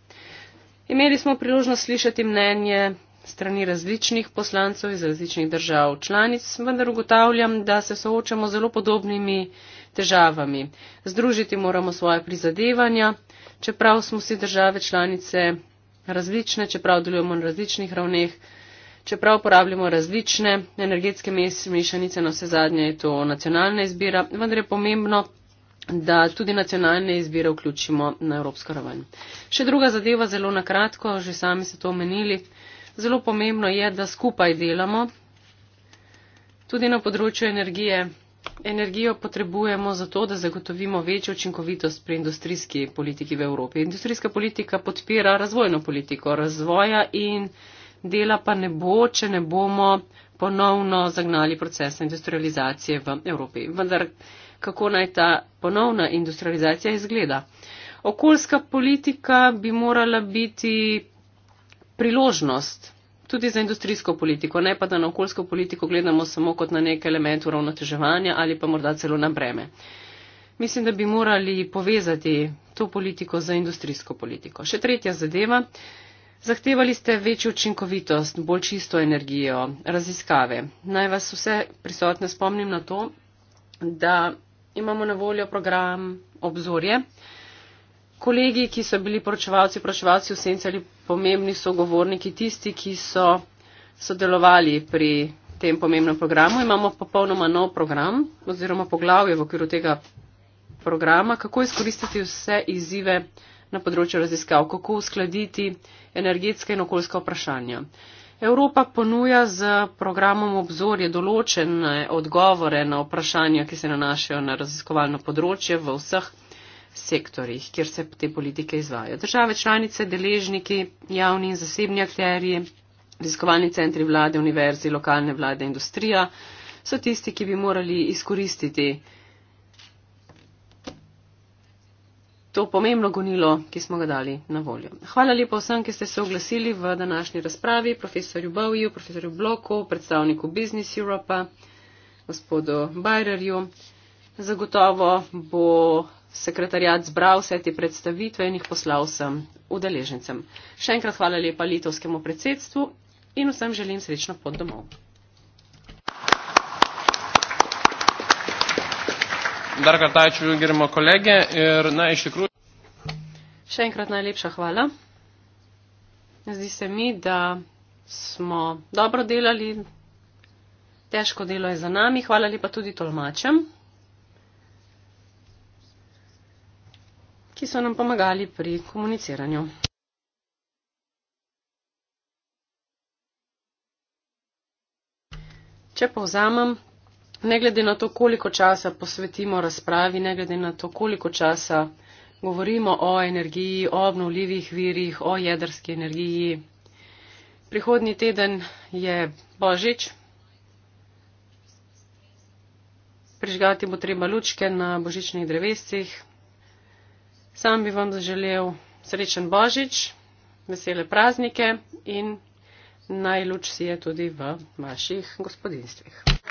Imeli smo priložnost slišati mnenje strani različnih poslancov iz različnih držav članic, vendar ugotavljam, da se soočamo z zelo podobnimi težavami. Združiti moramo svoje prizadevanja, čeprav smo vsi države članice različne, čeprav delujemo na različnih ravneh, čeprav uporabljamo različne energetske mešanice, na vse zadnje je to nacionalna izbira, vendar je pomembno, da tudi nacionalne izbire vključimo na evropsko raven. Še druga zadeva, zelo na kratko, že sami ste to omenili zelo pomembno je, da skupaj delamo. Tudi na področju energije. Energijo potrebujemo zato, da zagotovimo večjo učinkovitost pri industrijski politiki v Evropi. Industrijska politika podpira razvojno politiko razvoja in dela pa ne bo, če ne bomo ponovno zagnali procesa industrializacije v Evropi. Vendar kako naj ta ponovna industrializacija izgleda? Okoljska politika bi morala biti priložnost tudi za industrijsko politiko, ne pa da na okoljsko politiko gledamo samo kot na nek element uravnoteževanja ali pa morda celo na breme. Mislim, da bi morali povezati to politiko za industrijsko politiko. Še tretja zadeva. Zahtevali ste večjo učinkovitost, bolj čisto energijo, raziskave. Naj vas vse prisotne spomnim na to, da imamo na voljo program obzorje kolegi, ki so bili poročevalci, poročevalci v senci ali pomembni sogovorniki, tisti, ki so sodelovali pri tem pomembnem programu. Imamo popolnoma nov program oziroma poglavje v okviru tega programa, kako izkoristiti vse izzive na področju raziskav, kako uskladiti energetska in okoljska vprašanja. Evropa ponuja z programom obzorje določene odgovore na vprašanja, ki se nanašajo na raziskovalno področje v vseh sektorjih, kjer se te politike izvajo. Države članice, deležniki, javni in zasebni akterji, raziskovalni centri vlade, univerzi, lokalne vlade, industrija so tisti, ki bi morali izkoristiti to pomembno gonilo, ki smo ga dali na voljo. Hvala lepo vsem, ki ste se oglasili v današnji razpravi, profesorju Bowieju, profesorju Bloku, predstavniku Business Europa, gospodu Bajrerju. Zagotovo bo sekretarjat zbral vse te predstavitve in jih poslal vsem udeležencem. Še enkrat hvala lepa litovskemu predsedstvu in vsem želim srečno pot domov. Darka Tajč, gremo kolege in naj še kruži. Še enkrat najlepša hvala. Zdi se mi, da smo dobro delali, težko delo je za nami. Hvala lepa tudi tolmačem. ki so nam pomagali pri komuniciranju. Če povzamem, ne glede na to, koliko časa posvetimo razpravi, ne glede na to, koliko časa govorimo o energiji, o obnovljivih virih, o jedrski energiji. Prihodnji teden je Božič. Prižgati bo treba lučke na božičnih drevescih, Sam bi vam zaželel srečen božič, vesele praznike in naj luč si je tudi v vaših gospodinstvih.